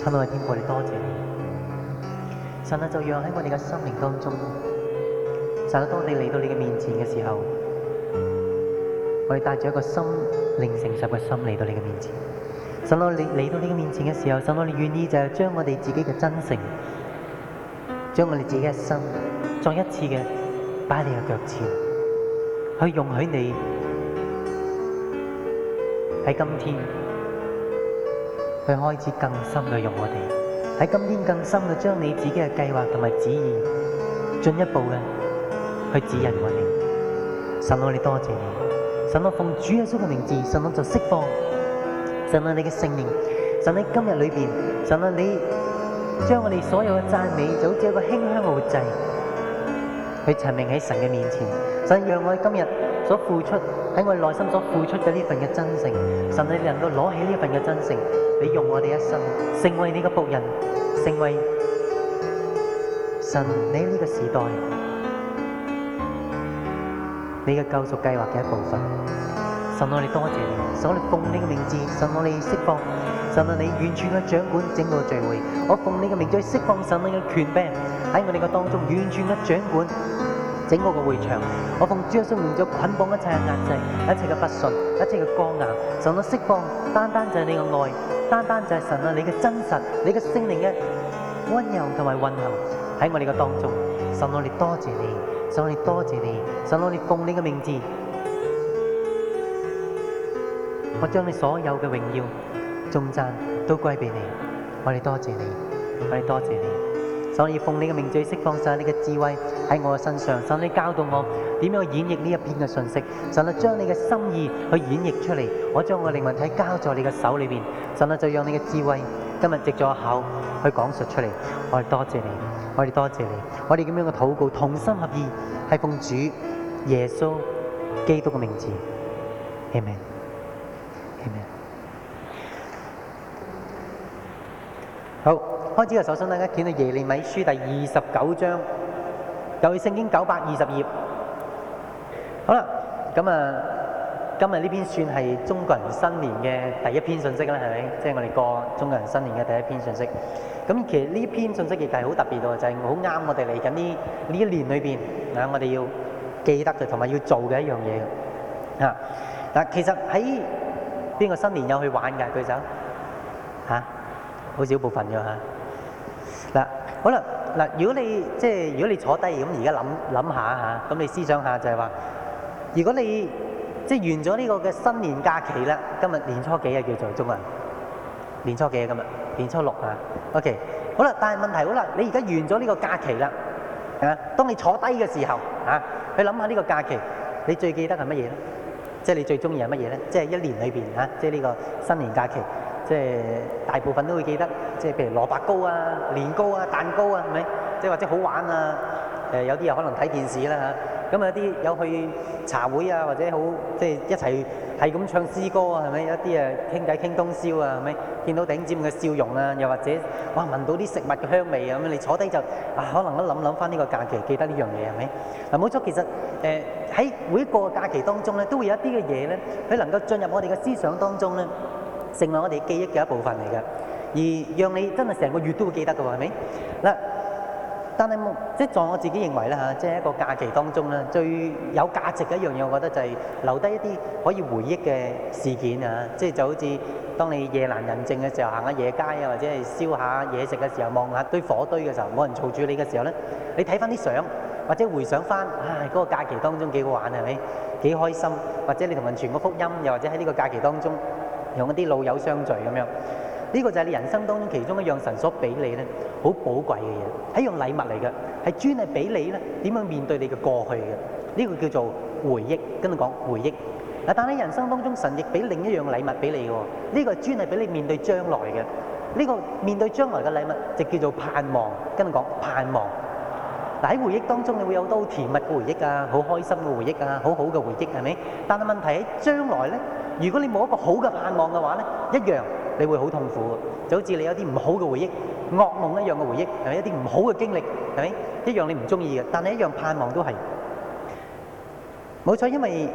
親愛的天父，你多謝，謝你，神啊，就讓喺我哋嘅生命當中，神啊，當我哋嚟到你嘅面前嘅時候，我哋帶住一個心靈誠實嘅心嚟到你嘅面前，神啊，你嚟到你的面前嘅時候，神啊，你願意就是將我哋自己嘅真誠，將我哋自己的心，再一次嘅擺喺你嘅腳前，去容許你喺今天。佢開始更深嘅用我哋喺今天更深嘅將你自己嘅計劃同埋旨意進一步嘅去指引我哋。神我哋多謝你，神我奉主耶穌嘅名字，神我就釋放，神啊你嘅聖名神喺今日裏面。神啊你將我哋所有嘅讚美就好似一個馨香嘅活祭，去陳明喺神嘅面前。神讓我哋今日所付出喺我哋內心所付出嘅呢份嘅真誠，神你能夠攞起呢份嘅真誠。你用我哋一生，成為你嘅僕人，成為神你呢個時代，你嘅救贖計劃嘅一部分。神愛你，多謝你，神愛你，奉你嘅名字，神愛你，釋放，神愛你完全嘅掌管整個聚會。我奉你嘅名字釋放神愛你，神你嘅權柄喺我哋嘅當中完全嘅掌管整個嘅會場。我奉主耶穌名咗捆綁一切嘅壓制，一切嘅不信，一切嘅剛硬。神愛釋放，單單就係你嘅愛。單單就係神啊！你嘅真實，你嘅聖靈嘅温柔同埋温柔喺我哋嘅當中。神我哋多謝你，神我哋多謝你，神我哋奉你嘅名字，我將你所有嘅榮耀、頌讚都歸俾你。我哋多謝你，我哋多謝你。所以奉你嘅名字釋放晒你嘅智慧喺我嘅身上，神你教導我。點樣去演繹呢一篇嘅信息？神啊，將你嘅心意去演繹出嚟。我將我嘅靈魂體交在你嘅手裏邊。神啊，就讓你嘅智慧今日藉咗口去講述出嚟。我哋多謝你，我哋多謝你，我哋咁樣嘅禱告，同心合意，係奉主耶穌基督嘅名字。阿門。阿門。好，開始啊！首先大家見到耶利米書第二十九章，又去聖經九百二十頁。好啦，咁啊，今日呢篇算係中國人新年嘅第一篇信息啦，係咪？即係我哋過中國人新年嘅第一篇信息。咁其實呢篇信息亦係好特別喎，就係好啱我哋嚟緊呢呢一年裏邊啊，我哋要記得嘅同埋要做嘅一樣嘢。啊嗱，其實喺邊個新年有去玩㗎？舉手嚇，好少部分嘅嚇嗱。好啦嗱，如果你即係如果你坐低咁而家諗諗下嚇，咁你思想下就係話。如果你即係完咗呢個嘅新年假期啦，今日年初幾啊叫做中文，年初幾啊今日，年初六啊，OK，好啦，但係問題好啦，你而家完咗呢個假期啦，啊，當你坐低嘅時候啊，去諗下呢個假期，你最記得係乜嘢咧？即係你最中意係乜嘢咧？即係一年裏邊啊，即係呢個新年假期，即係大部分都會記得，即係譬如蘿蔔糕啊、年糕啊、蛋糕啊，係咪？即係或者好玩啊，誒有啲人可能睇電視啦嚇。咁有啲有去茶會啊，或者好即係一齊係咁唱詩歌啊，係咪？有啲誒傾偈傾通宵啊，係咪？見到頂尖嘅笑容啊，又或者哇，聞到啲食物嘅香味啊，咁你坐低就啊，可能一諗諗翻呢個假期，記得呢樣嘢係咪？嗱，冇錯，其實誒喺每一個假期當中咧，都會有一啲嘅嘢咧，佢能夠進入我哋嘅思想當中咧，成為我哋記憶嘅一部分嚟嘅，而讓你真係成個月都會記得嘅喎，係咪？嗱。但係，即在我自己認為咧嚇，即係一個假期當中咧，最有價值嘅一樣嘢，我覺得就係留低一啲可以回憶嘅事件啊！即係就好似當你夜闌人靜嘅時候，行下夜街啊，或者係燒下嘢食嘅時候望下堆火堆嘅時候，冇人嘈住你嘅時候咧，你睇翻啲相，或者回想翻，唉，嗰個假期當中幾好玩係咪？幾開心，或者你同人傳個福音，又或者喺呢個假期當中，用一啲老友相聚咁樣。呢個就係你人生當中其中一樣神所俾你咧，好寶貴嘅嘢，係一樣禮物嚟嘅，係專係俾你咧點樣面對你嘅過去嘅。呢個叫做回憶，跟住講回憶。嗱，但喺人生當中，神亦俾另一樣禮物俾你嘅，呢個係專係俾你面對將來嘅。呢個面對將來嘅禮物就叫做盼望，跟住講盼望。嗱，喺回憶當中，你會有好多甜蜜嘅回憶啊，好開心嘅回憶啊，好好嘅回憶，係咪？但係問題喺將來咧，如果你冇一個好嘅盼望嘅話咧，一樣。你會好痛苦就好似你有啲唔好嘅回憶、噩夢一樣嘅回憶，係咪一啲唔好嘅經歷？係咪一樣你唔中意嘅，但係一樣盼望都係冇錯。因為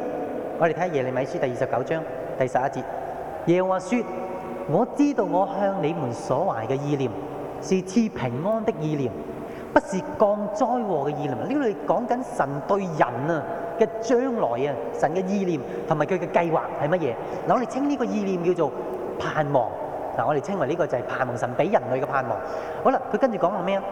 我哋睇耶利米書第二十九章第十一節，耶和華說：我知道我向你們所懷嘅意念是賜平安的意念，不是降災禍嘅意念。呢度講緊神對人啊嘅將來啊，神嘅意念同埋佢嘅計劃係乜嘢？嗱，我哋稱呢個意念叫做，盼望嗱，啊，我哋稱為呢個就係盼望神俾人類嘅盼望。好啦，佢跟住講話咩啊？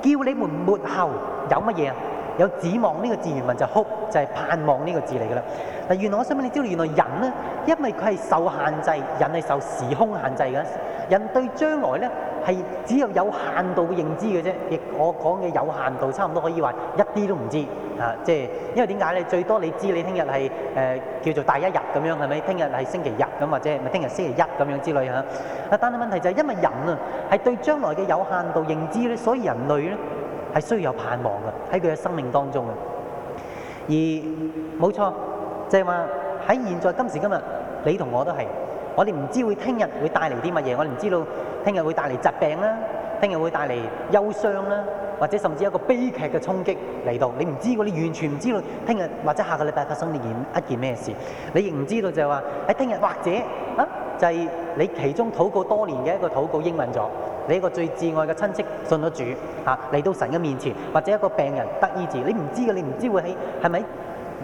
叫你們末後有乜嘢啊？有指望呢個字原文就 hope，就係盼望呢個字嚟㗎啦。嗱，原來我想問你知道原來人呢？因為佢係受限制，人係受時空限制嘅。人對將來呢，係只有有限度嘅認知嘅啫。亦我講嘅有限度，差唔多可以話一啲都唔知啊。即係因為點解咧？最多你知你聽日係誒叫做第一日咁樣係咪？聽日係星期日咁或者係咪聽日星期一咁樣之類啊。啊，但係問題就係因為人啊係對將來嘅有限度認知咧，所以人類呢。係需要有盼望嘅喺佢嘅生命當中嘅，而冇錯，即係話喺現在今時今日，你同我都係，我哋唔知會聽日會帶嚟啲乜嘢，我哋唔知道聽日會帶嚟疾病啦，聽日會帶嚟憂傷啦，或者甚至一個悲劇嘅衝擊嚟到，你唔知，你完全唔知道聽日或者下個禮拜發生呢件一件咩事，你亦唔知道就係話喺聽日或者啊。就係你其中禱告多年嘅一個禱告應允咗，你一個最摯愛嘅親戚信咗主嚇嚟到神嘅面前，或者一個病人得醫治，你唔知嘅，你唔知會喺係咪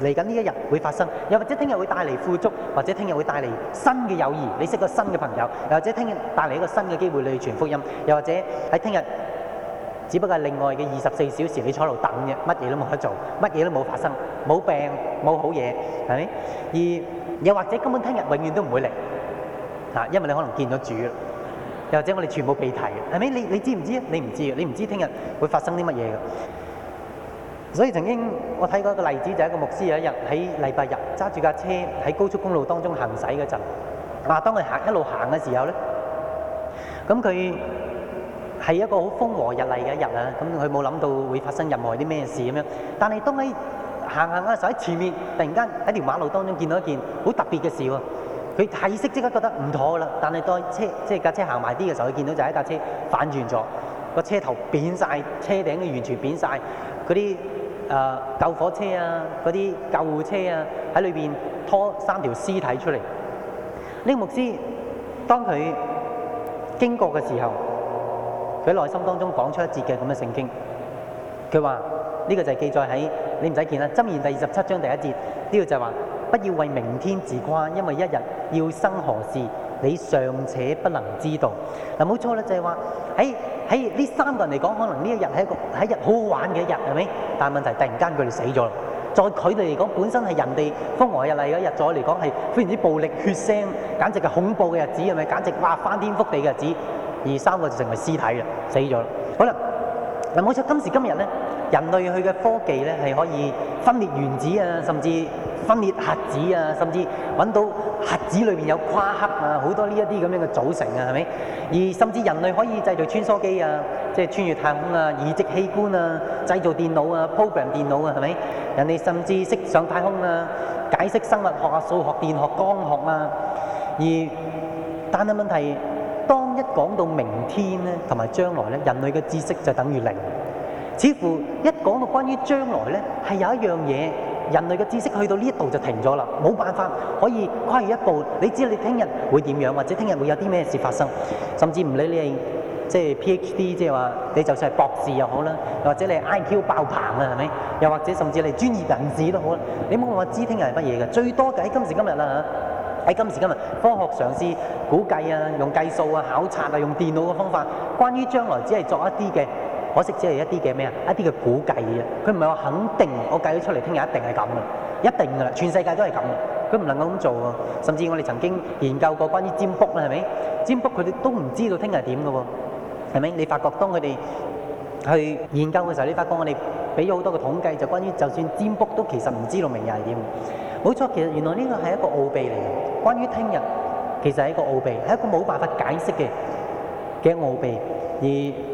嚟緊呢一日會發生，又或者聽日會帶嚟富足，或者聽日會帶嚟新嘅友誼，你識個新嘅朋友，又或者聽日帶嚟一個新嘅機會你去傳福音，又或者喺聽日只不過係另外嘅二十四小時你坐喺度等嘅，乜嘢都冇得做，乜嘢都冇發生，冇病冇好嘢係咪？而又或者根本聽日永遠都唔會嚟。嗱，因為你可能見到主啦，又或者我哋全部被提，係咪？你你知唔知啊？你唔知嘅，你唔知聽日會發生啲乜嘢㗎。所以曾經我睇過一個例子，就係一個牧師有一日喺禮拜日揸住架車喺高速公路當中行駛嗰陣，嗱，當佢行一路行嘅時候咧，咁佢係一個好風和日麗嘅一日啊，咁佢冇諗到會發生任何啲咩事咁樣。但係當你行行嘅時候，喺前面突然間喺條馬路當中見到一件好特別嘅事喎。佢睇色即刻覺得唔妥啦，但係當車即係架車行埋啲嘅時候，佢見到就係一架車反轉咗，個車頭扁晒，車頂完全扁晒。嗰啲誒救火車啊、嗰啲救護車啊喺裏邊拖三條屍體出嚟。呢、這個、牧師當佢經過嘅時候，佢喺內心當中講出一節嘅咁嘅聖經，佢話呢個就係記載喺你唔使見啦，箴言第二十七章第一節呢個就係話。不要為明天自關，因為一日要生何事，你尚且不能知道。嗱，冇錯啦，就係話喺喺呢三個人嚟講，可能呢一日係一個喺日好好玩嘅一日，係咪？但問題是突然間佢哋死咗。在佢哋嚟講，本身係人哋風和日麗嘅一日，再我嚟講係非常之暴力血腥，簡直係恐怖嘅日子，係咪？簡直哇翻天覆地嘅日子，而三個人就成為屍體啦，死咗啦。好啦嗱，冇錯，今時今日咧，人類去嘅科技咧係可以分裂原子啊，甚至，分裂核子啊，甚至揾到核子裏邊有誇克啊，好多呢一啲咁樣嘅組成啊，係咪？而甚至人類可以製造穿梭機啊，即係穿越太空啊，移植器官啊，製造電腦啊，program 電腦啊，係咪？人哋甚至識上太空啊，解釋生物學啊，數學、電學，光學啊。而但係問題，當一講到明天咧，同埋將來咧，人類嘅知識就等於零。似乎一講到關於將來咧，係有一樣嘢。人類嘅知識去到呢一度就停咗啦，冇辦法可以跨越一步。你知你聽日會點樣，或者聽日會有啲咩事發生，甚至唔理你係即係 PhD，即係話你就算係博士又好啦，又或者你 IQ 爆棚嘅係咪？又或者甚至你專業人士都好啦，你冇話知聽日係乜嘢嘅。最多喺今時今日啦，喺今時今日，科學嘗試估計啊，用計數啊，考察啊，用電腦嘅方法，關於將來只係作一啲嘅。可惜只係一啲嘅咩啊？一啲嘅估計啫，佢唔係話肯定，我計咗出嚟，聽日一定係咁嘅，一定㗎啦，全世界都係咁嘅，佢唔能夠咁做喎。甚至我哋曾經研究過關於占卜啦，係咪？占卜佢哋都唔知道聽日係點㗎喎，係咪？你發覺當佢哋去研究嘅時候，你發覺我哋俾咗好多嘅統計，就關於就算占卜都其實唔知道明日係點。冇錯，其實原來呢個係一個奧秘嚟嘅，關於聽日其實係一個奧秘，係一個冇辦法解釋嘅嘅奧秘，而。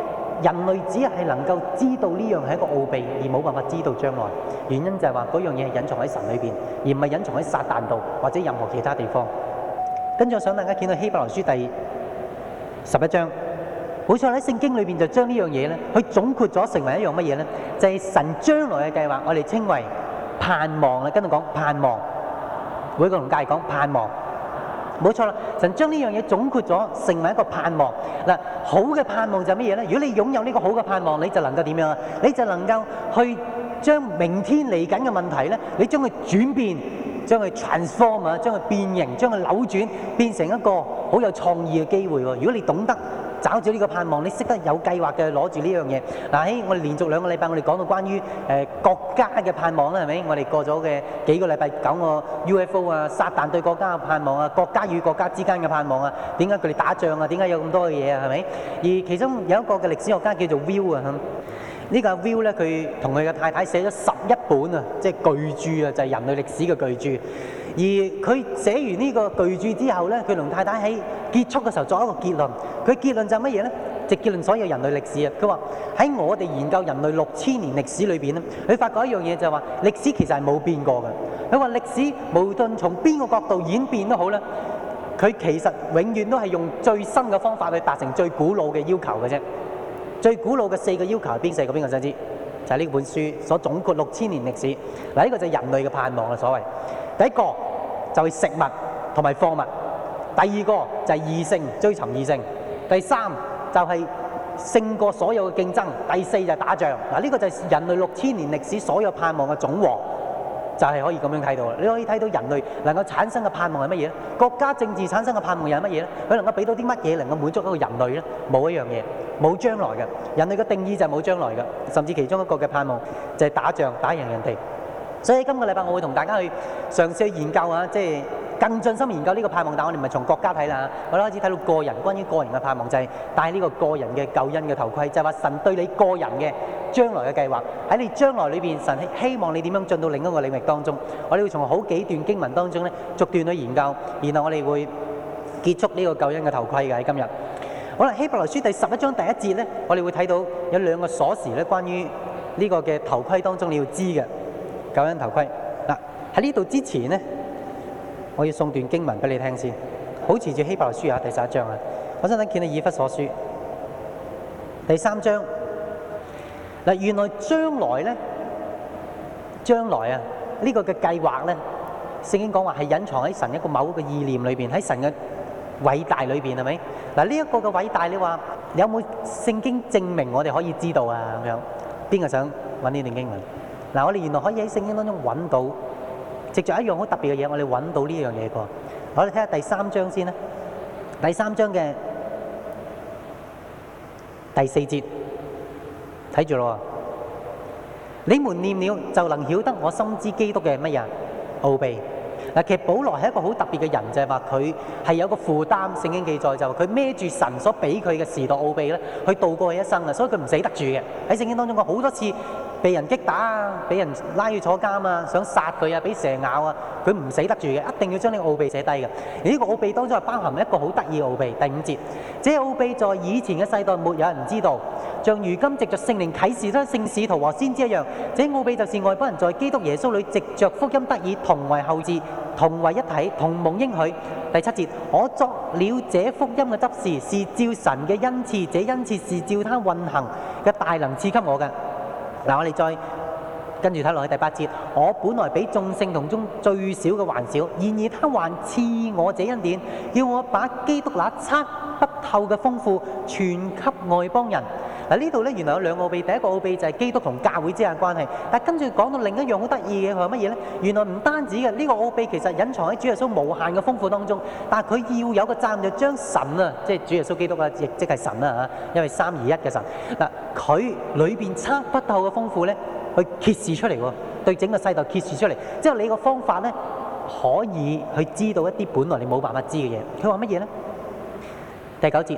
人類只係能夠知道呢樣係一個奧秘，而冇辦法知道將來。原因就係話嗰樣嘢係隱藏喺神裏邊，而唔係隱藏喺撒旦度或者任何其他地方。跟住我想大家見到希伯來書第十一章，好彩喺聖經裏邊就將呢樣嘢咧，佢總括咗成為一樣乜嘢咧？就係神將來嘅計劃，我哋稱為盼望啦。跟住講盼望，每個同隔籬講盼望。冇錯啦，神將呢樣嘢總括咗，成為一個盼望。嗱，好嘅盼望就係咩嘢呢？如果你擁有呢個好嘅盼望，你就能夠點樣啊？你就能夠去將明天嚟緊嘅問題呢，你將佢轉變，將佢 transform 啊，將佢變形，將佢扭轉，變成一個好有創意嘅機會喎。如果你懂得，找住呢個盼望，你識得有計劃嘅攞住呢樣嘢。嗱，喺我哋連續兩個禮拜，我哋講到關於誒國家嘅盼望啦，係咪？我哋過咗嘅幾個禮拜，講過 UFO 啊、撒旦對國家嘅盼望啊、國家與國家之間嘅盼望啊，點解佢哋打仗啊？點解有咁多嘅嘢啊？係咪？而其中有一個嘅歷史學家叫做 Will 啊，呢個 Will 咧，佢同佢嘅太太寫咗十一本啊，即係巨著啊，就係人類歷史嘅巨著。而佢寫完呢個巨著之後呢，佢同太太喺結束嘅時候作一個結論。佢結論就乜嘢呢？直結論，所有人類歷史啊！佢話喺我哋研究人類六千年歷史裏邊咧，佢發覺一樣嘢就係話歷史其實係冇變過嘅。佢話歷史無論從邊個角度演變都好咧，佢其實永遠都係用最新嘅方法去達成最古老嘅要求嘅啫。最古老嘅四個要求係邊四個？邊個想知？就係、是、呢本書所總括六千年歷史嗱，呢、這個就係人類嘅盼望啊！所謂。第一個就係食物同埋貨物，第二個就係異性追尋異性，第三就係勝過所有嘅競爭，第四就係打仗。嗱呢個就係人類六千年歷史所有盼望嘅總和，就係可以咁樣睇到。你可以睇到人類能夠產生嘅盼望係乜嘢？國家政治產生嘅盼望又係乜嘢咧？佢能夠俾到啲乜嘢能夠滿足一個人類咧？冇一樣嘢，冇將來嘅。人類嘅定義就係冇將來嘅，甚至其中一個嘅盼望就係打仗打贏人哋。所以今個禮拜我會同大家去嘗試去研究啊，即係更進心研究呢個盼望，但係我哋唔係從國家睇啦嚇，我哋開始睇到個人關於個人嘅盼望，就係戴呢個個人嘅救恩嘅頭盔，就係話神對你個人嘅將來嘅計劃喺你將來裏邊，神希希望你點樣進到另一個領域當中。我哋會從好幾段經文當中咧逐段去研究，然後我哋會結束呢個救恩嘅頭盔嘅喺今日。好啦，希伯來書第十一章第一節咧，我哋會睇到有兩個鎖匙咧，關於呢個嘅頭盔當中你要知嘅。救恩頭盔，嗱，喺呢度之前咧，我要送段經文俾你聽先，保持住希伯來書啊，第十一章啊，我想睇見你以弗所書第三章嗱，原來將來咧，將來啊，呢個嘅計劃咧，聖經講話係隱藏喺神一個某個意念裏邊，喺神嘅偉大裏邊係咪？嗱，呢一個嘅偉大，你話你有冇聖經證明我哋可以知道啊？咁樣邊個想揾呢段經文？嗱，我哋原來可以喺聖經當中揾到，藉著一樣好特別嘅嘢，我哋揾到呢樣嘢個。我哋睇下第三章先啦。第三章嘅第四節，睇住咯。你們念了就能曉得我深知基督嘅係乜嘢奧秘。嗱，其實保羅係一個好特別嘅人，就係話佢係有個負擔。聖經記載就佢孭住神所俾佢嘅時代奧秘咧，去度過佢一生啊，所以佢唔死得住嘅。喺聖經當中，佢好多次。被人擊打啊！俾人拉去坐監啊！想殺佢啊！俾蛇咬啊！佢唔死得住嘅，一定要將呢個奧秘寫低嘅。而呢個奧秘當中係包含一個好得意奧秘。第五節，這奧秘在以前嘅世代沒有人知道，像如今藉著聖靈啓示得聖使徒和先知一樣。這奧秘就是外邦人在基督耶穌裏藉著福音得以同為後嗣，同為一體，同蒙應許。第七節，我作了這福音嘅執事，是照神嘅恩賜，這恩賜是照祂運行嘅大能賜給我嘅。嗱，我哋再跟住睇落去第八節，我本來比眾聖徒中最小嘅還小，然而他還賜我這恩典，要我把基督那測不透嘅豐富傳給外邦人。嗱呢度咧原來有兩個奧秘，第一個奧秘就係基督同教會之間嘅關係。但跟住講到另一樣好得意嘅佢係乜嘢咧？原來唔單止嘅呢個奧秘其實隱藏喺主耶穌無限嘅豐富當中，但係佢要有個讚就將神啊，即係主耶穌基督啊，亦即係神啊，嚇，因為三而一嘅神嗱，佢裏邊測不透嘅豐富咧，去揭示出嚟喎，對整個世道揭示出嚟。之後你個方法咧可以去知道一啲本來你冇辦法知嘅嘢。佢話乜嘢咧？第九節。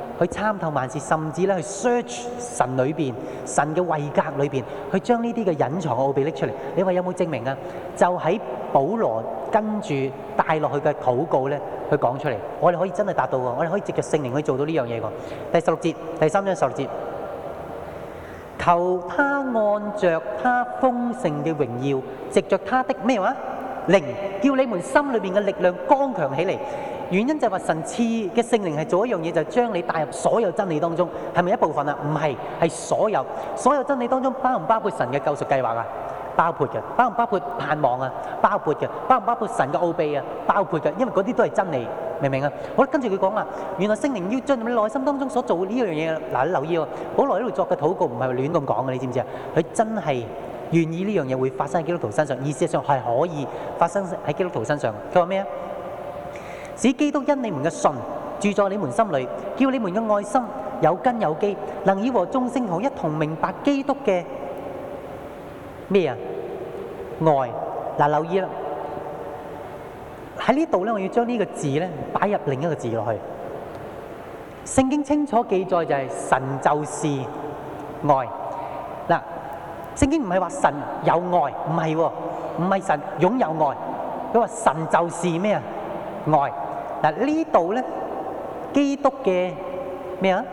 去參透萬事，甚至咧去 search 神裏邊、神嘅位格裏邊，去將呢啲嘅隱藏嘅奧秘拎出嚟。你話有冇證明啊？就喺保羅跟住帶落去嘅禱告咧，去講出嚟。我哋可以真係達到㗎，我哋可以藉着聖靈去做到呢樣嘢㗎。第十六節，第三章十六節，求他按着他豐盛嘅榮耀，藉着他的咩話？靈，叫你們心裏邊嘅力量剛強起嚟。原因就係話神賜嘅聖靈係做一樣嘢，就係將你帶入所有真理當中，係咪一部分啊？唔係，係所有。所有真理當中包唔包括神嘅救贖計劃啊？包括嘅。包唔包括盼望啊？包括嘅。包唔包括神嘅奧秘啊？包括嘅。因為嗰啲都係真理，明唔明啊？好，跟住佢講啊，原來聖靈要將你內心當中所做呢樣嘢，嗱，你留意喎、哦，我內裏作嘅禱告唔係亂咁講嘅，你知唔知啊？佢真係願意呢樣嘢會發生喺基督徒身上，意思上係可以發生喺基督徒身上。佢話咩啊？使基督因你們嘅信住在你們心裏，叫你們嘅愛心有根有基，能以和眾聖徒一同明白基督嘅咩啊愛。嗱，留意啦，喺呢度咧，我要將呢個字咧擺入另一個字落去。聖經清楚記載就係神就是愛。嗱，聖經唔係話神有愛，唔係喎，唔係神擁有愛。佢話神就是咩啊愛。嗱，呢度咧，基督嘅咩啊？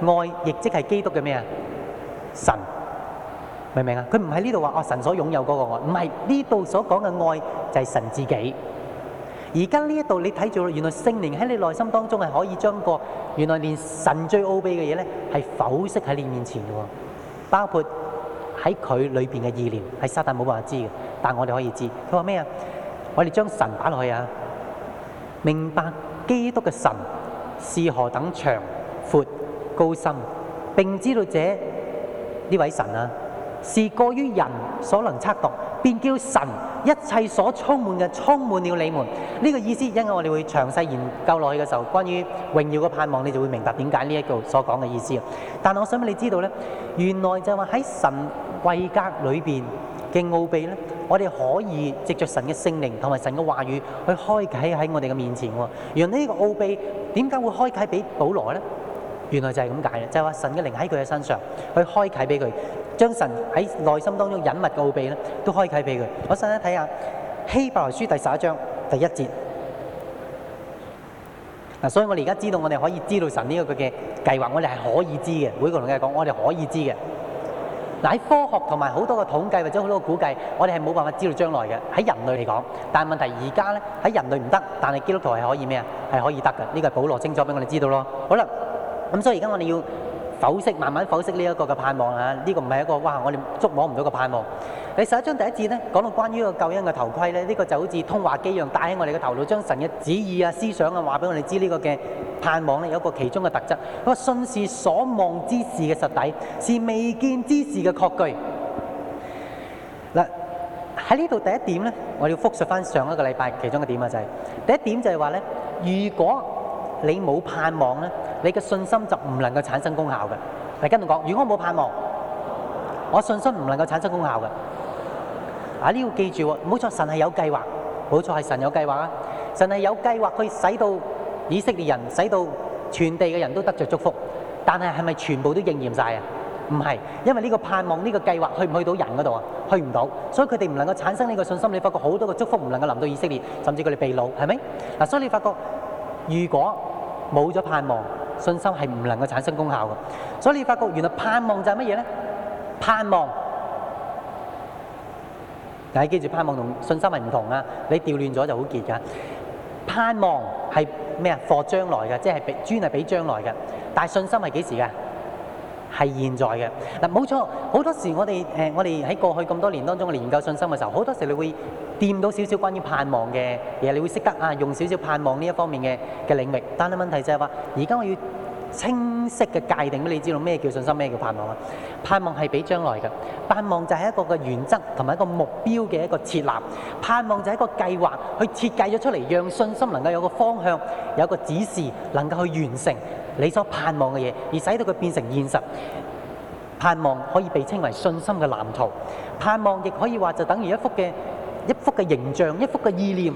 愛亦即係基督嘅咩啊？神，明唔明啊？佢唔喺呢度話，哦神所擁有嗰、那個愛，唔係呢度所講嘅愛就係神自己。而家呢一度你睇住，原來聖靈喺你內心當中係可以將個原來連神最奧秘嘅嘢咧係剖析喺你面前嘅喎，包括喺佢裏邊嘅意念，係沙旦冇辦法知嘅，但係我哋可以知道。佢話咩啊？我哋將神擺落去啊！明白基督嘅神是何等長、闊、高深，並知道者這呢位神啊，是過於人所能測度，便叫神一切所充滿嘅充滿了你們。呢、這個意思，因為我哋會詳細研究落去嘅時候，關於榮耀嘅盼望，你就會明白點解呢一句所講嘅意思。但係我想俾你知道咧，原來就話喺神貴格裏邊嘅奧秘咧。我哋可以藉着神嘅聖靈同埋神嘅話語去開啟喺我哋嘅面前。原來呢個奧秘點解會開啟俾保羅咧？原來就係咁解嘅，就係話神嘅靈喺佢嘅身上去開啟俾佢，將神喺內心當中隱密嘅奧秘咧都開啟俾佢。我哋一睇下希伯來書第十一章第一節。嗱，所以我哋而家知道我哋可以知道神呢個佢嘅計劃，我哋係可以知嘅。每個同嘅講，我哋可以知嘅。嗱，喺科學同埋好多個統計，或者好多個估計，我哋係冇辦法知道將來嘅，喺人類嚟講。但係問題而家呢，喺人類唔得，但係基督徒係可以咩啊？係可以得㗎。呢個係保羅清楚俾我哋知道咯。好啦，咁所以而家我哋要剖析，慢慢剖析呢一個嘅盼望啊！呢個唔係一個哇，我哋捉摸唔到嘅盼望。你十一章第一節咧，講到關於個救恩嘅頭盔咧，呢個就好似通話機一樣，戴喺我哋嘅頭腦，將神嘅旨意啊、思想啊，話俾我哋知。呢個嘅盼望咧，有個其中嘅特質，個信是所望之事嘅實底，是未見之事嘅確據。嗱，喺呢度第一點咧，我要復述翻上一個禮拜其中嘅點啊，就係第一點就係話咧，如果你冇盼望咧，你嘅信心就唔能夠產生功效嘅。嗱，跟住講，如果我冇盼望，我信心唔能夠產生功效嘅。啊！呢、這個要記住喎、哦，冇錯，神係有計劃，冇錯係神有計劃啊！神係有計劃去使到以色列人，使到全地嘅人都得着祝福。但係係咪全部都應驗晒啊？唔係，因為呢個盼望呢、這個計劃去唔去到人嗰度啊？去唔到，所以佢哋唔能夠產生呢個信心。你發覺好多嘅祝福唔能夠臨到以色列，甚至佢哋被擄，係咪？嗱、啊，所以你發覺如果冇咗盼望，信心係唔能夠產生功效嘅。所以你發覺原來盼望就係乜嘢咧？盼望。但你記住，盼望同信心係唔同啊！你掉亂咗就好結噶。盼望係咩啊？For 將來嘅，即係俾專係俾將來嘅。但係信心係幾時嘅？係現在嘅。嗱，冇錯，好多時我哋誒，我哋喺過去咁多年當中，我哋研究信心嘅時候，好多時你會掂到少少關於盼望嘅嘢，你會識得啊，用少少盼望呢一方面嘅嘅領域。但係問題就係話，而家我要清晰嘅界定，你知道咩叫信心，咩叫盼望啊？盼望係俾將來嘅，盼望就係一個嘅原則同埋一個目標嘅一個設立，盼望就係一個計劃去設計咗出嚟，讓信心能夠有個方向，有個指示，能夠去完成你所盼望嘅嘢，而使到佢變成現實。盼望可以被稱為信心嘅藍圖，盼望亦可以話就等於一幅嘅。一幅嘅形象，一幅嘅意念，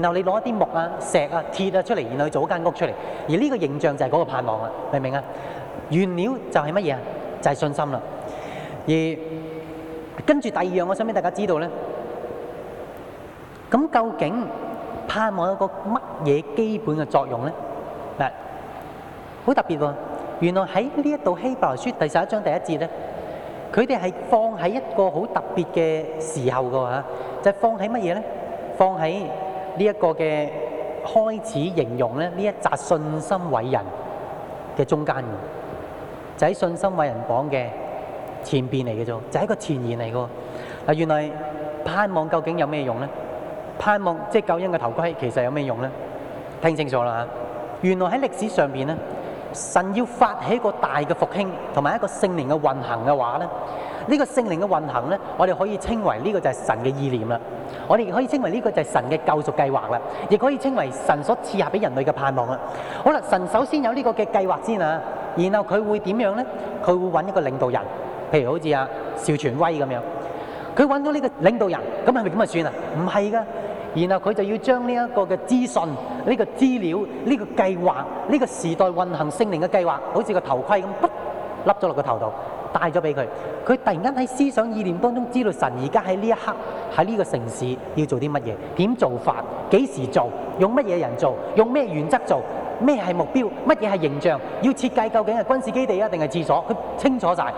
然後你攞一啲木啊、石啊、鐵啊出嚟，然後去做一間屋出嚟。而呢個形象就係嗰個盼望啊，明唔明啊？原料就係乜嘢啊？就係信心啦。而跟住第二樣，我想俾大家知道咧，咁究竟盼望有個乜嘢基本嘅作用咧？嗱，好特別喎。原來喺呢一度希伯來書第十一章第一節咧。佢哋係放喺一個好特別嘅時候嘅喎嚇，就係放喺乜嘢咧？放喺呢一個嘅開始形容咧，呢一集信心偉人嘅中間嘅，就喺信心偉人榜嘅前邊嚟嘅啫，就喺一個前言嚟嘅。嗱，原來盼望究竟有咩用咧？盼望即係救恩嘅頭盔，其實有咩用咧？聽清楚啦嚇！原來喺歷史上邊咧？神要發起一個大嘅復興，同埋一個聖靈嘅運行嘅話咧，呢個聖靈嘅運行咧，我哋可以稱為呢個就係神嘅意念啦。我哋可以稱為呢個就係神嘅救贖計劃啦，亦可以稱為神所賜下俾人類嘅盼望啦。好啦，神首先有呢個嘅計劃先啊，然後佢會點樣咧？佢會揾一個領導人，譬如好似阿邵傳威咁樣，佢揾到呢個領導人，咁係咪點啊算啊？唔係噶。然後佢就要將呢一個嘅資訊、呢、呢個資料、呢、呢個計劃、呢、呢個時代運行聖靈嘅計劃，好似個頭盔咁，笠笠咗落個頭度，戴咗俾佢。佢突然間喺思想意念當中知道神而家喺呢一刻喺呢個城市要做啲乜嘢，點做法，幾時做，用乜嘢人做，用咩原則做，咩係目標，乜嘢係形象，要設計究竟係軍事基地啊定係廁所，佢清楚晒，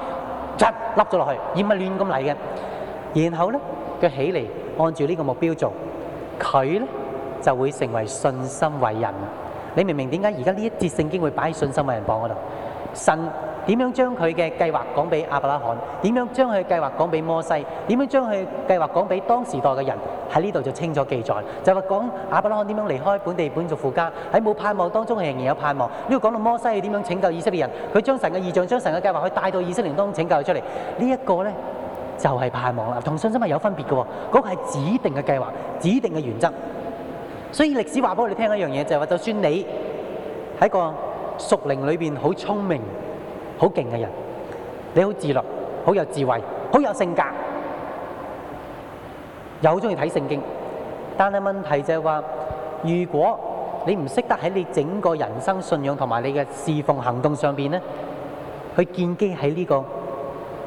卒笠咗落去，而唔係亂咁嚟嘅。然後呢佢起嚟，按住呢個目標做。佢咧就會成為信心偉人。你明唔明點解而家呢一節聖經會擺喺信心偉人榜嗰度？神點樣將佢嘅計劃講俾亞伯拉罕？點樣將佢計劃講俾摩西？點樣將佢計劃講俾當時代嘅人？喺呢度就清楚記載，就係講亞伯拉罕點樣離開本地本族父家，喺冇盼望當中係仍然有盼望。呢度講到摩西點樣拯救以色列人，佢將神嘅異象、將神嘅計劃去帶到以色列人當中拯救出嚟。呢一個呢。就係盼望啦，同信心係有分別嘅喎、哦。嗰、那個係指定嘅計劃，指定嘅原則。所以歷史話俾我哋聽一樣嘢，就係話，就算你喺個屬靈裏邊好聰明、好勁嘅人，你好自律、好有智慧、好有性格，又好中意睇聖經，但係問題就係、是、話，如果你唔識得喺你整個人生信仰同埋你嘅侍奉行動上邊咧，去建基喺呢、這個。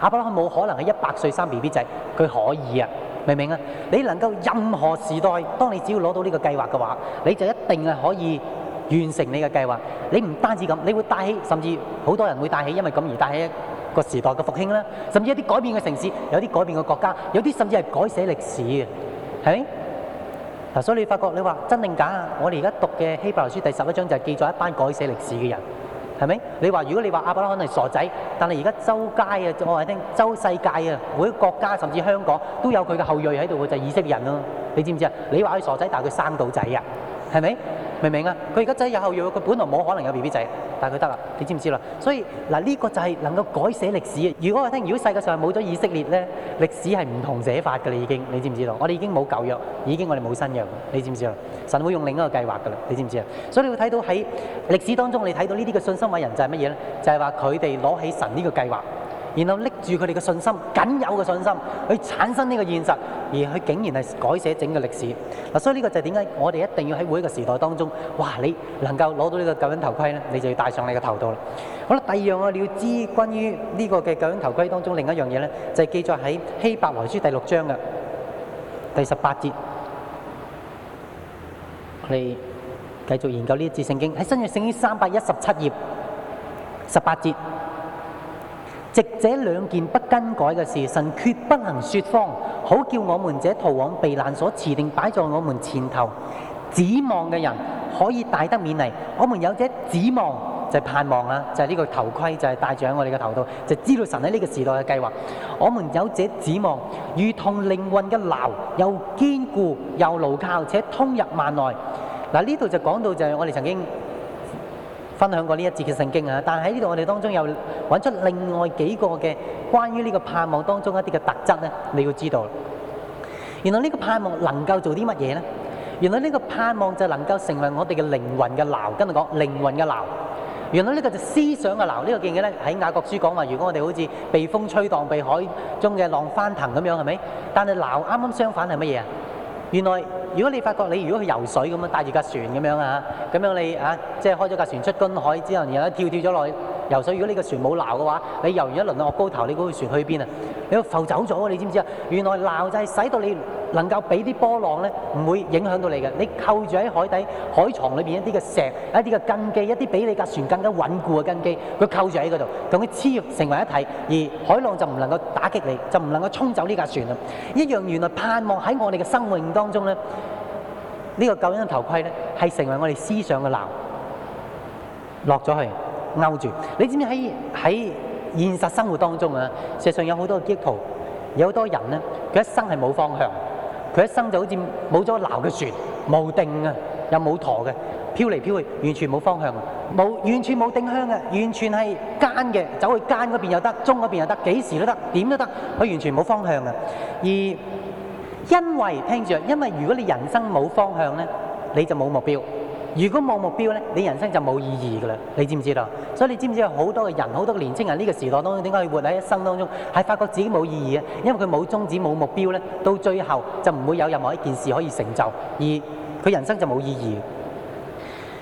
阿伯拉姆冇可能係一百歲生 B B 仔，佢可以啊，明唔明啊？你能夠任何時代，當你只要攞到呢個計劃嘅話，你就一定係可以完成你嘅計劃。你唔單止咁，你會帶起，甚至好多人會帶起，因為咁而帶起一個時代嘅復興啦，甚至一啲改變嘅城市，有啲改變嘅國家，有啲甚至係改寫歷史嘅，係咪？嗱，所以你發覺你話真定假啊？我哋而家讀嘅希伯來書第十一章就係記載一班改寫歷史嘅人。係咪？你話如果你話阿伯拉罕可能係傻仔，但係而家周街啊，我話聽周世界啊，每一個國家甚至香港都有佢嘅後裔喺度嘅，就係、是、以色列人咯，啊。你知唔知說他他啊？你話佢傻仔，但係佢生到仔啊！係咪？明唔明啊？佢而家仔有後裔，佢本來冇可能有 BB 仔，但係佢得啦，你知唔知啦？所以嗱，呢個就係能夠改寫歷史啊！如果我聽，如果世界上冇咗以色列咧，歷史係唔同寫法噶啦，已經你知唔知道？我哋已經冇舊約，已經我哋冇新約，你知唔知啊？神會用另一個計劃噶啦，你知唔知啊？所以你會睇到喺歷史當中，你睇到呢啲嘅信心偉人就係乜嘢咧？就係話佢哋攞起神呢個計劃。然後拎住佢哋嘅信心，僅有嘅信心去產生呢個現實，而佢竟然係改寫整個歷史。嗱，所以呢個就係點解我哋一定要喺每一個時代當中，哇！你能夠攞到呢個救恩頭盔咧，你就要戴上你嘅頭度啦。好啦，第二樣我哋要知關於呢個嘅救恩頭盔當中另一樣嘢咧，就係記載喺希伯來書第六章嘅第十八節，我哋繼續研究呢一節聖經喺新約聖經三百一十七頁十八節。藉這兩件不更改嘅事，神決不能説謊，好叫我們這逃往避難所，持定擺在我們前頭，指望嘅人可以大得勉勵。我們有這指望就是、盼望啦，就係、是、呢個頭盔，就係戴住喺我哋嘅頭度，就知道神喺呢個時代嘅計劃。我們有這指望，如同靈魂嘅錨，又堅固又牢靠，且通入幔內。嗱，呢度就講到就係我哋曾經分享過呢一節嘅聖經啊，但係喺呢度我哋當中有揾出另外幾個嘅關於呢個盼望當中一啲嘅特質咧，你要知道。原來呢個盼望能夠做啲乜嘢呢？原來呢個盼望就能夠成為我哋嘅靈魂嘅錨，跟住講靈魂嘅錨。原來呢個就思想嘅錨，呢、呢個記唔記得喺雅各書講話，如果我哋好似被風吹盪、被海中嘅浪翻騰咁樣，係咪？但係錨啱啱相反係乜嘢啊？原來，如果你發覺你如果去游水咁樣，帶住架船咁樣啊，咁樣你啊，即係開咗架船出軍海之後，然後一跳跳咗落去。游水，如果你個船冇錨嘅話，你遊完一輪惡高頭，你嗰個船去邊啊？你浮走咗啊！你知唔知啊？原來錨就係使到你能夠俾啲波浪咧，唔會影響到你嘅。你扣住喺海底海床裏邊一啲嘅石，一啲嘅根基，一啲比你架船更加穩固嘅根基，佢扣住喺嗰度，同佢黐成為一體，而海浪就唔能夠打擊你，就唔能夠沖走呢架船啦。一樣原來盼望喺我哋嘅生命當中咧，呢個救恩頭盔咧，係成為我哋思想嘅錨，落咗去。勾住，你知唔知喺喺現實生活當中啊？實際上有好多嘅基督徒，有好多人咧，佢一生係冇方向，佢一生就好似冇咗撈嘅船，冇定啊，又冇舵嘅，飄嚟飄去，完全冇方向啊，冇完全冇定向嘅，完全係奸嘅，走去奸嗰邊又得，中嗰邊又得，幾時都得，點都得，佢完全冇方向嘅。而因為聽住，因為如果你人生冇方向咧，你就冇目標。如果冇目標呢，你人生就冇意義㗎喇，你知唔知道？所以你知唔知道好多嘅人，好多年青人呢個時代當中點解去活喺一生當中，係發覺自己冇意義嘅？因為佢冇宗旨、冇目標呢，到最後就唔會有任何一件事可以成就，而佢人生就冇意義。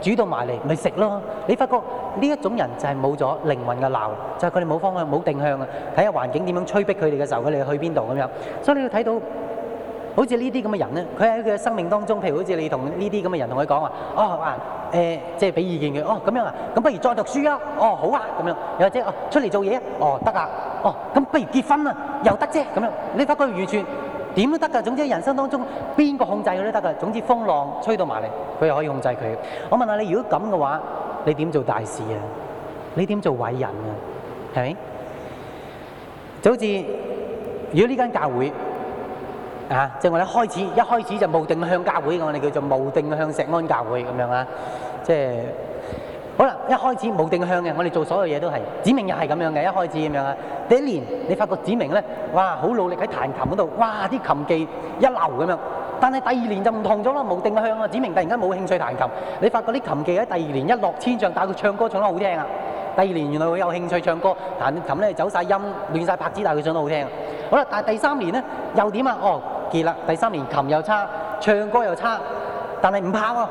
煮到埋嚟咪食咯！你發覺呢一種人就係冇咗靈魂嘅鬧，就係佢哋冇方向、冇定向啊！睇下環境點樣催逼佢哋嘅時候，佢哋去邊度咁樣。所以你要睇到好似呢啲咁嘅人咧，佢喺佢嘅生命當中，譬如好似你同呢啲咁嘅人同佢講話，哦啊誒，即係俾意見佢，哦咁樣啊，咁不如再讀書啊，哦、啊，哦好啊咁樣，又或者哦出嚟做嘢啊，哦得啊，哦咁不如結婚啊，又得啫咁樣。你發覺完全。點都得噶，總之人生當中邊個控制佢都得噶。總之風浪吹到埋嚟，佢又可以控制佢。我問下你，如果咁嘅話，你點做大事啊？你點做偉人啊？係咪？就好似如果呢間教會啊，即係我哋一開始一開始就無定向教會，我哋叫做無定向石安教會咁樣啦，即係。好啦，一開始冇定向嘅，我哋做所有嘢都係。子明又係咁樣嘅，一開始咁樣啊。第一年你發覺子明咧，哇，好努力喺彈琴嗰度，哇，啲琴技一流咁樣。但係第二年就唔同咗啦，冇定向啊。子明突然間冇興趣彈琴，你發覺啲琴技喺第二年一落千丈，但係佢唱歌唱得好聽啊。第二年原來佢有興趣唱歌彈琴咧，走晒音亂晒拍子，但係佢唱得好聽，啊。好啦，但係第三年咧又點啊？哦，結啦。第三年琴又差，唱歌又差，但係唔怕喎，啊。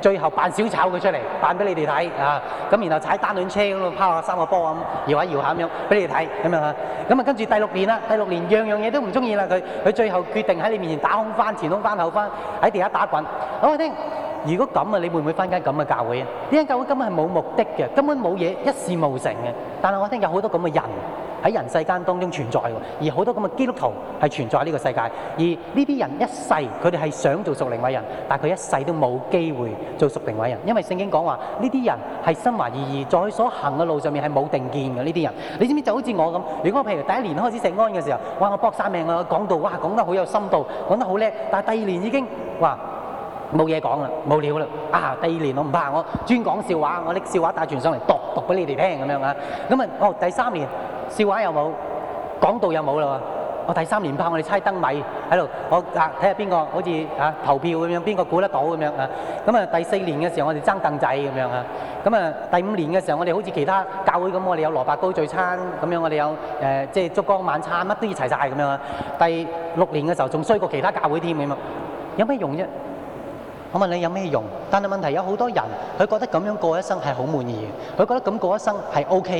最後扮小丑佢出嚟，扮俾你哋睇啊！咁然後踩單輪車咁樣拋下三個波咁，搖下搖下咁樣俾你哋睇咁啊！咁啊，跟住第六年啦，第六年樣樣嘢都唔中意啦，佢佢最後決定喺你面前打空翻、前空翻、後翻，喺地下打滾。好，我話你聽，如果咁啊，你會唔會返間咁嘅教會啊？呢間教會根本係冇目的嘅，根本冇嘢一事無成嘅。但係我話你聽有好多咁嘅人。喺人世間當中存在喎，而好多咁嘅基督徒係存在喺呢個世界，而呢啲人一世佢哋係想做屬靈偉人，但係佢一世都冇機會做屬靈偉人，因為聖經講話呢啲人係心懷二意，在所行嘅路上面係冇定見嘅呢啲人。你知唔知就好似我咁？如果我譬如第一年開始食安嘅時候，哇！我搏曬命啊，講道，哇，講得好有深度，講得好叻，但係第二年已經，哇！冇嘢講啦，冇料啦！啊，第二年我唔怕，我專講笑話，我拎笑話帶上嚟讀讀俾你哋聽咁樣啊。咁啊，哦，第三年笑話有冇講到有冇啦？我第三年怕我哋猜燈謎喺度，我啊睇下邊個好似嚇投票咁樣，邊個估得到咁樣啊？咁啊，第四年嘅時候我哋爭凳仔咁樣啊。咁啊，第五年嘅時候我哋好似其他教會咁，我哋有蘿蔔糕聚餐咁樣，我哋有誒即係燭光晚餐，乜都要齊晒咁樣啊。第六年嘅時候仲衰過其他教會添咁樣，有咩用啫？我問你有咩用？但係問題是有好多人，佢覺得咁樣過一生係好滿意嘅，佢覺得咁過一生係 O K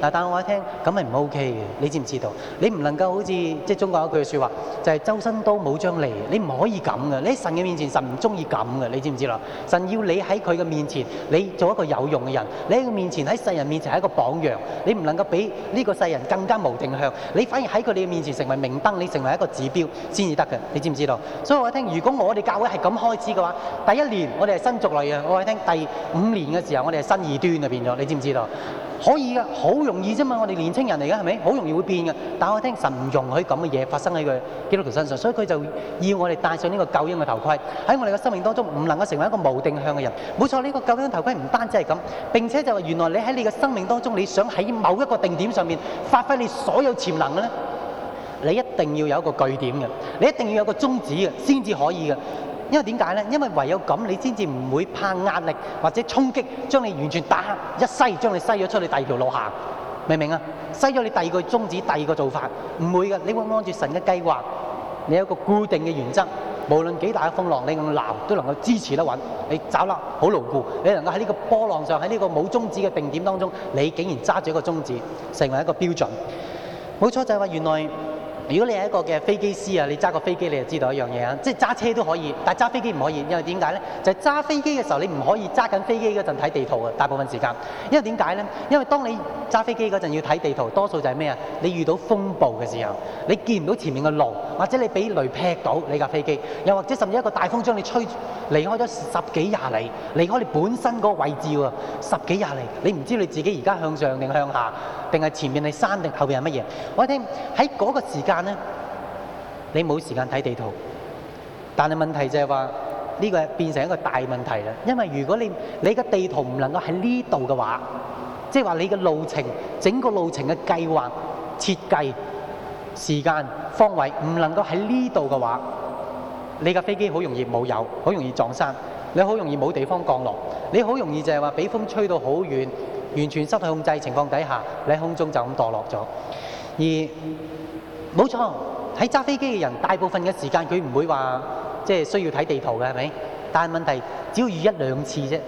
嘅。但我一聽咁係唔 O K 嘅，你知唔知道？你唔能夠好似即係中國有一句説話，就係、是、周身刀冇張利」。你唔可以咁嘅。喺神嘅面前，神唔中意咁嘅，你知唔知道？神要你喺佢嘅面前，你做一個有用嘅人，你喺佢面前，喺世人面前係一個榜樣，你唔能夠俾呢個世人更加無定向，你反而喺佢哋面前成為明燈，你成為一個指標先至得嘅。你知唔知道？所以我一聽，如果我哋教會係咁開始嘅話，第一年我哋係新族類嘅，我哋聽第五年嘅時候，我哋係新異端啊，變咗，你知唔知道？可以嘅，好容易啫嘛，我哋年青人嚟嘅係咪？好容易會變嘅，但我聽神唔容許咁嘅嘢發生喺佢基督徒身上，所以佢就要我哋戴上呢個救恩嘅頭盔，喺我哋嘅生命當中唔能夠成為一個無定向嘅人。冇錯，呢個救恩頭盔唔單止係咁，並且就係原來你喺你嘅生命當中，你想喺某一個定點上面發揮你所有潛能嘅咧，你一定要有一個據點嘅，你一定要有個宗旨嘅，先至可以嘅。因為點解呢？因為唯有咁，你先至唔會怕壓力或者衝擊，將你完全打一篩，將你篩咗出去第二條路行，明唔明啊？篩咗你第二個宗旨，第二個做法唔會嘅。你會按住神嘅計劃，你有個固定嘅原則，無論幾大嘅風浪，你硬立都能夠支持得穩，你扎得好牢固，你能夠喺呢個波浪上喺呢個冇宗旨嘅定點當中，你竟然揸住一個宗旨，成為一個標準。冇錯，就係話原來。如果你係一個嘅飛機師啊，你揸個飛機你就知道一樣嘢啊，即係揸車都可以，但係揸飛機唔可以，因為點解呢？就係、是、揸飛機嘅時候，你唔可以揸緊飛機嗰陣睇地圖啊！大部分時間，因為點解呢？因為當你揸飛機嗰陣要睇地圖，多數就係咩啊？你遇到風暴嘅時候，你見唔到前面嘅路，或者你俾雷劈到你架飛機，又或者甚至一個大風將你吹離開咗十幾廿里，離開你本身個位置喎，十幾廿里，你唔知你自己而家向上定向下，定係前面係山定後邊係乜嘢？我聽喺嗰個時間。咧，但你冇時間睇地圖，但係問題就係話呢個變成一個大問題啦。因為如果你你嘅地圖唔能夠喺呢度嘅話，即係話你嘅路程，整個路程嘅計劃、設計、時間、方位唔能夠喺呢度嘅話，你嘅飛機好容易冇油，好容易撞山，你好容易冇地方降落，你好容易就係話俾風吹到好遠，完全失去控制情況底下，你喺空中就咁墮落咗，而冇錯，喺揸飛機嘅人，大部分嘅時間佢唔會話即係需要睇地圖嘅，係咪？但係問題，只要遇一兩次啫，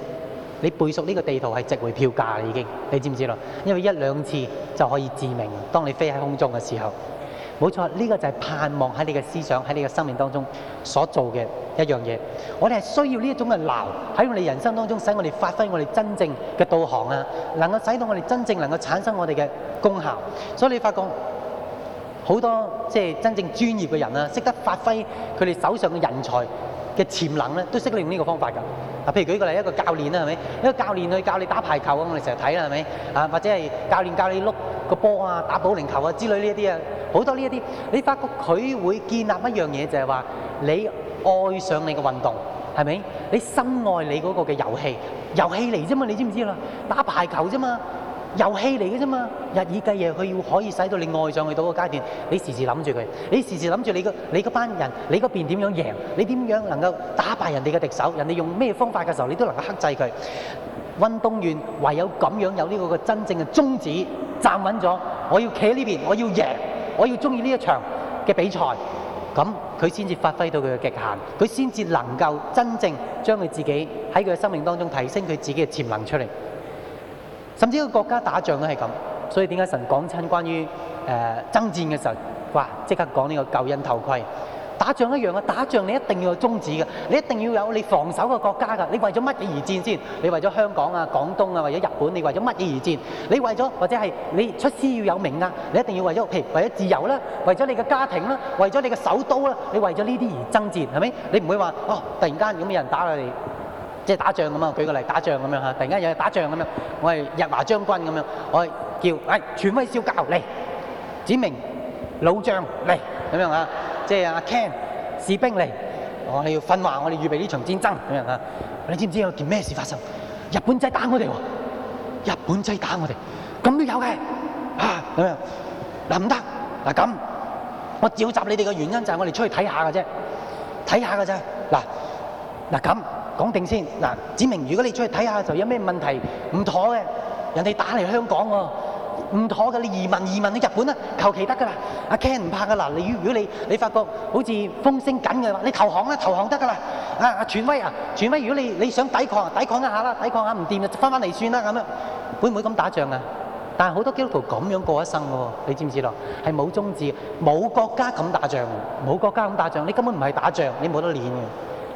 你背熟呢個地圖係值回票價啦，已經。你知唔知咯？因為一兩次就可以致命，當你飛喺空中嘅時候。冇錯，呢個就係盼望喺你嘅思想喺你嘅生命當中所做嘅一樣嘢。我哋係需要呢一種嘅鬧喺我哋人生當中，使我哋發揮我哋真正嘅導航啊，能夠使到我哋真正能夠產生我哋嘅功效。所以你發覺。好多即係真正專業嘅人啊，識得發揮佢哋手上嘅人才嘅潛能咧，都識利用呢個方法㗎。嗱，譬如舉個例，一個教練啦，係咪？一個教練去教你打排球啊，我哋成日睇啦，係咪？啊，或者係教練教你碌個波啊、打保齡球啊之類呢一啲啊，好多呢一啲。你發覺佢會建立一樣嘢，就係話你愛上你嘅運動，係咪？你深愛你嗰個嘅遊戲，遊戲嚟啫嘛，你知唔知啦？打排球啫嘛。遊戲嚟嘅啫嘛，日以繼夜佢要可以使到你愛上去到個階段，你時時諗住佢，你時時諗住你個你班人，你嗰邊點樣贏，你點樣能夠打敗人哋嘅敵手，人哋用咩方法嘅時候，你都能夠克制佢。運動員唯有咁樣有呢個真正嘅宗旨，站穩咗，我要企喺呢邊，我要贏，我要鍾意呢一場嘅比賽，咁佢先至發揮到佢嘅極限，佢先至能夠真正將佢自己喺佢嘅生命當中提升佢自己嘅潛能出嚟。甚至一個國家打仗都係咁，所以點解神講親關於誒爭戰嘅時候，哇！即刻講呢個救恩頭盔。打仗一樣啊，打仗你一定要有宗旨嘅，你一定要有你防守嘅國家㗎。你為咗乜嘢而戰先？你為咗香港啊、廣東啊，為咗日本，你為咗乜嘢而戰？你為咗或者係你出師要有名啊？你一定要為咗，譬如為咗自由啦，為咗你嘅家庭啦，為咗你嘅首都啦，你為咗呢啲而爭戰，係咪？你唔會話哦，突然間咁有人打你？即係打仗咁啊！舉個例，打仗咁樣嚇，突然間又有打仗咁樣，我係日華將軍咁樣，我叫，哎，全軍稍教嚟，指明老將嚟，咁樣啊，即係阿 Ken 士兵嚟，我哋要訓話，我哋預備呢場戰爭咁樣啊。你知唔知有件咩事發生？日本仔打我哋喎，日本仔打我哋，咁都有嘅啊，咁樣嗱唔得嗱咁，我召集你哋嘅原因就係我哋出去睇下嘅啫，睇下嘅啫嗱嗱咁。講定先嗱，指明，如果你出去睇下就有咩問題唔妥嘅，人哋打嚟香港喎，唔妥嘅，你移民移民去日本啦，求其得噶啦。阿 Ken 唔怕噶啦，你如果你你發覺好似風聲緊嘅話，你投降啦，投降得噶啦。啊，權威啊，權威，如果你你想抵抗，抵抗一下啦，抵抗下唔掂啊就翻返嚟算啦咁樣，會唔會咁打仗啊？但係好多基督徒咁樣過一生嘅喎，你知唔知咯？係冇宗旨，冇國家咁打仗，冇國家咁打仗，你根本唔係打仗，你冇得練嘅。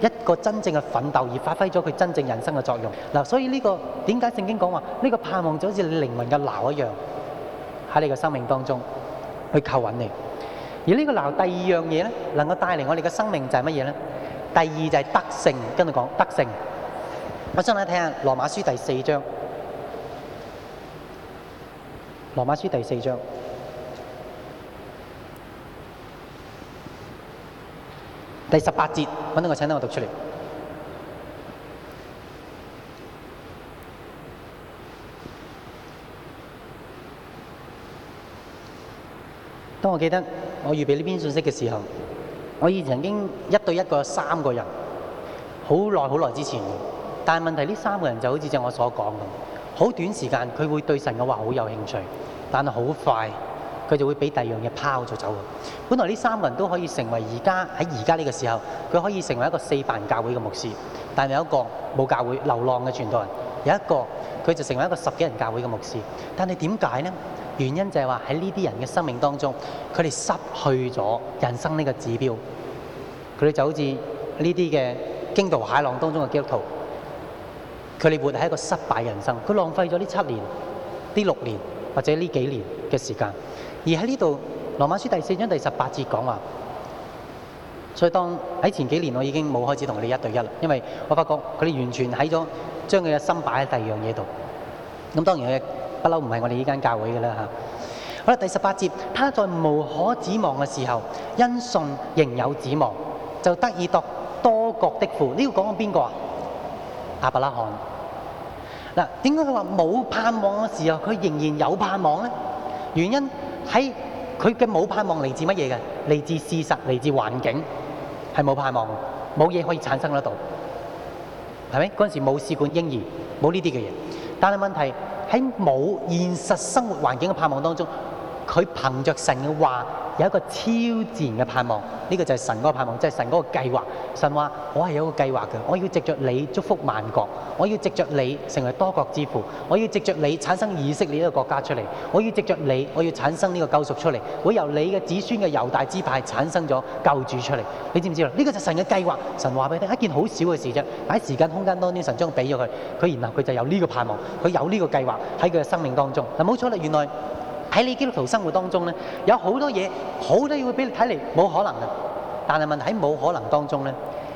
一個真正嘅奮鬥而發揮咗佢真正人生嘅作用嗱，所以呢個點解聖經講話呢個盼望就好似你靈魂嘅錨一樣，喺你嘅生命當中去靠穩你。而呢個錨第二樣嘢咧能夠帶嚟我哋嘅生命就係乜嘢咧？第二就係得勝，跟住講得勝。我想嚟睇下羅馬書第四章，羅馬書第四章。第十八節，揾到請，等我讀出來。當我記得我預備呢篇信息嘅時候，我已經經一對一個三個人，好耐好耐之前。但問問題呢三個人就好似我所講噉，好短時間佢會對神嘅話好有興趣，但係好快。佢就會俾第二樣嘢拋咗走啊！本來呢三個人都可以成為而家喺而家呢個時候，佢可以成為一個四萬人教會嘅牧師。但係有一個冇教會流浪嘅傳道人，有一個佢就成為一個十幾人教會嘅牧師。但係點解呢？原因就係話喺呢啲人嘅生命當中，佢哋失去咗人生呢個指標。佢哋就好似呢啲嘅驚濤駭浪當中嘅基督徒，佢哋活喺一個失敗嘅人生。佢浪費咗呢七年、呢六年或者呢幾年嘅時間。而喺呢度，《羅馬書》第四章第十八節講話，所以當喺前幾年，我已經冇開始同佢哋一對一啦，因為我發覺佢哋完全喺咗將佢嘅心擺喺第二樣嘢度。咁當然佢不嬲唔係我哋呢間教會嘅啦嚇。好啦，第十八節，他在無可指望嘅時候，因信仍有指望，就得以作多國的父。呢個講緊邊個啊？亞伯拉罕嗱，點解佢話冇盼望嘅時候，佢仍然有盼望咧？原因？喺佢嘅冇盼望嚟自乜嘢嘅？嚟自事實，嚟自環境，係冇盼望的，冇嘢可以產生得到，係咪？嗰陣時冇試管嬰兒，冇呢啲嘅嘢，但係問題，喺冇現實生活環境嘅盼望當中。佢憑着神嘅話，有一個超自然嘅盼望。呢個就係神嗰個盼望，即係神嗰個計劃。神話：我係有一個計劃嘅，我要藉着你祝福萬國，我要藉着你成為多國之父，我要藉着你產生以色列一個國家出嚟，我要藉着你，我要產生呢個救贖出嚟。會由你嘅子孫嘅猶大支派產生咗救主出嚟。你知唔知道？呢個就係神嘅計劃。神話俾你聽，一件好小嘅事啫。喺時間空間當中，神將俾咗佢，佢然後佢就有呢個盼望，佢有呢個計劃喺佢嘅生命當中。嗱，冇錯啦，原來。喺你基督徒生活當中咧，有好多嘢，好多嘢會俾你睇嚟冇可能噶。但係問題喺冇可能當中咧，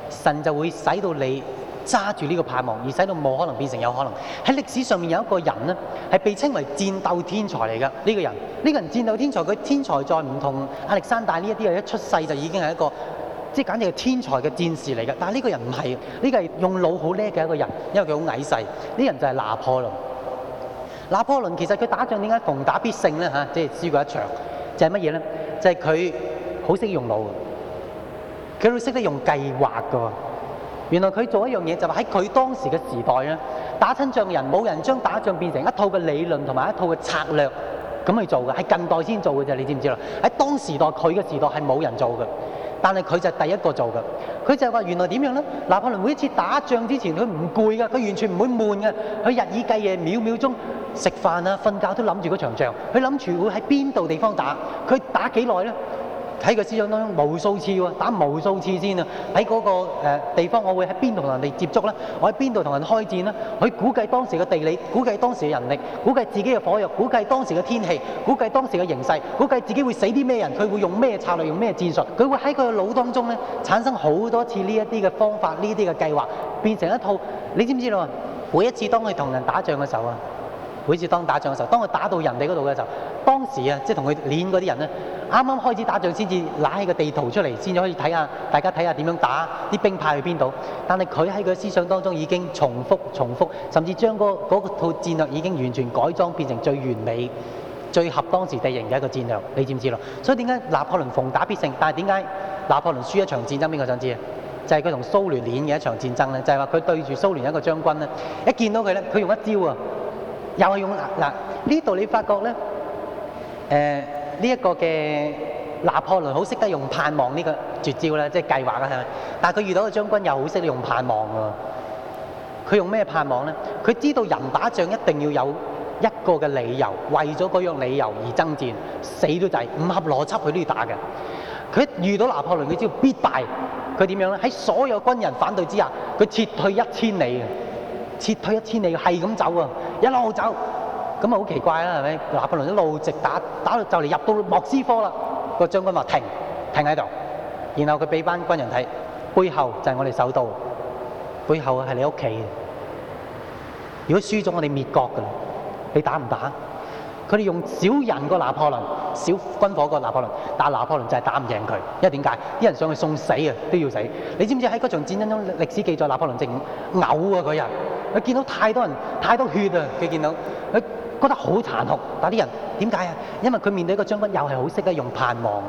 神就會使到你揸住呢個盼望，而使到冇可能變成有可能。喺歷史上面有一個人咧，係被稱為戰鬥天才嚟噶。呢個人，呢個人戰鬥天才，佢天才再唔同亞歷山大呢一啲啊，一出世就已經係一個，即係簡直係天才嘅戰士嚟噶。但係呢個人唔係，呢個係用腦好叻嘅一個人，因為佢好矮細。呢人就係拿破崙。拿破崙其實佢打仗點解逢打必勝呢？嚇，即係輸過一場，就係乜嘢呢？就係佢好識用腦，佢都識得用計劃噶。原來佢做一樣嘢就係喺佢當時嘅時代咧，打親仗，人冇人將打仗變成一套嘅理論同埋一套嘅策略咁去做嘅，喺近代先做嘅啫。你知唔知啦？喺當時代佢嘅時代係冇人做嘅。但係佢就係第一個做嘅。佢就係話，原來點樣咧？拿破崙每一次打仗之前，佢唔攰噶，佢完全唔會悶嘅，佢日以繼夜，秒秒鐘食飯啊、瞓覺都諗住嗰場仗，佢諗住會喺邊度地方打，佢打幾耐咧？喺佢思想當中無數次喎、啊，打無數次先啊！喺嗰、嗰個、呃、地方我喺邊度、啊我喺邊度啊，我會喺邊度同人哋接觸咧？我喺邊度同人開戰咧？佢估計當時嘅地理，估計當時嘅人力，估計自己嘅火藥，估計當時嘅天氣，估計當時嘅形勢，估計自己會死啲咩人，佢會用咩策略，用咩戰術，佢會喺佢嘅腦當中咧產生好多次呢一啲嘅方法，呢啲嘅計劃變成一套。你知唔知道？每一次當佢同人打仗嘅時候啊！每次當打仗嘅時候，當佢打到人哋嗰度嘅時候，當時啊，即係同佢練嗰啲人呢，啱啱開始打仗先至拿起個地圖出嚟，先至可以睇下，大家睇下點樣打，啲兵派去邊度。但係佢喺佢思想當中已經重複重複，甚至將嗰、嗰個、套戰略已經完全改裝變成最完美、最合當時地形嘅一個戰略。你知唔知咯？所以點解拿破崙逢打必勝？但係點解拿破崙輸一場戰爭？邊個想知啊？就係佢同蘇聯練嘅一場戰爭呢，就係話佢對住蘇聯一個將軍呢，一見到佢呢，佢用一招啊！又係用嗱嗱呢度，你發覺咧，誒呢一個嘅拿破侖好識得用盼望呢個絕招啦，即係計劃啦，係咪？但係佢遇到嘅將軍又好識得用盼望喎。佢用咩盼望咧？佢知道人打仗一定要有一個嘅理由，為咗嗰樣理由而爭戰，死都就係，唔合邏輯佢都要打嘅。佢遇到拿破侖，佢知必敗，佢點樣咧？喺所有軍人反對之下，佢撤退一千里啊！撤退一千里，係咁走啊，一路走，咁好奇怪啦，係咪？拿破崙一路直打，打到就嚟入到莫斯科啦。個將軍話停，停喺度，然後佢俾班軍人睇，背後就係我哋首都，背後係你屋企。如果輸咗，我哋滅國噶，你打唔打？佢哋用少人個拿破崙，少軍火個拿破崙，但係拿破崙就係打唔贏佢，因為點解？啲人上去送死啊，都要死。你知唔知喺嗰場戰爭中，歷史記載，拿破崙正嘔啊！嗰日，佢見到太多人，太多血啊！佢見到佢。覺得好殘酷，但係啲人點解啊？因為佢面對一個將軍，又係好識得用盼望。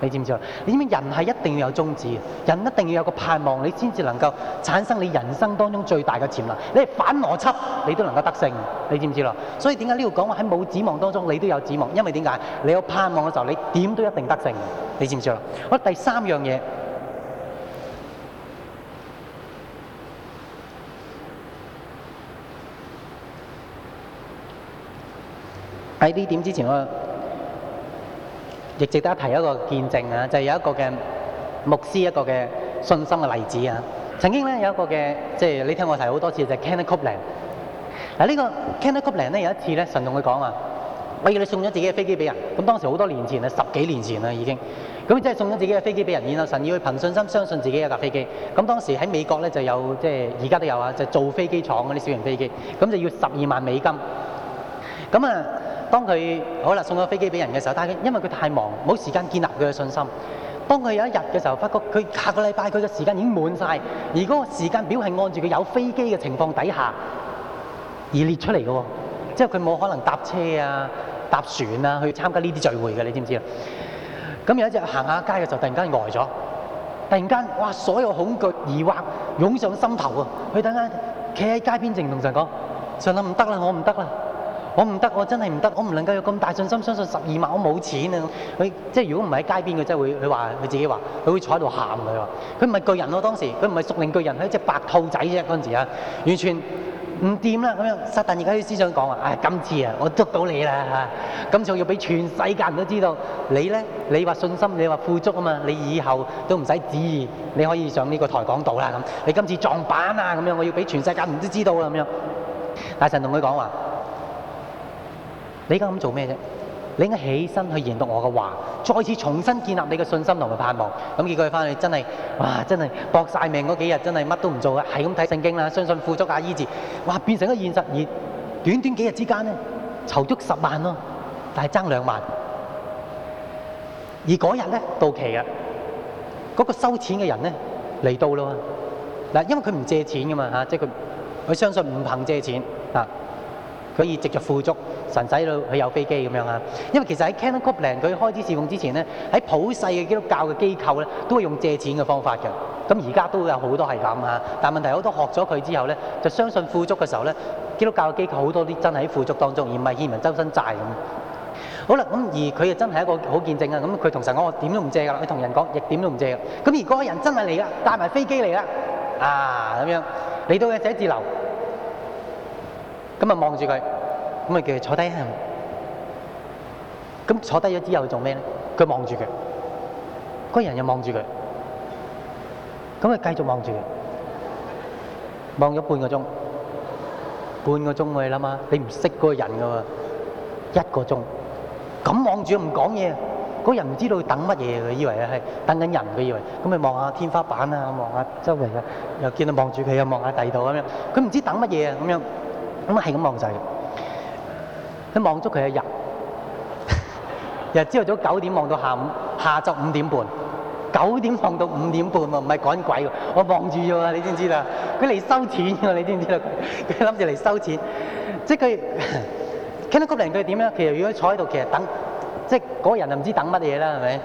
你知唔知啊？你知唔知人係一定要有宗旨，人一定要有個盼望，你先至能夠產生你人生當中最大嘅潛能。你係反邏輯，你都能夠得勝。你知唔知咯？所以點解呢度講話喺冇指望當中，你都有指望？因為點解？你有盼望嘅時候，你點都一定得勝。你知唔知啊？好，第三樣嘢。喺呢點之前，我亦值得一提一個見證啊，就係、是、有一個嘅牧師一個嘅信心嘅例子啊。曾經咧有一個嘅，即、就、係、是、你聽我提好多次，就 Kenneth Copeland 嗱呢個 Kenneth Copeland 咧，有一次咧，神同佢講啊：「我要你送咗自己嘅飛機俾人。」咁當時好多年前啦，十幾年前啦已經。咁即係送咗自己嘅飛機俾人，然後神要佢憑信心相信自己有架飛機。咁當時喺美國咧就有，即係而家都有啊，就是、造飛機廠嗰啲小型飛機，咁就要十二萬美金。咁啊～當佢好啦，送咗飛機俾人嘅時候，但係因為佢太忙，冇時間建立佢嘅信心。當佢有一日嘅時候，發覺佢下個禮拜佢嘅時間已經滿晒，而嗰個時間表係按住佢有飛機嘅情況底下而列出嚟嘅，即係佢冇可能搭車啊、搭船啊去參加呢啲聚會嘅，你知唔知啊？咁有一日行下街嘅時候，突然間呆咗，突然間哇，所有恐懼、疑惑湧上心頭啊！佢等間企喺街邊靜，同神講：神啊，唔得啦，我唔得啦！我唔得，我真係唔得，我唔能夠有咁大信心相信十二萬我沒，我冇錢啊！佢即係如果唔喺街邊，佢真係會，佢話佢自己話，佢會坐喺度喊佢話，佢唔係巨人咯、啊，當時佢唔係縮靈巨人，係一隻白兔仔啫，嗰陣時啊，完全唔掂啦咁樣。實旦而家啲思想講話，唉、哎、今次啊，我捉到你啦嚇！咁仲要俾全世界人都知道你咧，你話信心，你話富足啊嘛，你以後都唔使旨意，你可以上呢個台講道啦咁。你今次撞板啊咁樣，我要俾全世界人都知道啊咁樣。大神同佢講話。你而家咁做咩啫？你應該起身去研讀我嘅話，再次重新建立你嘅信心同埋盼望。咁結果佢翻去真係，哇！真係搏晒命嗰幾日，真係乜都唔做信信啊，係咁睇聖經啦，相信富足亞醫治，哇！變成咗現實，而短短幾日之間咧，籌足十萬咯，但係爭兩萬。而嗰日咧到期啊，嗰個收錢嘅人咧嚟到咯。嗱，因為佢唔借錢噶嘛嚇，即係佢，佢相信唔憑借錢啊。佢以藉著富足神使到佢有飛機咁樣啊，因為其實喺 Kenneth Copeland 佢開始事奉之前咧，喺普世嘅基督教嘅機構咧，都會用借錢嘅方法嘅。咁而家都有好多係咁啊，但係問題好多學咗佢之後咧，就相信富足嘅時候咧，基督教嘅機構好多啲真係喺富足當中，而唔係欠人周身債咁。好啦，咁而佢又真係一個好見證啊。咁佢同神講：我點都唔借㗎。佢同人講：亦點都唔借㗎。咁而嗰個人真係嚟㗎，帶埋飛機嚟啦啊咁樣嚟到嘅寫字樓。咁啊望住佢，咁啊叫佢坐低啊！咁坐低咗之後做咩咧？佢望住佢，嗰人又望住佢，咁啊繼續望住佢，望咗半個鐘，半個鐘喎，你諗啊，你唔識嗰個人噶喎，一個鐘咁望住唔講嘢，嗰人唔知道佢等乜嘢，佢以為係等緊人，佢以為咁啊望下天花板啊，望下周圍啊，又見到望住佢又望下第二度咁樣，佢唔知等乜嘢啊咁樣。咁啊，係咁望就係，佢望足佢一日，日朝頭早九點望到下午下晝五點半，九點望到五點半喎，唔係趕鬼喎，我望住啫喎，你知唔知啦？佢嚟收錢嘅，你知唔知啊？佢諗住嚟收錢，即係佢傾得咁靈，佢點咧？其實如果坐喺度，其實等，即係嗰人就唔知等乜嘢啦，係咪？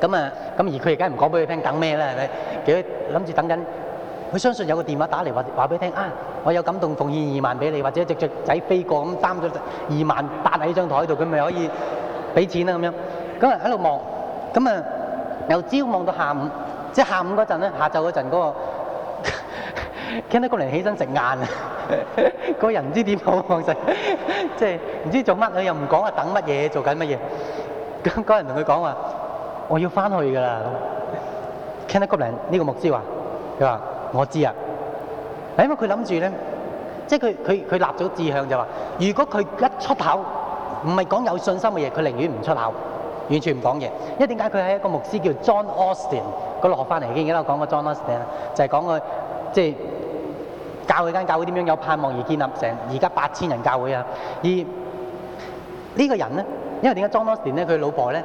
咁啊，咁而佢而家唔講俾佢聽等咩啦，係咪？佢諗住等緊。佢相信有個電話打嚟話話俾你聽啊！我有感動，奉獻二萬俾你，或者隻雀仔飛過咁擔咗二萬搭喺張台度，佢咪可以俾錢啦咁樣。咁啊喺度望，咁啊由朝望到下午，即係下午嗰陣咧，下晝嗰陣嗰個 k e n Gollin 起身食晏啊！嗰 人唔知點好望成，即係唔知做乜佢又唔講啊，等乜嘢，做緊乜嘢？咁嗰人同佢講話我要翻去㗎啦。k e n 得谷嚟呢個牧師話，佢話。我知啊，係因為佢諗住咧，即係佢佢佢立咗志向就話：如果佢一出口，唔係講有信心嘅嘢，佢寧願唔出口，完全唔講嘢。因為點解佢喺一個牧師叫 John Austin 嗰度學翻嚟嘅啦？我講過 John Austin 啊，就係講佢即係教佢間教會點樣有盼望而建立成而家八千人教會啊。而呢個人咧，因為點解 John Austin 咧，佢老婆咧？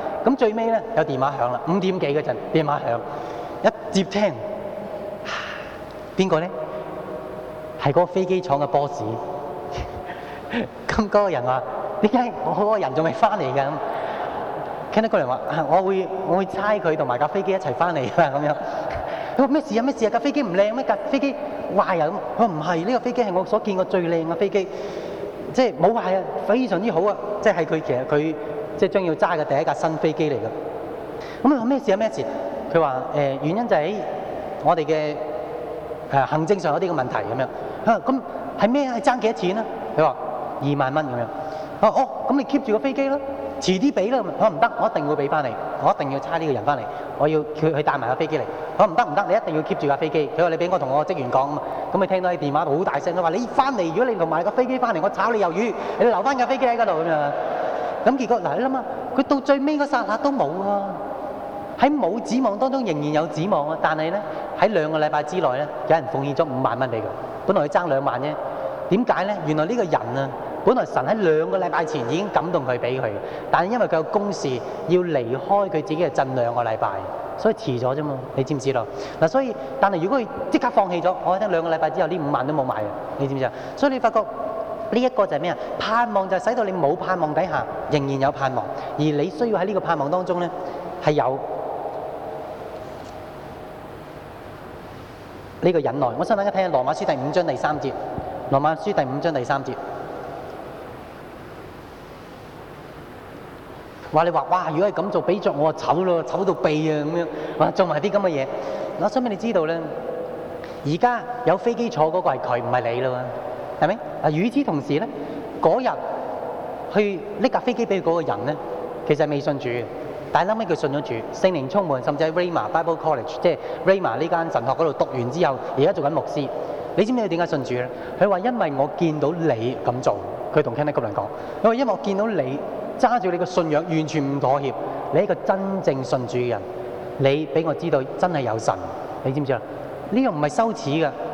咁最尾咧有電話響啦，五點幾嗰陣電話響，一接聽，邊個咧？係嗰個飛機廠嘅 boss。咁嗰個人話：點解我個人仲未翻嚟㗎？聽得過嚟話，我會我會猜佢同埋架飛機一齊翻嚟㗎咁樣。佢話咩事啊？咩事啊？架飛機唔靚咩？架飛機壞啊？佢話唔係，呢個飛機係我所見過最靚嘅飛機，即係冇壞啊，非常之好啊！即係係佢其實佢。即係將要揸嘅第一架新飛機嚟㗎。咁啊咩事有咩事？佢話誒原因就喺我哋嘅誒行政上有啲嘅問題咁樣。咁係咩？你爭幾多錢啊？佢話二萬蚊咁樣。我話哦，咁、嗯嗯、你 keep 住個飛機啦，遲啲俾啦。我唔得，我一定會俾翻你。我一定要差呢個人翻嚟，我要佢帶埋個飛機嚟。我話唔得唔得，你一定要 keep 住架飛機。佢話你俾我同我職員講嘛，咁佢聽到你電話好大聲，佢話你翻嚟，如果你同埋個飛機翻嚟，我炒你魷魚。你留翻架飛機喺嗰度咁樣。咁結果嗱，你諗啊，佢到最尾嗰剎那都冇啊！喺冇指望當中，仍然有指望啊！但係咧，喺兩個禮拜之內咧，有人奉獻咗五萬蚊俾佢。本來佢爭兩萬啫，點解咧？原來呢個人啊，本來神喺兩個禮拜前已經感動佢俾佢，但係因為佢有公事要離開，佢自己嘅陣兩個禮拜，所以遲咗啫嘛。你知唔知道？嗱，所以但係如果佢即刻放棄咗，我聽兩個禮拜之後呢五萬都冇埋嘅。你知唔知啊？所以你發覺。呢一個就係咩啊？盼望就係使到你冇盼望底下，仍然有盼望。而你需要喺呢個盼望當中咧，係有呢個忍耐。我想大家睇下《羅馬書》第五章第三節，《羅馬書》第五章第三節，話你話哇，如果係咁做，俾著我醜咯，醜到痹啊咁樣，哇做埋啲咁嘅嘢。我想俾你知道咧，而家有飛機坐嗰個係佢，唔係你啦。係咪？啊，與之同時咧，嗰日去拎架飛機俾佢嗰個人咧，其實係未信主嘅，但係嬲尾佢信咗主。聖靈充滿，甚至喺 Rayma Bible College，即係 Rayma 呢間神學嗰度讀完之後，而家做緊牧師。你知唔知佢點解信主咧？佢話因為我見到你咁做，佢同 Kenneth Copeland 講。佢話因為我見到你揸住你嘅信仰完全唔妥協，你係一個真正信主嘅人。你俾我知道真係有神，你知唔知啊？呢個唔係羞恥㗎。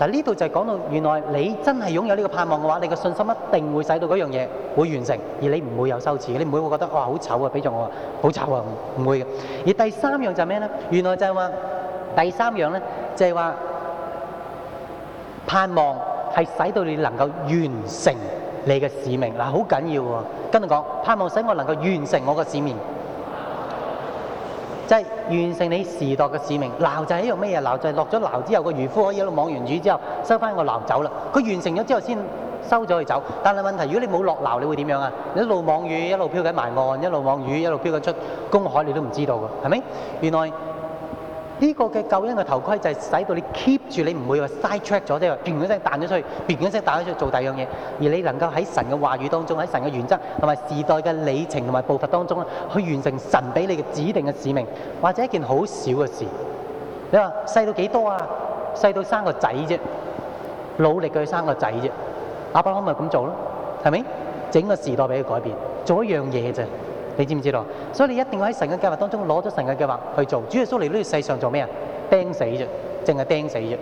嗱，呢度就係講到原來你真係擁有呢個盼望嘅話，你嘅信心一定會使到嗰樣嘢會完成，而你唔會有羞恥，你唔會覺得哇好醜啊，俾著我好醜啊，唔會嘅。而第三樣就係咩呢？原來就係話第三樣呢，就係話盼望係使到你能夠完成你嘅使命。嗱，好緊要喎，跟住講盼望使我能夠完成我嘅使命。即係完成你時代嘅使命，撈就係呢個咩嘢？撈就係落咗撈之後，個漁夫可以一路望完魚之後收翻個撈走啦。佢完成咗之後先收咗去走。但係問題是如果你冇落撈，你會點樣啊？你一路望魚，一路飄緊埋岸，一路望魚，一路飄緊出公海，你都唔知道㗎，係咪？原來。呢個嘅救恩嘅頭盔就係使到你 keep 住你唔會話 side track 咗啫，完嗰陣彈咗出去，完嗰陣彈咗出去，出去做第二樣嘢，而你能夠喺神嘅話語當中，喺神嘅原則同埋時代嘅里程同埋步伐當中咧，去完成神俾你嘅指定嘅使命，或者一件好小嘅事。你話細到幾多啊？細到生個仔啫，努力嘅去生個仔啫。亞伯拉罕咪咁做咯，係咪？整個時代俾佢改變，做一樣嘢啫。你知唔知道？所以你一定要喺神嘅計劃當中攞咗神嘅計劃去做。主耶穌嚟呢個世上做咩啊？釘死啫，淨係釘死啫。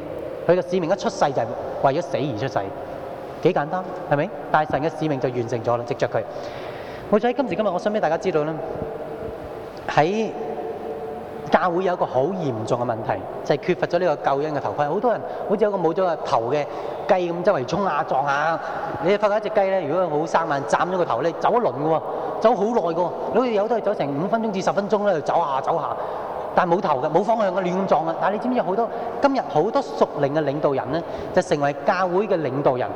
佢嘅使命一出世就係為咗死而出世，幾簡單係咪？但係神嘅使命就完成咗啦，藉着佢。好彩今時今日，我想俾大家知道咧，喺。教會有一個好嚴重嘅問題，就係缺乏咗呢個救恩嘅頭盔。好多人好似有個冇咗個頭嘅雞咁，周圍衝下撞下。你發覺一隻雞咧，如果好生猛斬咗個頭咧，走一輪㗎喎，走好耐㗎喎，好似有都係走成五分鐘至十分鐘咧，就走下走下，但係冇頭嘅，冇方向嘅亂撞啊！但係你知唔知有好多今日好多屬靈嘅領導人咧，就成為教會嘅領導人，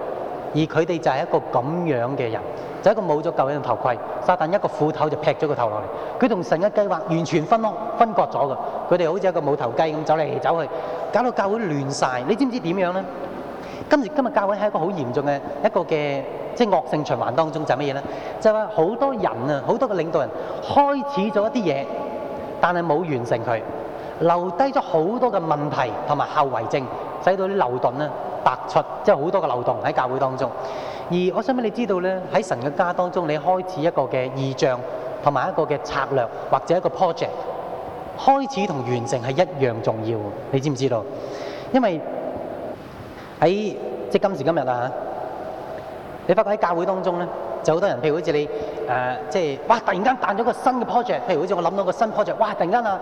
而佢哋就係一個咁樣嘅人。就一個冇咗舊嘅頭盔，撒但一個斧頭就劈咗個頭落嚟。佢同成個計劃完全分開，分割咗嘅。佢哋好似一個冇頭雞咁走嚟走去，搞到教會亂曬。你知唔知點樣咧？今時今日教會係一個好嚴重嘅一個嘅即係惡性循環當中，就係乜嘢咧？即係話好多人啊，好多嘅領導人開始咗一啲嘢，但係冇完成佢，留低咗好多嘅問題同埋後遺症，使到啲漏洞咧，突出，即係好多嘅漏洞喺教會當中。而我想俾你知道咧，喺神嘅家當中，你開始一個嘅意象同埋一個嘅策略或者一個 project，開始同完成係一樣重要嘅，你知唔知道？因為喺即今時今日啊嚇，你發覺喺教會當中咧，就好多人，譬如好似你誒，即係哇，突然間彈咗個新嘅 project，譬如好似我諗到個新 project，哇，突然間啊，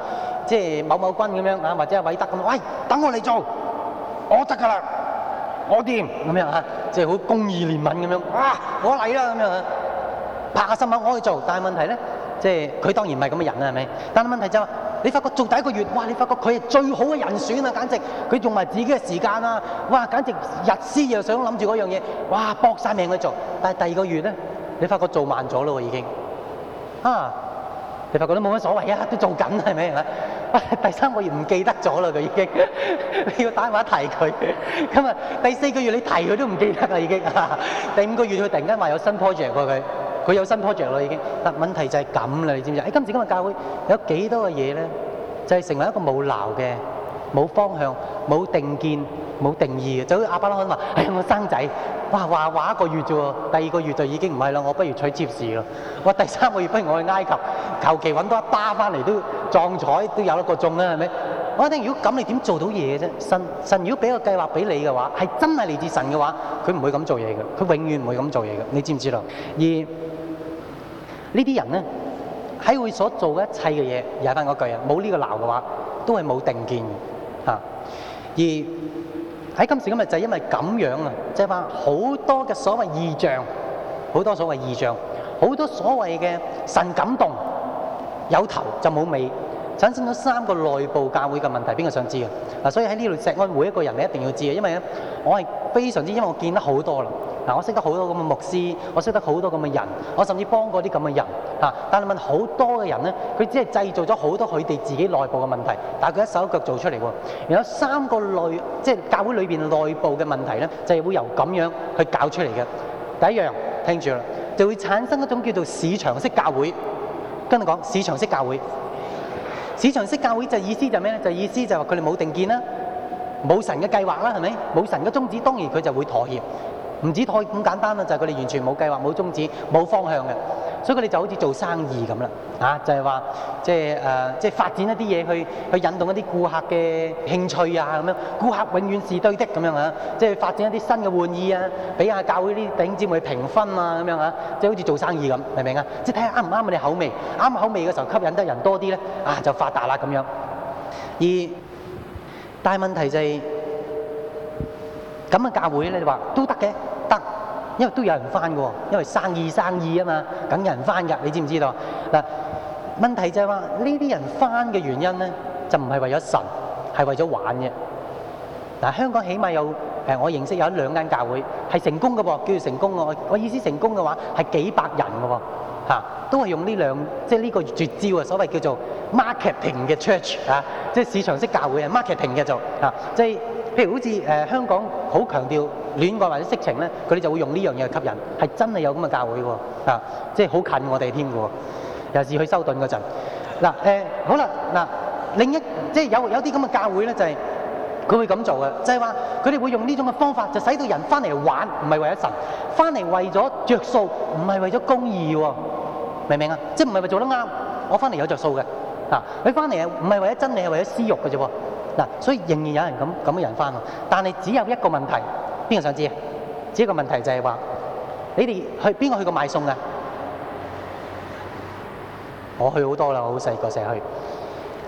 即係某某君咁樣啊，或者係偉德咁樣，喂，等我嚟做，我得噶啦。我掂咁樣嚇，即係好公義憐憫咁樣，哇！我嚟啦咁樣，拍下新聞我去做。但係問題咧，即係佢當然唔係咁嘅人啦，係咪？但係問題就，你發覺做第一個月，哇！你發覺佢係最好嘅人選啦，簡直佢用埋自己嘅時間啦，哇！簡直日思夜想諗住嗰樣嘢，哇！搏曬命去做。但係第二個月咧，你發覺做慢咗咯喎，已經啊！你發覺都冇乜所謂，一刻都做緊係咪啊？第三個月唔記得咗啦，佢已經，你要打電話提佢。今日第四個月你提佢都唔記得啦，已經。第五個月佢突然間話有新 project 喎，佢佢有新 project 啦，已經。嗱，問題就係咁啦，你知唔知啊？誒，今次今時今日教會有幾多嘅嘢咧，就係、是、成為一個冇鬧嘅、冇方向、冇定見。冇定義嘅，就好似亞伯拉罕話，哎呀，我生仔，哇，話話一個月啫喎，第二個月就已經唔係啦，我不如娶妾侍咯。哇，第三個月不如我去埃及，求其揾多一打翻嚟都撞彩，都有得個中啦，係咪？我話你，如果咁，你點做到嘢嘅啫？神神，如果俾個計劃俾你嘅話，係真係嚟自神嘅話，佢唔會咁做嘢嘅，佢永遠唔會咁做嘢嘅，你知唔知道？而呢啲人咧，喺佢所做一切嘅嘢，又係翻嗰句啊，冇呢個鬧嘅話，都係冇定見嘅。而喺今時今日就係因為咁樣啊，即係話好多嘅所謂異象，好多所謂異象，好多所謂嘅神感動，有頭就冇尾，產生咗三個內部教會嘅問題，邊個想知啊？嗱，所以喺呢度石安，每一個人你一定要知啊！因為咧，我係非常之，因為我見得好多啦。啊、我識得好多咁嘅牧師，我識得好多咁嘅人，我甚至幫過啲咁嘅人嚇、啊。但係問好多嘅人咧，佢只係製造咗好多佢哋自己內部嘅問題，但係佢一手一腳做出嚟喎。然後三個類即係教會裏邊內部嘅問題咧，就係、會由咁樣去搞出嚟嘅。第一樣聽住啦，就會產生一種叫做市場式教會。跟你講，市場式教會，市場式教會就意思就係咩咧？就意思就係話佢哋冇定見啦，冇神嘅計劃啦，係咪？冇神嘅宗旨，當然佢就會妥協。唔止可咁簡單啦，就係佢哋完全冇計劃、冇宗旨、冇方向嘅，所以佢哋就好似做生意咁啦，啊，就係話即係誒，即、就、係、係呃就係、發展一啲嘢去去引動一啲顧客嘅興趣啊咁樣，顧客永遠是對的咁樣嚇，即、啊、係、就係、發展一啲新嘅玩意啊，俾下教會啲頂尖去評分啊咁樣嚇，即係好似做生意咁，明唔明啊？即係睇下啱唔啱我哋口味，啱口味嘅時候吸引得人多啲咧，啊就發達啦咁樣。而大問題就係、係。咁嘅教會咧，你話都得嘅，得，因為都有人翻嘅喎，因為生意生意啊嘛，梗有人翻噶，你知唔知道？嗱，問題就係話呢啲人翻嘅原因咧，就唔係為咗神，係為咗玩嘅。嗱，香港起碼有誒，我認識有一兩間教會係成功嘅噃，叫做成功喎。我意思成功嘅話係幾百人嘅喎，嚇，都係用呢兩即係呢個絕招啊，所謂叫做 marketing 嘅 church 啊，即係市場式教會啊，marketing 嘅就啊、是，即係。譬如好似誒香港好強調戀愛或者色情咧，佢哋就會用呢樣嘢去吸引，係真係有咁嘅教會喎，啊，即係好近我哋添嘅喎，尤其是去修頓嗰陣。嗱誒，好啦，嗱，另一即係有有啲咁嘅教會咧，就係佢會咁做嘅，就係話佢哋會用呢種嘅方法，就使到人翻嚟玩，唔係為咗神，翻嚟為咗着數，唔係為咗公義喎，明唔明啊？即係唔係咪做得啱？我翻嚟有着數嘅，啊，佢翻嚟啊，唔係、就是就是、為咗、啊啊、真理，係為咗私欲嘅啫喎。嗱，所以仍然有人咁咁嘅人翻喎，但係只有一個問題，邊個想知？只有一個問題就係話，你哋去邊個去過買餸嘅？我去好多啦，我好細個成日去。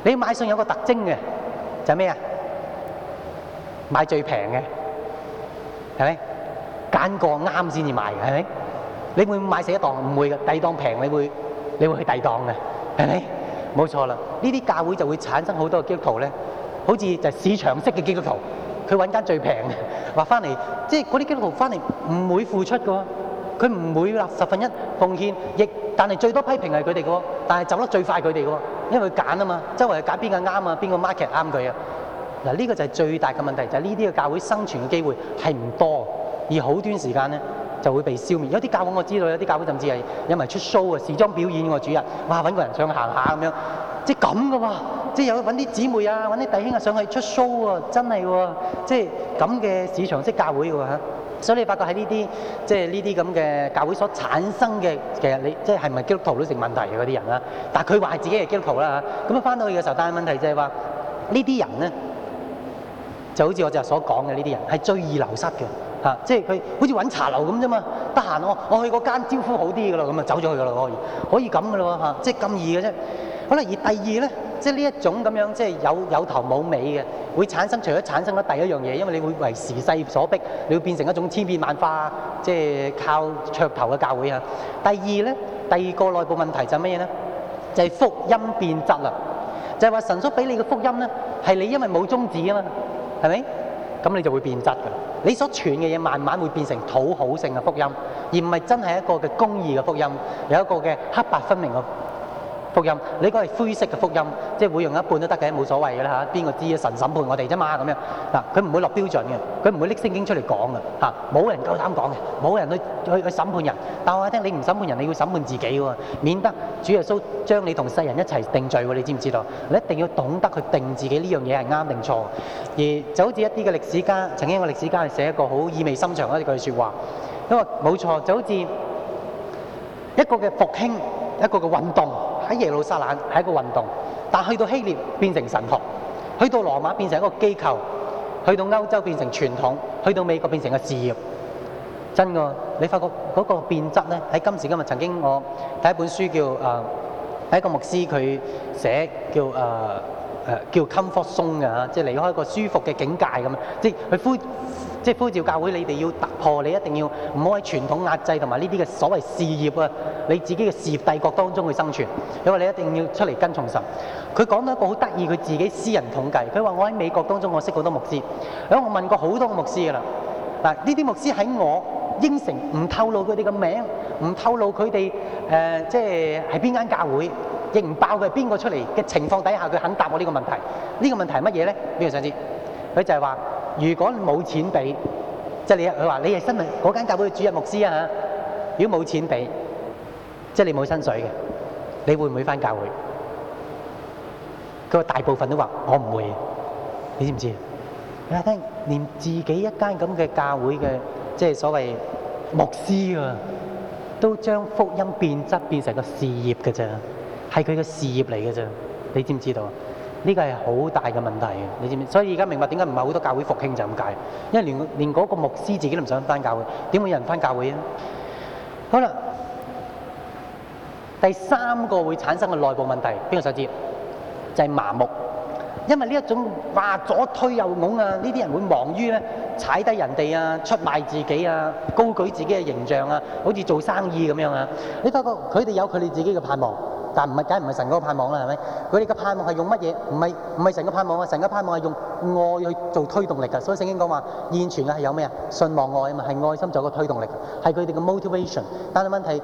你買餸有個特徵嘅，就係咩啊？買最平嘅，係咪揀個啱先至買，係咪？你會唔會買死一檔？唔會嘅，第二檔平你會，你會去第二檔嘅，係咪？冇錯啦，呢啲教會就會產生好多嘅基督徒咧。好似就係市場式嘅基督徒，佢揾間最平嘅。話翻嚟，即係嗰啲基督徒翻嚟唔會付出嘅喎，佢唔會啦，十分一奉獻，亦但係最多批評係佢哋嘅喎，但係走得最快佢哋嘅喎，因為佢揀啊嘛，周圍揀邊個啱啊，邊個 market 啱佢啊，嗱，呢個就係最大嘅問題，就係呢啲嘅教會生存嘅機會係唔多，而好短時間咧就會被消滅。有啲教會我知道，有啲教會甚至係有埋出 show 啊，時裝表演喎，主人，哇揾個人上去行下咁樣。即係咁嘅即係有揾啲姊妹啊，揾啲弟兄啊上去出 show 喎、啊，真係喎、啊，即係咁嘅市場式、即係、教會嘅、啊、喎，所以你發覺喺呢啲即係呢啲咁嘅教會所產生嘅，其實你即係係咪基督徒都成問題嘅嗰啲人啦、啊。但係佢話自己係基督徒啦、啊、嚇，咁啊翻到去嘅時候，但係問題就係話呢啲人咧就好似我就係所講嘅呢啲人係最易流失嘅嚇，即係佢好似揾茶樓咁啫嘛，得閒我我去嗰間招呼好啲嘅啦，咁啊走咗去嘅啦，可以可以咁嘅啦嚇，即係咁易嘅啫。可能而第二咧，即係呢一種咁樣，即係有有頭冇尾嘅，會產生除咗產生咗第一樣嘢，因為你會為時勢所逼，你會變成一種千變萬化，即係靠噱頭嘅教會啊。第二咧，第二個內部問題就係乜嘢咧？就係福音變質啦。就係話神所俾你嘅福音咧，係你因為冇宗旨啊嘛，係咪？咁你就會變質㗎喇。你所傳嘅嘢慢慢會變成討好性嘅福音，而唔係真係一個嘅公義嘅福音，有一個嘅黑白分明嘅。福音，你嗰係灰色嘅福音，即係會用一半都得嘅，冇所謂嘅啦嚇，邊個知啊？神審判我哋啫嘛咁樣。嗱，佢唔會落標準嘅，佢唔會拎聖經出嚟講嘅嚇，冇人夠膽講嘅，冇人去去去審判人。但係我聽你唔審判人，你要審判自己喎，免得主耶穌將你同世人一齊定罪喎。你知唔知道？你一定要懂得去定自己呢樣嘢係啱定錯。而就好似一啲嘅歷史家曾經嘅歷史家係寫一個好意味深長嘅一句説話，因為冇錯，就好似一個嘅復興，一個嘅運動。喺耶路撒冷係一個運動，但去到希臘變成神學，去到羅馬變成一個機構，去到歐洲變成傳統，去到美國變成個事業，真㗎！你發覺嗰個變質咧，喺今時今日曾經我睇一本書叫誒，係一個牧師佢寫叫誒誒叫 comfort zone 嘅嚇，即係離開一個舒服嘅境界咁樣，即係去恢。即係呼召教會，你哋要突破，你一定要唔好喺傳統壓制同埋呢啲嘅所謂事業啊，你自己嘅事業帝國當中去生存。因為你一定要出嚟跟從神。佢講到一個好得意，佢自己私人統計，佢話我喺美國當中，我識好多牧師，因為我問過好多牧師噶啦，嗱呢啲牧師喺我應承唔透露佢哋嘅名，唔透露佢哋誒即係係邊間教會，亦唔爆佢係邊個出嚟嘅情況底下，佢肯答我呢個問題。呢、這個問題係乜嘢咧？俾我想知。佢就係話：如果冇錢俾，即係你，佢話你係新民嗰間教會嘅主任牧師啊嚇。如果冇錢俾，即係你冇薪水嘅，你會唔會返教會？佢話大部分都話我唔會，你知唔知？你睇下聽，連自己一間咁嘅教會嘅，即係所謂牧師啊，都將福音變質變成個事業嘅咋，係佢個事業嚟嘅咋，你知唔知道？呢個係好大嘅問題嘅，你知唔知？所以而家明白點解唔係好多教會復興就咁解，因為連連嗰個牧師自己都唔想返教會，點會有人返教會啊？好啦，第三個會產生嘅內部問題邊個想知？就係、是、麻木，因為呢一種哇左推右拱啊，呢啲人會忙於咧踩低人哋啊、出賣自己啊、高舉自己嘅形象啊，好似做生意咁樣啊，你發覺佢哋有佢哋自己嘅盼望。但係唔係？梗唔係神嗰個盼望啦，係咪？佢哋嘅盼望係用乜嘢？唔係唔係神嘅盼望啊！神嘅盼望係用愛去做推動力㗎。所以聖經講話現存嘅係有咩啊？信望愛啊嘛，係愛心做個推動力，係佢哋嘅 motivation。但係問題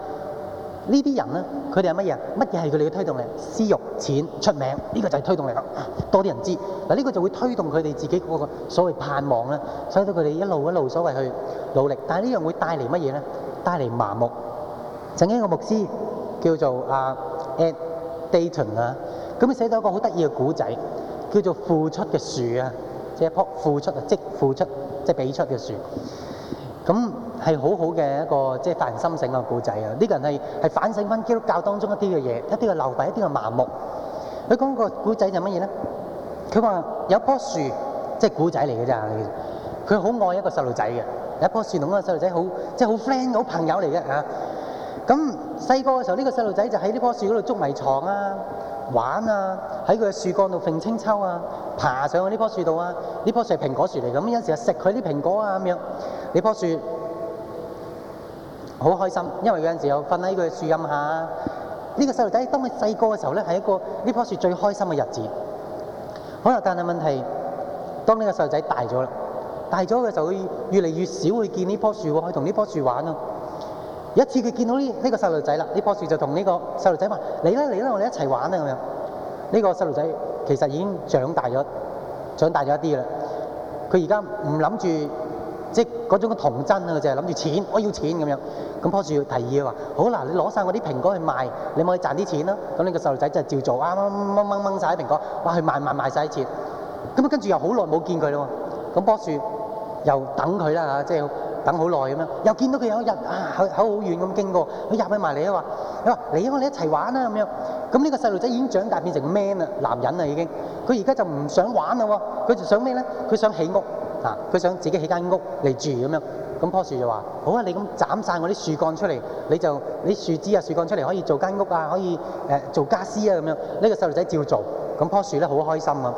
呢啲人咧，佢哋係乜嘢？乜嘢係佢哋嘅推動力？私欲、錢、出名，呢個就係推動力啦。多啲人知嗱，呢個就會推動佢哋自己嗰個所謂盼望啦，所以都佢哋一路一路所謂去努力。但係呢樣會帶嚟乜嘢咧？帶嚟麻木。曾經個牧師叫做啊，Dayton 啊，咁佢寫到一個好得意嘅故仔，叫做付出嘅樹啊，即係一樖付出啊，即係付出，即係俾出嘅樹。咁係好好嘅一個即係發人心醒嘅故仔啊！呢個人係係反省翻基督教當中一啲嘅嘢，一啲嘅流弊，一啲嘅麻木。佢講個故仔就乜嘢咧？佢話有樖樹，即係故仔嚟嘅咋。佢好愛一個細路仔嘅，有一樖樹同嗰個細路仔好即係好 friend，好朋友嚟嘅嚇。咁細個嘅時候，呢個細路仔就喺呢棵樹嗰度捉迷藏啊、玩啊，喺佢嘅樹幹度揈韆鞦啊，爬上去呢棵樹度啊，呢棵樹係蘋果樹嚟，咁有陣時又食佢啲蘋果啊咁樣，呢棵樹好開心，因為有陣時又瞓喺佢嘅樹蔭下啊。呢個細路仔當佢細個嘅時候咧，係一個呢棵樹最開心嘅日子。可能但係問題，當呢個細路仔大咗啦，大咗嘅時候會越嚟越少會見呢棵樹喎，去同呢棵樹玩啊。一次佢見到呢呢個細路仔啦，呢棵樹就同呢個細路仔話：，嚟啦嚟啦，我哋一齊玩啊！咁樣，呢個細路仔其實已經長大咗，長大咗一啲啦。佢而家唔諗住即係嗰種童真啦，就係諗住錢，我要錢咁樣。咁棵樹提議話：，好啦，你攞曬我啲蘋果去賣，你咪可以賺啲錢啦。咁呢個細路仔就照做，掹掹掹掹掹曬啲蘋果，哇，去賣賣賣曬啲錢。咁啊，跟住又好耐冇見佢咯。咁棵樹又等佢啦嚇，即係。等好耐咁樣，又見到佢有一日啊，喺好遠咁經過，佢入去埋嚟啊話：，啊，嚟啊，我哋一齊玩啊咁樣。咁呢個細路仔已經長大變成 man 啦，男人啦已經。佢而家就唔想玩啦，佢就想咩咧？佢想起屋，嗱，佢想自己起間屋嚟住咁樣。咁樖樹就話：，好啊，你咁斬晒我啲樹幹出嚟，你就你樹枝啊、樹幹出嚟可以做間屋啊，可以誒做傢俬啊咁樣。呢個細路仔照做，咁樖樹咧好開心啊。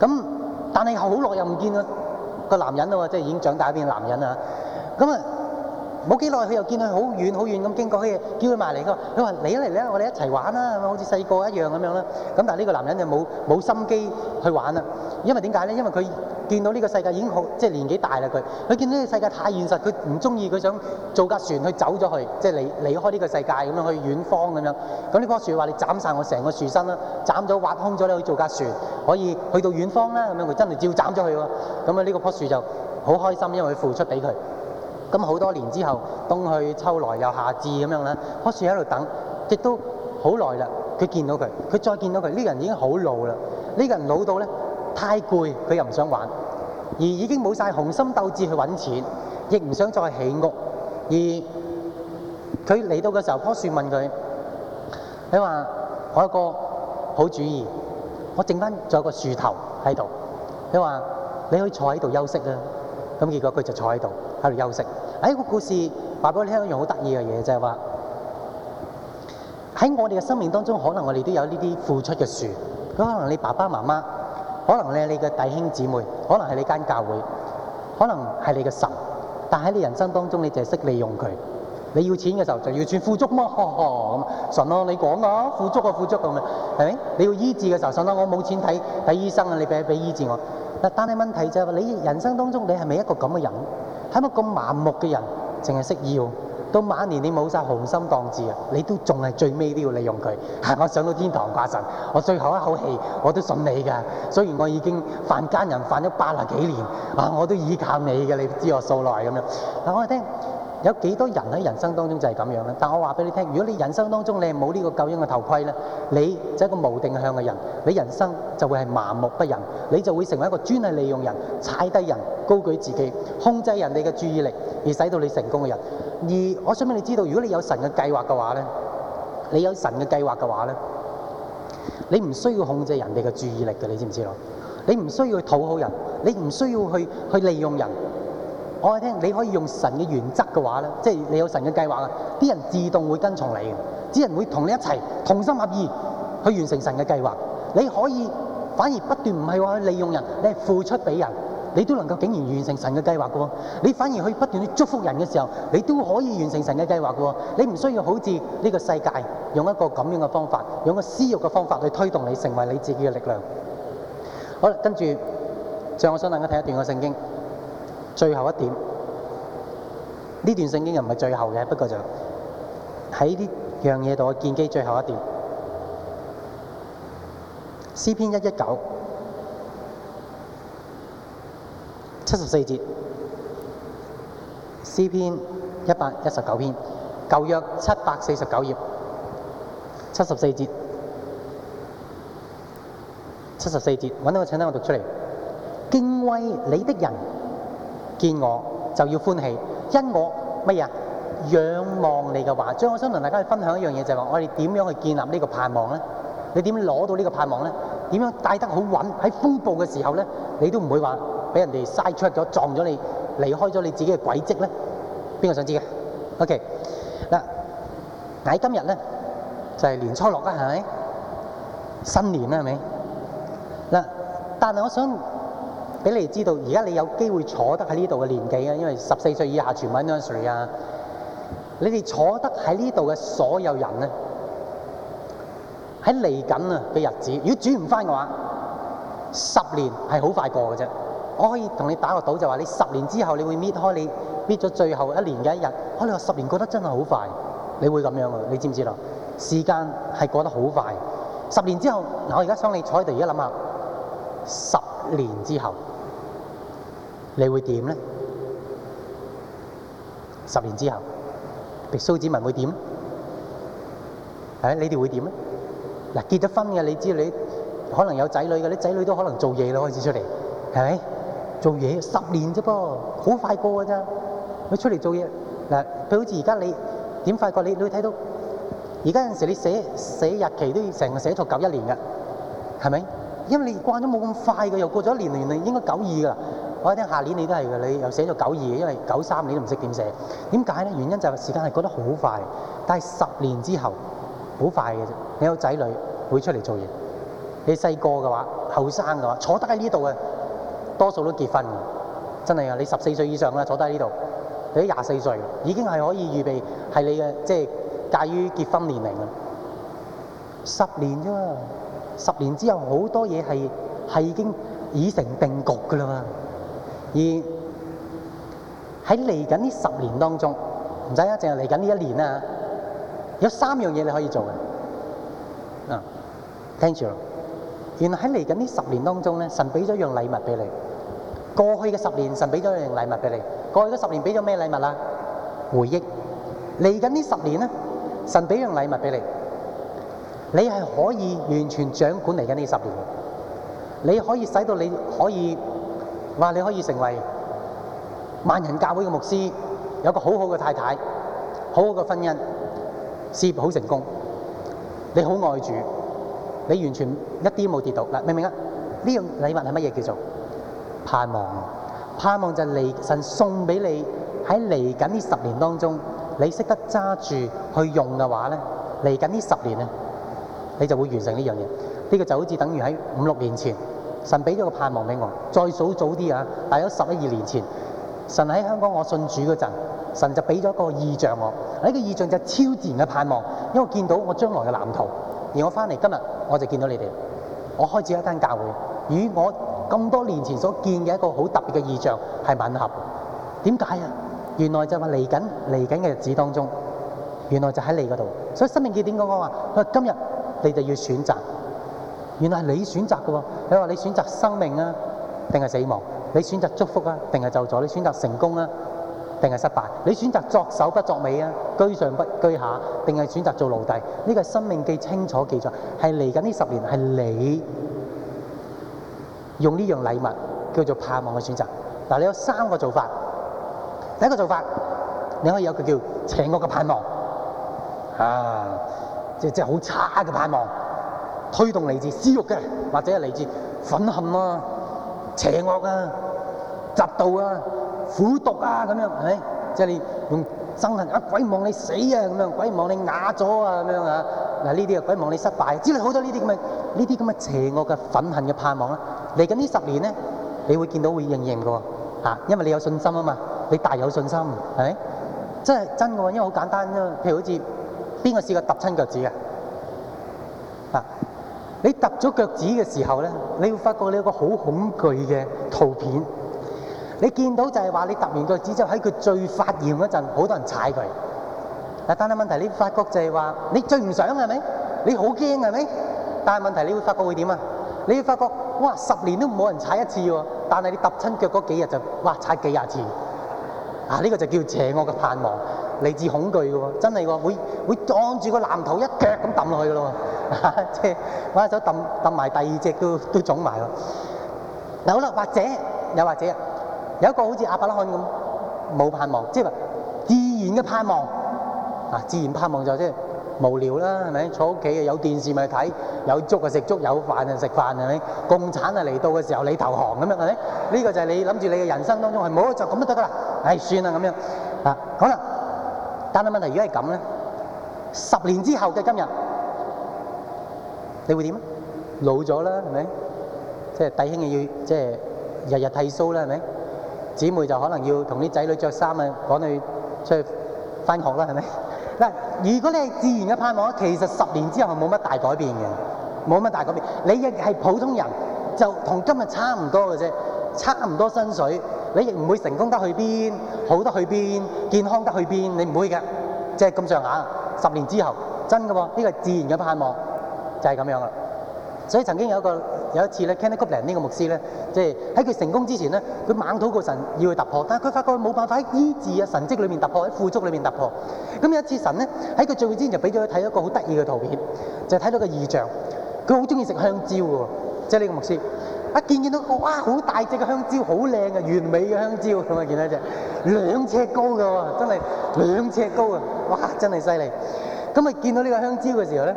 咁但係好耐又唔見啊。個男人啊，即係已經長大咗變男人啊，咁啊。冇幾耐，佢又見佢好遠好遠咁經過，佢叫佢埋嚟。佢話：你嚟咧，我哋一齊玩啦，咁好似細個一樣咁樣啦。咁但係呢個男人就冇冇心機去玩啦。因為點解咧？因為佢見到呢個世界已經好，即係年紀大啦佢。佢見到呢個世界太現實，佢唔中意。佢想做架船去走咗去，即係離離開呢個世界咁樣去遠方咁樣。咁呢樖樹話：你斬晒我成個樹身啦，斬咗挖空咗你可以做架船，可以去到遠方啦。咁樣佢真係照斬咗佢喎。咁啊，呢樖樹就好開心，因為佢付出俾佢。咁好多年之後，冬去秋來又夏至咁樣啦，棵樹喺度等，亦都好耐啦。佢見到佢，佢再見到佢，呢個人已經好老啦。呢個人老到咧，太攰，佢又唔想玩，而已經冇晒雄心鬥志去揾錢，亦唔想再起屋。而佢嚟到嘅時候，棵樹問佢：你話我一個好主意，我剩翻仲有個樹頭喺度。你話你可以坐喺度休息啦。咁結果佢就坐喺度。喺度休息。喺個故事話俾你聽一樣好得意嘅嘢，就係話喺我哋嘅生命當中，可能我哋都有呢啲付出嘅樹。佢可能你爸爸媽媽，可能你係你嘅弟兄姊妹，可能係你間教會，可能係你嘅神。但喺你人生當中，你淨係識利用佢。你要錢嘅時候，就要算富足麼？咁神咯，你講咯，富足啊，富足咁啊，係咪？你要醫治嘅時候，神啊，我冇錢睇睇醫生啊，你俾俾醫治我。嗱，但係問題就係你人生當中，你係咪一個咁嘅人？係咪咁麻木嘅人，淨係識要到晚年？你冇晒雄心壯志啊！你都仲係最尾都要利用佢。係我上到天堂掛神，我最後一口氣我都信你㗎。雖然我已經犯奸人犯咗八十幾年，啊我都倚靠你嘅，你知我數來咁樣。嗱，我哋聽。有幾多人喺人生當中就係咁樣咧？但我話俾你聽，如果你人生當中你係冇呢個救恩嘅頭盔咧，你就係一個無定向嘅人，你人生就會係麻木不仁，你就會成為一個專係利用人、踩低人、高舉自己、控制人哋嘅注意力而使到你成功嘅人。而我想俾你知道，如果你有神嘅計劃嘅話咧，你有神嘅計劃嘅話咧，你唔需要控制人哋嘅注意力嘅，你知唔知咯？你唔需要去討好人，你唔需要去去利用人。我喺聽，你可以用神嘅原則嘅話咧，即係你有神嘅計劃啊，啲人自動會跟從你嘅，啲人會同你一齊同心合意去完成神嘅計劃。你可以反而不斷唔係話去利用人，你係付出俾人，你都能夠竟然完成神嘅計劃嘅喎。你反而去不斷去祝福人嘅時候，你都可以完成神嘅計劃嘅喎。你唔需要好似呢個世界用一個咁樣嘅方法，用個私慾嘅方法去推動你成為你自己嘅力量。好，跟住仲有我想大家睇一段嘅聖經。最後一點，呢段聖經又唔係最後嘅，不過就喺呢樣嘢度，我見機最後一點。詩篇一一九七十四節，詩篇一百一十九篇，舊約七百四十九頁，七十四節，七十四節，搵到個請單，我讀出嚟，敬畏你的人。見我就要歡喜，因我乜嘢仰望你嘅話，咁我想同大家去分享一樣嘢，就係話我哋點樣去建立個呢個盼望咧？你點攞到個呢個盼望咧？點樣帶得好穩？喺風暴嘅時候咧，你都唔會話俾人哋嘥出咗撞咗你，離開咗你自己嘅軌跡咧？邊個想知嘅？OK 嗱，喺今日咧就係年初六啊，係咪？新年啊，係咪？嗱，但係我想。俾你知道，而家你有機會坐得喺呢度嘅年紀啊！因為十四歲以下全部 nursery 啊，你哋坐得喺呢度嘅所有人咧，喺嚟緊啊嘅日子，如果轉唔翻嘅話，十年係好快過嘅啫。我可以同你打個賭，就話你十年之後，你會搣開你搣咗最後一年嘅一日。可能話十年過得真係好快，你會咁樣啊？你知唔知啦？時間係過得好快。十年之後，嗱我而家想你坐喺度，而家諗下十年之後。你會點咧？十年之後，譬如蘇子文會點咧？誒，你哋會點咧？嗱，結咗婚嘅，你知你可能有仔女嘅，你仔女都可能做嘢啦，開始出嚟，係咪？做嘢十年啫噃，好快過噶咋？佢出嚟做嘢，嗱，佢好似而家你點發覺你你會睇到，而家有陣時你寫寫日期都要成日寫錯九一年嘅，係咪？因為你慣咗冇咁快嘅，又過咗一年，原嚟應該九二噶。我聽下年你都係㗎，你又寫咗九二，因為九三你都唔識點寫。點解咧？原因就係時間係過得好快。但係十年之後，好快嘅啫。你有仔女會出嚟做嘢。你細個嘅話，後生嘅話，坐低喺呢度呀，多數都結婚。真係啊！你十四歲以上啦，坐低喺呢度，你都廿四歲，已經係可以預備係你嘅即係介於結婚年齡啦。十年啫嘛，十年之後好多嘢係係已經已成定局㗎啦嘛。而喺嚟緊呢十年當中，唔使啊，淨係嚟緊呢一年啊，有三樣嘢你可以做嘅。嗱、啊，聽住。原來喺嚟緊呢十年當中咧，神俾咗樣禮物俾你。過去嘅十年，神俾咗樣禮物俾你。過去嘅十年俾咗咩禮物啊？回憶。嚟緊呢十年咧，神俾樣禮物俾你。你係可以完全掌管嚟緊呢十年。你可以使到你可以。話你可以成為萬人教會嘅牧師，有個好好嘅太太，好好嘅婚姻，事業好成功，你好愛主，你完全一啲都冇跌到。嗱，明唔明啊？呢樣禮物係乜嘢叫做盼望？盼望就係嚟神送俾你喺嚟緊呢十年當中，你識得揸住去用嘅話咧，嚟緊呢十年咧，你就會完成呢樣嘢。呢個就好似等於喺五六年前。神俾咗個盼望俾我，再數早啲啊，大約十一二年前，神喺香港我信主嗰陣，神就俾咗個意象我，呢個意象就係超自然嘅盼望，因為我見到我將來嘅藍圖，而我翻嚟今日我就見到你哋，我開始一間教會，與我咁多年前所見嘅一個好特別嘅意象係吻合，點解啊？原來就話嚟緊嚟緊嘅日子當中，原來就喺你嗰度，所以生命記點講我話，今日你就要選擇。原來係你選擇嘅喎，你話你選擇生命啊，定係死亡？你選擇祝福啊，定係咒詛？你選擇成功啊，定係失敗？你選擇作首不作尾啊，居上不居下，定係選擇做奴隸？呢個係生命記清楚記載，係嚟緊呢十年係你用呢樣禮物叫做盼望嘅選擇。嗱，你有三個做法。第一個做法，你可以有個叫邪惡嘅盼望，啊，即即係好差嘅盼望。推動嚟自私欲嘅，或者係嚟自憤恨啊、邪惡啊、嫉妒啊、苦毒啊咁樣，係咪？即係你用憎恨啊，鬼望你死啊，咁樣鬼望你啞咗啊，咁樣啊。嗱呢啲啊，鬼望你失敗，之類好多呢啲咁嘅呢啲咁嘅邪惡嘅憤恨嘅盼望啊，嚟緊呢十年咧，你會見到會應驗嘅喎。嚇，因為你有信心啊嘛，你大有信心，係咪？真係真嘅喎，因為好簡單啊，譬如好似邊個試過揼親腳趾嘅、啊？啊！你揼咗腳趾嘅時候咧，你會發覺你有一個好恐懼嘅圖片。你見到就係話你揼完腳趾之後，就喺佢最發炎嗰陣，好多人踩佢。嗱，但係問題你發覺就係話你最唔想係咪？你好驚係咪？但係問題你會發覺會點啊？你會發覺，哇！十年都冇人踩一次喎，但係你揼親腳嗰幾日就哇踩幾廿次。啊，呢個就叫邪惡嘅盼望。嚟自恐懼嘅喎，真係喎，會會撞住個籃頭一腳咁掟落去嘅咯，即係揾下手掟掟埋第二隻都都腫埋咯。嗱好啦，或者又或者有一個好似阿伯拉罕咁冇盼望，即係話自然嘅盼望啊，自然盼望就即係無聊啦，係咪？坐屋企啊，有電視咪睇，有粥啊食粥，有飯啊食飯，係咪？共產啊嚟到嘅時候你投降咁樣，係咪？呢個就係你諗住你嘅人生當中係冇就咁就得㗎啦，唉算啦咁樣啊，好啦。但係問題，如果係咁咧，十年之後嘅今日，你會點？老咗啦，係咪？即係弟兄嘅要，即係日日剃須啦，係咪？姊妹就可能要同啲仔女著衫啊，趕去出去翻學啦，係咪？嗱，如果你係自然嘅盼望咧，其實十年之後係冇乜大改變嘅，冇乜大改變。你亦係普通人，就同今日差唔多嘅啫，差唔多薪水。你亦唔會成功得去邊，好得去邊，健康得去邊，你唔會嘅，即係咁上下。十年之後，真嘅喎，呢個係自然嘅盼望，就係、是、咁樣啦。所以曾經有一個有一次咧 Kenneth Copeland 呢個牧師咧，即係喺佢成功之前咧，佢猛禱告神要去突破，但係佢發覺冇辦法喺醫治啊神蹟裏面突破，喺富足裏面突破。咁有一次神咧喺佢聚會之前就俾咗佢睇一個好得意嘅圖片，就睇、是、到個異象。佢好中意食香蕉喎，即係呢個牧師。一見見到哇，好大隻嘅香蕉，好靚嘅，完美嘅香蕉咁啊！見到一隻兩尺高嘅喎，真係兩尺高啊！哇，真係犀利！咁啊，見到呢個香蕉嘅時候咧，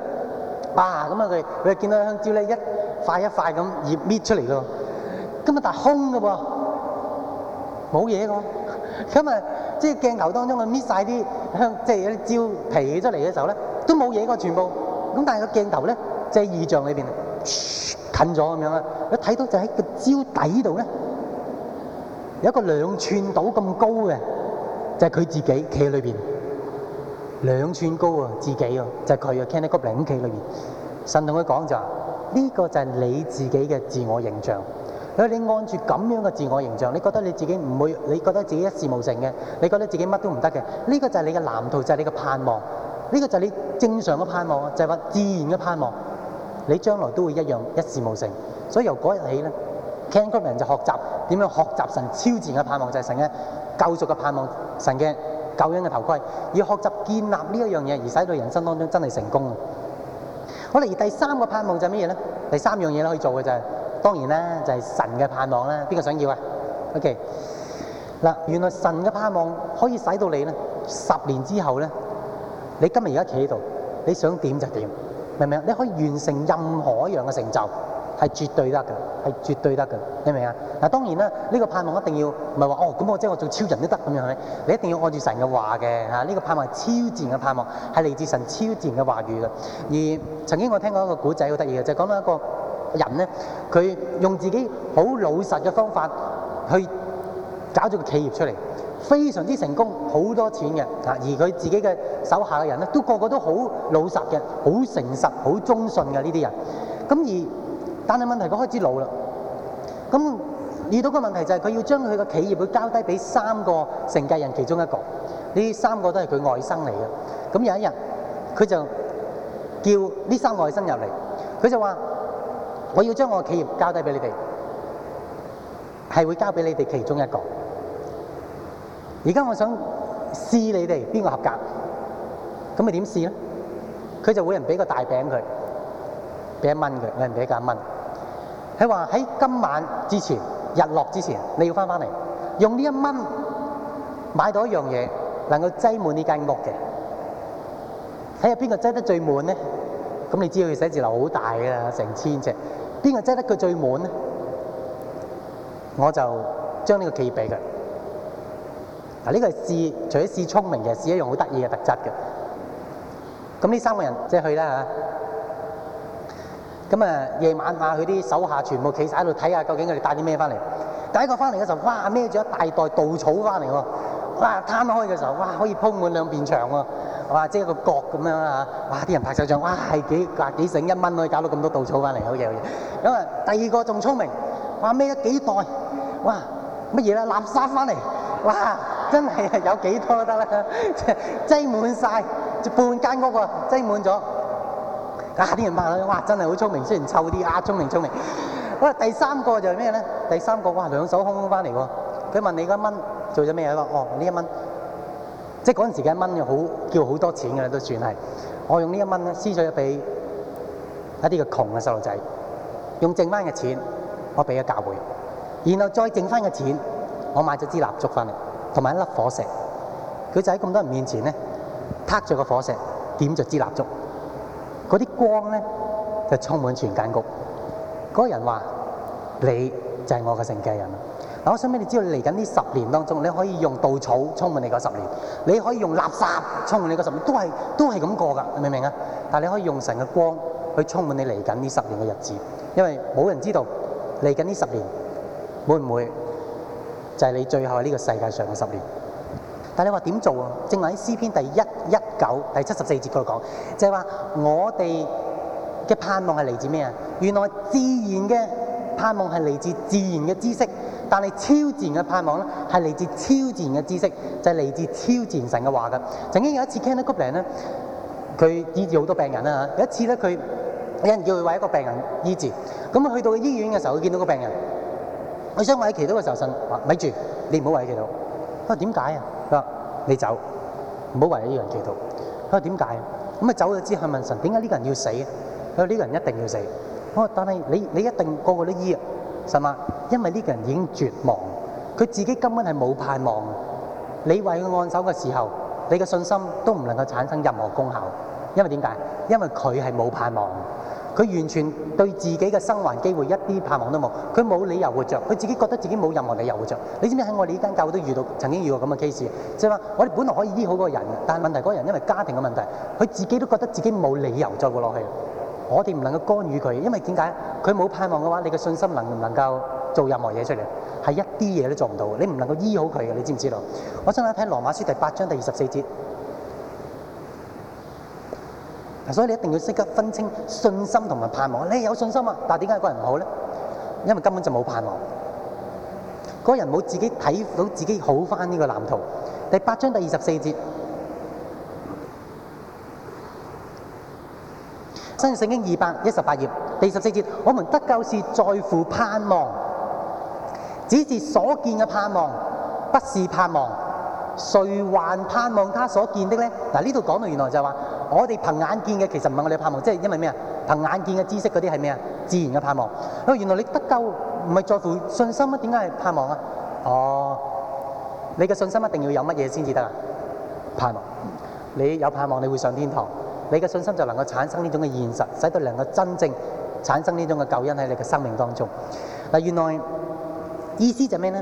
啊！咁啊，佢佢見到香蕉咧，一塊一塊咁葉搣出嚟咯。咁啊，但係空嘅喎，冇嘢嘅。咁啊，即係鏡頭當中啊，搣曬啲香，即係有啲蕉皮出嚟嘅時候咧，都冇嘢嘅，全部。咁但係個鏡頭咧，即係異象裏邊。近咗咁樣啦，一睇到就喺個蕉底度咧，有一個兩寸到咁高嘅，就係佢自己企喺裏面兩寸高啊，自己啊，就係佢啊 Candice Cooper 咁企喺裏邊，神同佢講就話：呢個就係你自己嘅自我形象。如果你按住咁樣嘅自我形象，你覺得你自己唔會，你覺得自己一事無成嘅，你覺得自己乜都唔得嘅，呢個就係你嘅藍圖，就係你嘅盼望。呢個就係你正常嘅盼望，就係話自然嘅盼望。你將來都會一樣，一事無成，所以由嗰日起咧，Can 哥人就學習點樣學習神超自然嘅盼望，就係、是、神嘅救贖嘅盼望，神嘅救恩嘅頭盔，要學習建立呢一樣嘢，而使到人生當中真係成功。好啦，而第三個盼望就係乜嘢咧？第三樣嘢咧可以做嘅就係、是，當然啦，就係、是、神嘅盼望咧，邊個想要啊？OK，嗱，原來神嘅盼望可以使到你咧，十年之後咧，你今日而家企喺度，你想點就點。明唔明啊？你可以完成任何一樣嘅成就，係絕對得嘅，係絕對得嘅。你明啊？嗱，當然啦，呢個盼望一定要唔係話，哦，咁我即係我做超人都得，咁樣係咪？你一定要按住神嘅話嘅嚇，呢個盼望係超自然嘅盼望，係嚟自神超自然嘅話語嘅。而曾經我聽過一個古仔好得意嘅，就講到一個人咧，佢用自己好老實嘅方法去搞咗個企業出嚟。非常之成功，好多錢嘅，啊！而佢自己嘅手下嘅人咧，都個個都好老實嘅，好誠實、好忠信嘅呢啲人。咁而，但係問題佢開始老啦。咁遇到個問題就係，佢要將佢嘅企業會交低俾三個承繼人其中一個。呢三個都係佢外甥嚟嘅。咁有一日，佢就叫呢三個外甥入嚟，佢就話：我要將我嘅企業交低俾你哋，係會交俾你哋其中一個。而家我想試你哋邊個合格，咁你點試咧？佢就會人俾個大餅佢，俾一蚊佢，每人俾一蚊。佢話喺今晚之前，日落之前，你要翻翻嚟，用呢一蚊買到一樣嘢，能夠擠滿呢間屋嘅。睇下邊個擠得最滿咧？咁你知佢寫字樓好大㗎啦，成千尺。邊個擠得佢最滿咧？我就將呢個企業俾佢。嗱，呢個係試，除咗試聰明，其實試一樣好得意嘅特質嘅。咁呢三個人即係去啦嚇。咁啊夜晚啊，佢啲手下全部企曬喺度睇下，究竟佢哋帶啲咩翻嚟。第一個翻嚟嘅時候，哇孭咗一大袋稻草翻嚟喎，哇攤開嘅時候，哇可以鋪滿兩邊牆喎，哇即係一個角咁樣啊，哇啲人拍手掌，哇係幾啊幾醒，一蚊可以搞到咁多稻草翻嚟，好嘢好嘢。因為第二個仲聰明，哇孭咗幾袋，哇乜嘢啦？垃圾翻嚟，哇！真係有幾多都得啦，即係擠滿晒，即半間屋啊擠滿咗。啊啲人拍啦，哇真係好聰明，雖然臭啲啊，聰明聰明。好啦第三個就係咩咧？第三個哇兩手空空翻嚟喎。佢問你一蚊做咗咩啊？話哦呢一蚊，即係嗰陣時嘅一蚊又好叫好多錢㗎啦，都算係。我用呢一蚊咧，撕咗俾一啲嘅窮嘅細路仔，用剩翻嘅錢，我俾咗教會，然後再剩翻嘅錢，我買咗支蠟燭翻嚟。同埋一粒火石，佢就喺咁多人面前咧，撻着個火石，點着支蠟燭，嗰啲光咧就充滿全間屋。嗰個人話：你就係我嘅承繼人。嗱，我想俾你知道，嚟緊呢十年當中，你可以用稻草充滿你個十年，你可以用垃圾充滿你個十年，都係都係咁過㗎，明唔明啊？但係你可以用神嘅光去充滿你嚟緊呢十年嘅日子，因為冇人知道嚟緊呢十年會唔會？就係你最後喺呢個世界上嘅十年，但係你話點做啊？正話喺詩篇第一一九第七十四節嗰度講，就係話我哋嘅盼望係嚟自咩啊？原來自然嘅盼望係嚟自自然嘅知識，但係超自然嘅盼望咧，係嚟自超自然嘅知識，就係嚟自超自然神嘅話嘅。曾經有一次 Candle Copley 咧，佢醫治好多病人啦。有一次咧，佢有人叫佢為一個病人醫治，咁去到醫院嘅時候，佢見到個病人。我想我喺祈禱嘅時候，神話咪住，你唔好為佢祈禱。佢話，點解啊？佢話你走，唔好為呢樣祈禱。佢話，點解啊？咁啊走咗之後問神，點解呢個人要死？佢話呢個人一定要死。我話，但係你你一定個個都醫啊？神啊，因為呢個人已經絕望，佢自己根本係冇盼望。你為佢按手嘅時候，你嘅信心都唔能夠產生任何功效。因為點解？因為佢係冇盼望。佢完全對自己嘅生還機會一啲盼望都冇，佢冇理由活著，佢自己覺得自己冇任何理由活著。你知唔知喺我哋呢間教會都遇到，曾經遇過咁嘅 case？即係話我哋本來可以醫好嗰個人，但係問題嗰個人因為家庭嘅問題，佢自己都覺得自己冇理由再活落去。我哋唔能夠干預佢，因為點解？佢冇盼望嘅話，你嘅信心能唔能夠做任何嘢出嚟？係一啲嘢都做唔到，你唔能夠醫好佢嘅。你知唔知道？我想睇羅馬書第八章第二十四節。所以你一定要識得分清信心同埋盼望。你有信心啊，但係點解嗰人唔好咧？因為根本就冇盼望，嗰人冇自己睇到自己好翻呢個藍圖。第八章第二十四節，新約聖經二百一十八頁第二十四節：我們得救是在乎盼望，只是所見嘅盼望，不是盼望。誰還盼望他所見的呢？嗱，呢度講到原來就係話，我哋憑眼見嘅其實唔係我哋盼望，即係因為咩啊？憑眼見嘅知識嗰啲係咩啊？自然嘅盼望。原來你得救唔係在乎信心啊？點解係盼望啊？哦，你嘅信心一定要有乜嘢先至得啊？盼望。你有盼望，你會上天堂。你嘅信心就能夠產生呢種嘅現實，使到能夠真正產生呢種嘅救恩喺你嘅生命當中。嗱，原來意思就咩呢？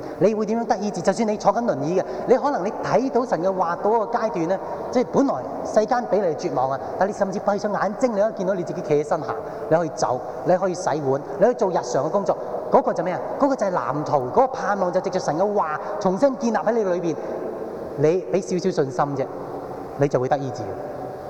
你會點樣得醫治？就算你在坐緊輪椅嘅，你可能你睇到神嘅話到一個階段咧，即係本來世間俾你絕望啊，但係你甚至閉上眼睛，你都可以見到你自己企起身行，你可以走，你可以洗碗，你可以做日常嘅工作，嗰個就咩啊？嗰個就係藍圖，嗰個盼望就直接神嘅話重新建立喺你裏邊，你俾少少信心啫，你就會得醫治嘅，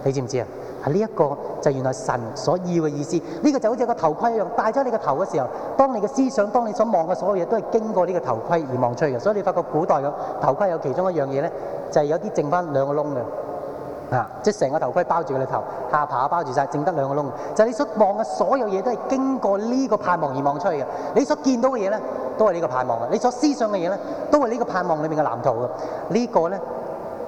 你知唔知啊？呢一個就係原來神所要嘅意思，呢、這個就好似個頭盔一樣，戴咗你個頭嘅時候，當你嘅思想，當你所望嘅所有嘢，都係經過呢個頭盔而望出去嘅。所以你發覺古代嘅頭盔有其中一樣嘢咧，就係、是、有啲剩翻兩個窿嘅，啊！即係成個頭盔包住你頭，下巴包住晒，剩得兩個窿。就係、是、你所望嘅所有嘢都係經過呢個盼望而望出去嘅。你所見到嘅嘢咧，都係呢個盼望嘅；你所思想嘅嘢咧，都係呢個盼望裏面嘅藍圖嘅。這個、呢個咧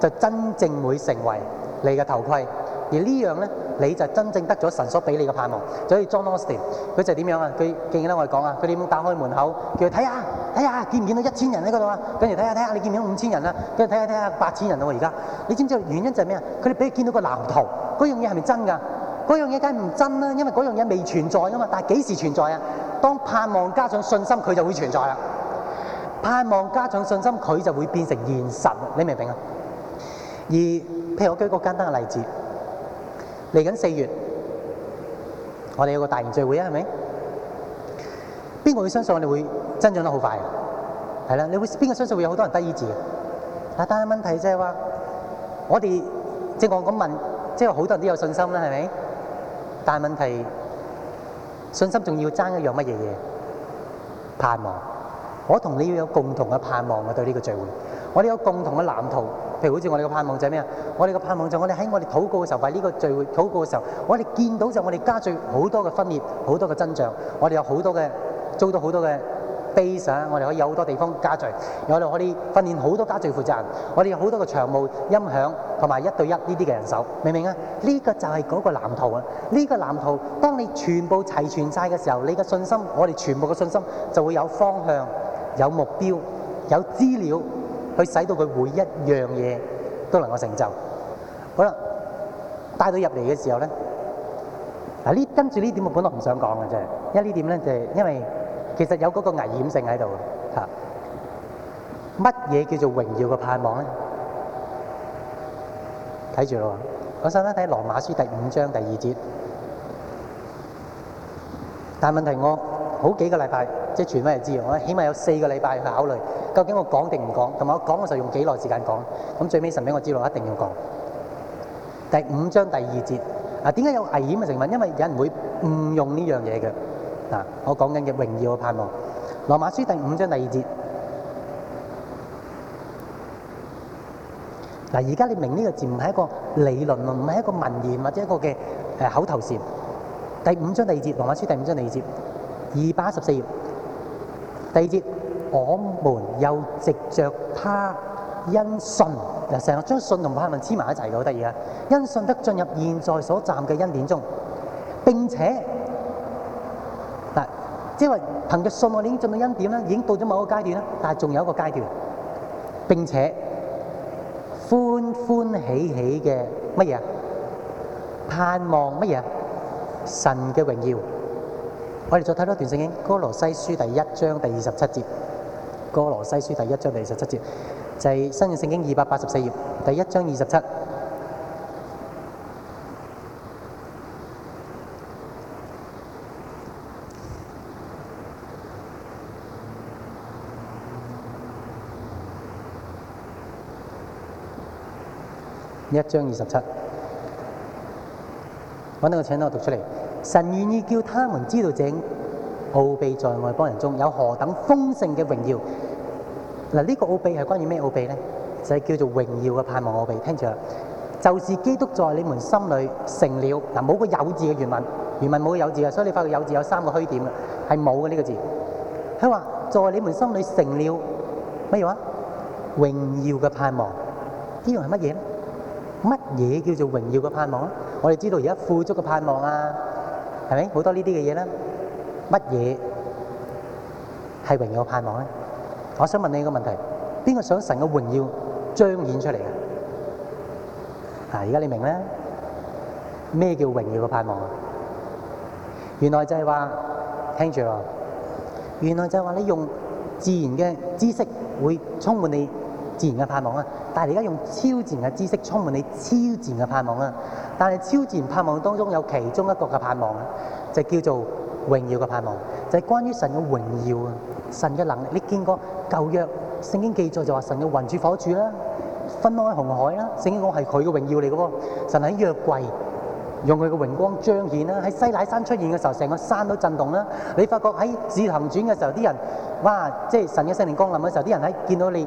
就真正會成為你嘅頭盔。而呢樣咧，你就真正得咗神所俾你嘅盼望，所以 John Austin，佢就點樣啊？佢記唔記得我講啊？佢點樣打開門口，叫佢睇下，睇下，見唔見到一千人喺嗰度啊？跟住睇下睇下，你見唔見到五千人啊？跟住睇下睇下，八千人喎而家。你知唔知道原因就係咩啊？佢哋俾佢見到個藍圖，嗰樣嘢係咪真㗎？嗰樣嘢梗係唔真啦，因為嗰樣嘢未存在㗎嘛。但係幾時存在啊？當盼望加上信心，佢就會存在啦。盼望加上信心，佢就會變成現實。你明唔明啊？而譬如我舉個簡單嘅例子。嚟緊四月，我哋有個大型聚會啊，係咪？邊個會相信我哋會增長得好快？係啦，你會邊個相信會有好多人得醫治？但係問題就係話，我哋即係我咁問，即係好多人都有信心啦，係咪？但係問題，信心仲要爭一樣乜嘢嘢？盼望，我同你要有共同嘅盼望，對呢個聚會，我哋有共同嘅藍圖。譬如好似我哋嘅盼望就係咩啊？我哋嘅盼望就係我哋喺我哋禱告嘅時候，為呢個聚會禱告嘅時候，我哋見到就我哋家聚好多嘅分裂，好多嘅增長。我哋有好多嘅租到好多嘅 base 啊！我哋可以有好多地方加聚，然後我哋可以訓練好多家聚負責人。我哋有好多嘅長務音響同埋一對一呢啲嘅人手，明唔明啊？呢個就係嗰個藍圖啊！呢個藍圖，當你全部齊全晒嘅時候，你嘅信心，我哋全部嘅信心就會有方向、有目標，有資料。去使到佢每一樣嘢都能夠成就。好啦，帶到入嚟嘅時候咧，嗱，呢跟住呢點我本來唔想講嘅啫，因為呢點咧就係因為其實有嗰個危險性喺度啊。乜嘢叫做榮耀嘅盼望咧？睇住咯，我首先睇羅馬書第五章第二節。但係問題我好幾個禮拜。即係傳俾人知，我起碼有四個禮拜去考慮，究竟我講定唔講，同埋我講嘅時候用幾耐時間講。咁最尾神俾我知，我一定要講。第五章第二節，嗱點解有危險嘅成分？因為有人會誤用呢樣嘢嘅。嗱，我講緊嘅榮耀嘅盼望。羅馬書第五章第二節。嗱，而家你明呢個字唔係一個理論喎，唔係一個文言或者一個嘅誒口頭禪。第五章第二節，羅馬書第五章第二節，二百一十四頁。第二節，我們又藉著他因信，嗱，成日將信同盼望黐埋一齊嘅好得意啊！因信得進入現在所站嘅恩典中，並且嗱，即係憑著信我哋已經進到恩典喇，已經到咗某個階段啦。但係仲有一個階段，並且歡歡喜喜嘅乜嘢啊？盼望乜嘢？神嘅榮耀。我哋再睇多一段聖經，《哥羅西書》第一章第二十七節，《哥羅西書》第一章第二十七節就係新約聖經二百八十四頁第一章二十七，一章二十七，揾到個請我讀出嚟。神願意叫他們知道這奧秘在外邦人中有何等豐盛嘅榮耀，嗱，呢個奧秘係關於咩奧秘咧？就係叫做榮耀嘅盼望奧秘。聽住啦，就是基督在你們心裏成了，嗱，冇個有字嘅原文，原文冇個有字嘅，所以你發覺有字有三個虛點嘅，係冇嘅呢個字。佢話在你們心裏成了乜嘢話？榮耀嘅盼望呢樣係乜嘢咧？乜嘢叫做榮耀嘅盼望咧？我哋知道而家富足嘅盼望啊！好多呢啲嘅嘢咧？乜嘢係榮耀嘅盼望咧？我想問你一個問題：邊個想神嘅榮耀彰顯出嚟啊？嗱，而家你明啦？咩叫榮耀嘅盼望啊？原來就係話，聽住咯。原來就係話你用自然嘅知識會充滿你自然嘅盼望啊！但係而家用超自然嘅知識充滿你超自然嘅盼望啊！但係超自然盼望當中有其中一個嘅盼望啊，就叫做榮耀嘅盼望，就係關於神嘅榮耀啊，神嘅能力。你見過舊約聖經記載就話神嘅雲柱火柱啦，分開紅海啦，聖經講係佢嘅榮耀嚟嘅喎。神喺約櫃用佢嘅榮光彰顯啦，喺西乃山出現嘅時候，成個山都震動啦。你發覺喺使徒行傳嘅時候，啲人哇，即係神嘅聖靈降臨嘅時候，啲人喺見到你。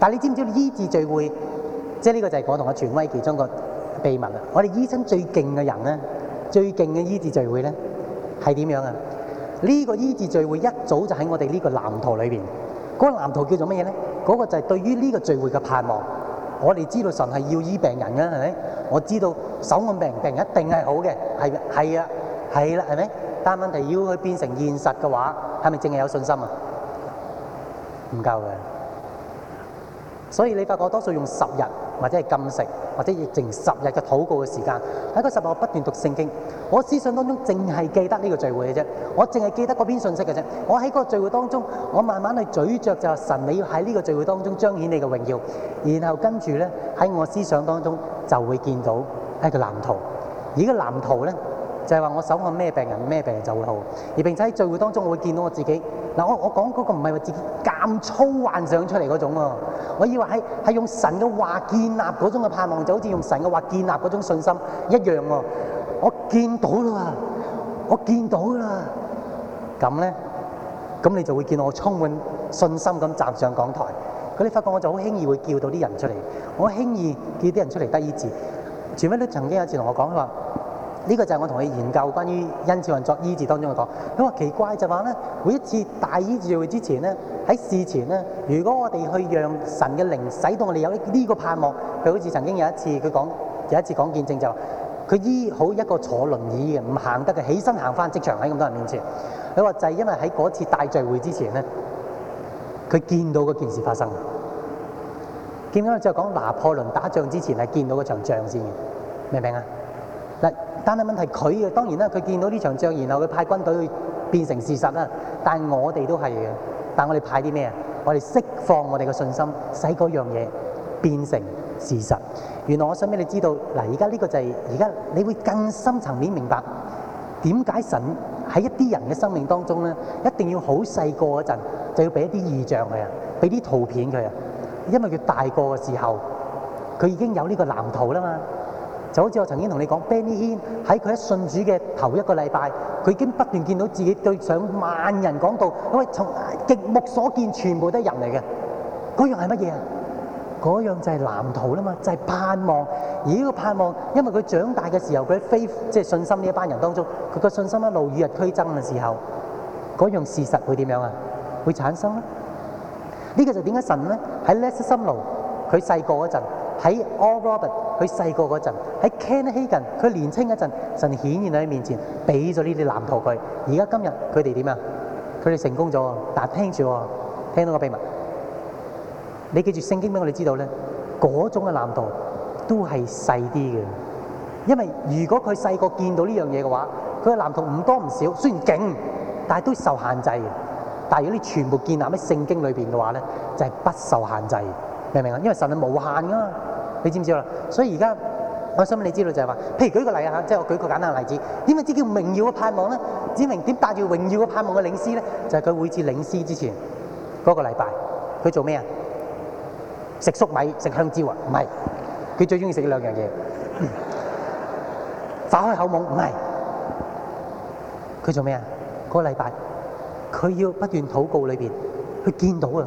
但你知唔知醫治聚會，即係呢個就係我同阿傳威其中個秘密啦。我哋醫生最勁嘅人咧，最勁嘅醫治聚會咧，係點樣啊？呢個醫治聚會一早就喺我哋呢個藍圖裏邊。嗰、那個藍圖叫做乜嘢咧？嗰、那個就係對於呢個聚會嘅盼望。我哋知道神係要醫病人嘅，係咪？我知道手按病病一定係好嘅，係係啊，係啦、啊，係咪、啊？但問題要佢變成現實嘅話，係咪淨係有信心啊？唔夠嘅。所以你發覺多數用十日或者係禁食或者疫症十日嘅禱告嘅時間，喺個十日，我不斷讀聖經，我思想當中淨係記得呢個聚會嘅啫，我淨係記得嗰篇信息嘅啫，我喺嗰個聚會當中，我慢慢去咀嚼就係神你要喺呢個聚會當中彰顯你嘅榮耀，然後跟住咧喺我思想當中就會見到一個藍圖，而這個藍圖咧。就係話我手按咩病人咩病人就會好，而並且喺聚會當中，我會見到我自己。嗱，我我講嗰個唔係話自己咁粗幻想出嚟嗰種喎，我以為係係用神嘅話建立嗰種嘅盼望，就好似用神嘅話建立嗰種信心一樣喎。我見到啦，我見到啦。咁咧，咁你就會見到我充滿信心咁站上講台。佢哋發覺我就好輕易會叫到啲人出嚟，我輕易叫啲人出嚟得醫治。主賓都曾經有一次同我講話。呢個就係我同你研究關於恩賜神作醫治當中嘅講。佢話奇怪就話每一次大醫治會之前咧，喺事前如果我哋去讓神嘅靈使到我哋有呢個盼望，佢好似曾經有一次佢講，有一次講見證就話，佢醫好一個坐輪椅嘅，唔行得嘅，起身行返職場喺咁多人面前。佢話就係因為喺嗰次大聚會之前呢，佢見到嗰件事發生。見到就講拿破崙打仗之前係見到嗰場仗先，明唔明啊？但係問題，佢當然啦，佢見到呢場仗，然後佢派軍隊去變成事實啦。但係我哋都係嘅，但係我哋派啲咩啊？我哋釋放我哋嘅信心，使嗰樣嘢變成事實。原來我想俾你知道，嗱，而家呢個就係而家，你會更深層面明白點解神喺一啲人嘅生命當中咧，一定要好細個嗰陣就要俾一啲異象佢啊，俾啲圖片佢啊，因為佢大個嘅時候，佢已經有呢個藍圖啦嘛。就好似我曾經同你講，Benny Hinn 喺佢喺信主嘅頭一個禮拜，佢已經不斷見到自己對上萬人講道。因為從極目所見，全部都係人嚟嘅，嗰樣係乜嘢啊？嗰樣就係藍圖啦嘛，就係盼望。而呢個盼望，因為佢長大嘅時候，佢喺非即係信心呢一班人當中，佢個信心一路與日俱增嘅時候，嗰樣事實會點樣啊？會產生呢。呢個就點解神咧喺 Les 心路，佢細個嗰陣？喺 All Robert 佢細個嗰陣，喺 Cane Higgin 佢年青嗰陣，神就顯現喺佢面前，俾咗呢啲藍圖佢。而家今日佢哋點啊？佢哋成功咗，但係聽住喎，聽到個秘密，你記住聖經俾我哋知道咧，嗰種嘅藍圖都係細啲嘅。因為如果佢細個見到呢樣嘢嘅話，佢嘅藍圖唔多唔少，雖然勁，但係都受限制嘅。但係如果你全部建立喺聖經裏邊嘅話咧，就係不受限制。明唔明啊？因為神係無限噶嘛，你知唔知道？所以而家我想問你知道就係話，譬如舉個例啊，即係我舉個簡單嘅例子，點解知叫榮耀嘅盼望咧？指明點帶住榮耀嘅盼望嘅領詩咧？就係佢每次領詩之前嗰、嗰個禮拜，佢做咩啊？食粟米食香蕉啊？唔係，佢最中意食呢兩樣嘢，打、嗯、開口夢唔係，佢做咩啊？嗰個禮拜佢要不斷禱告裏邊，佢見到啊！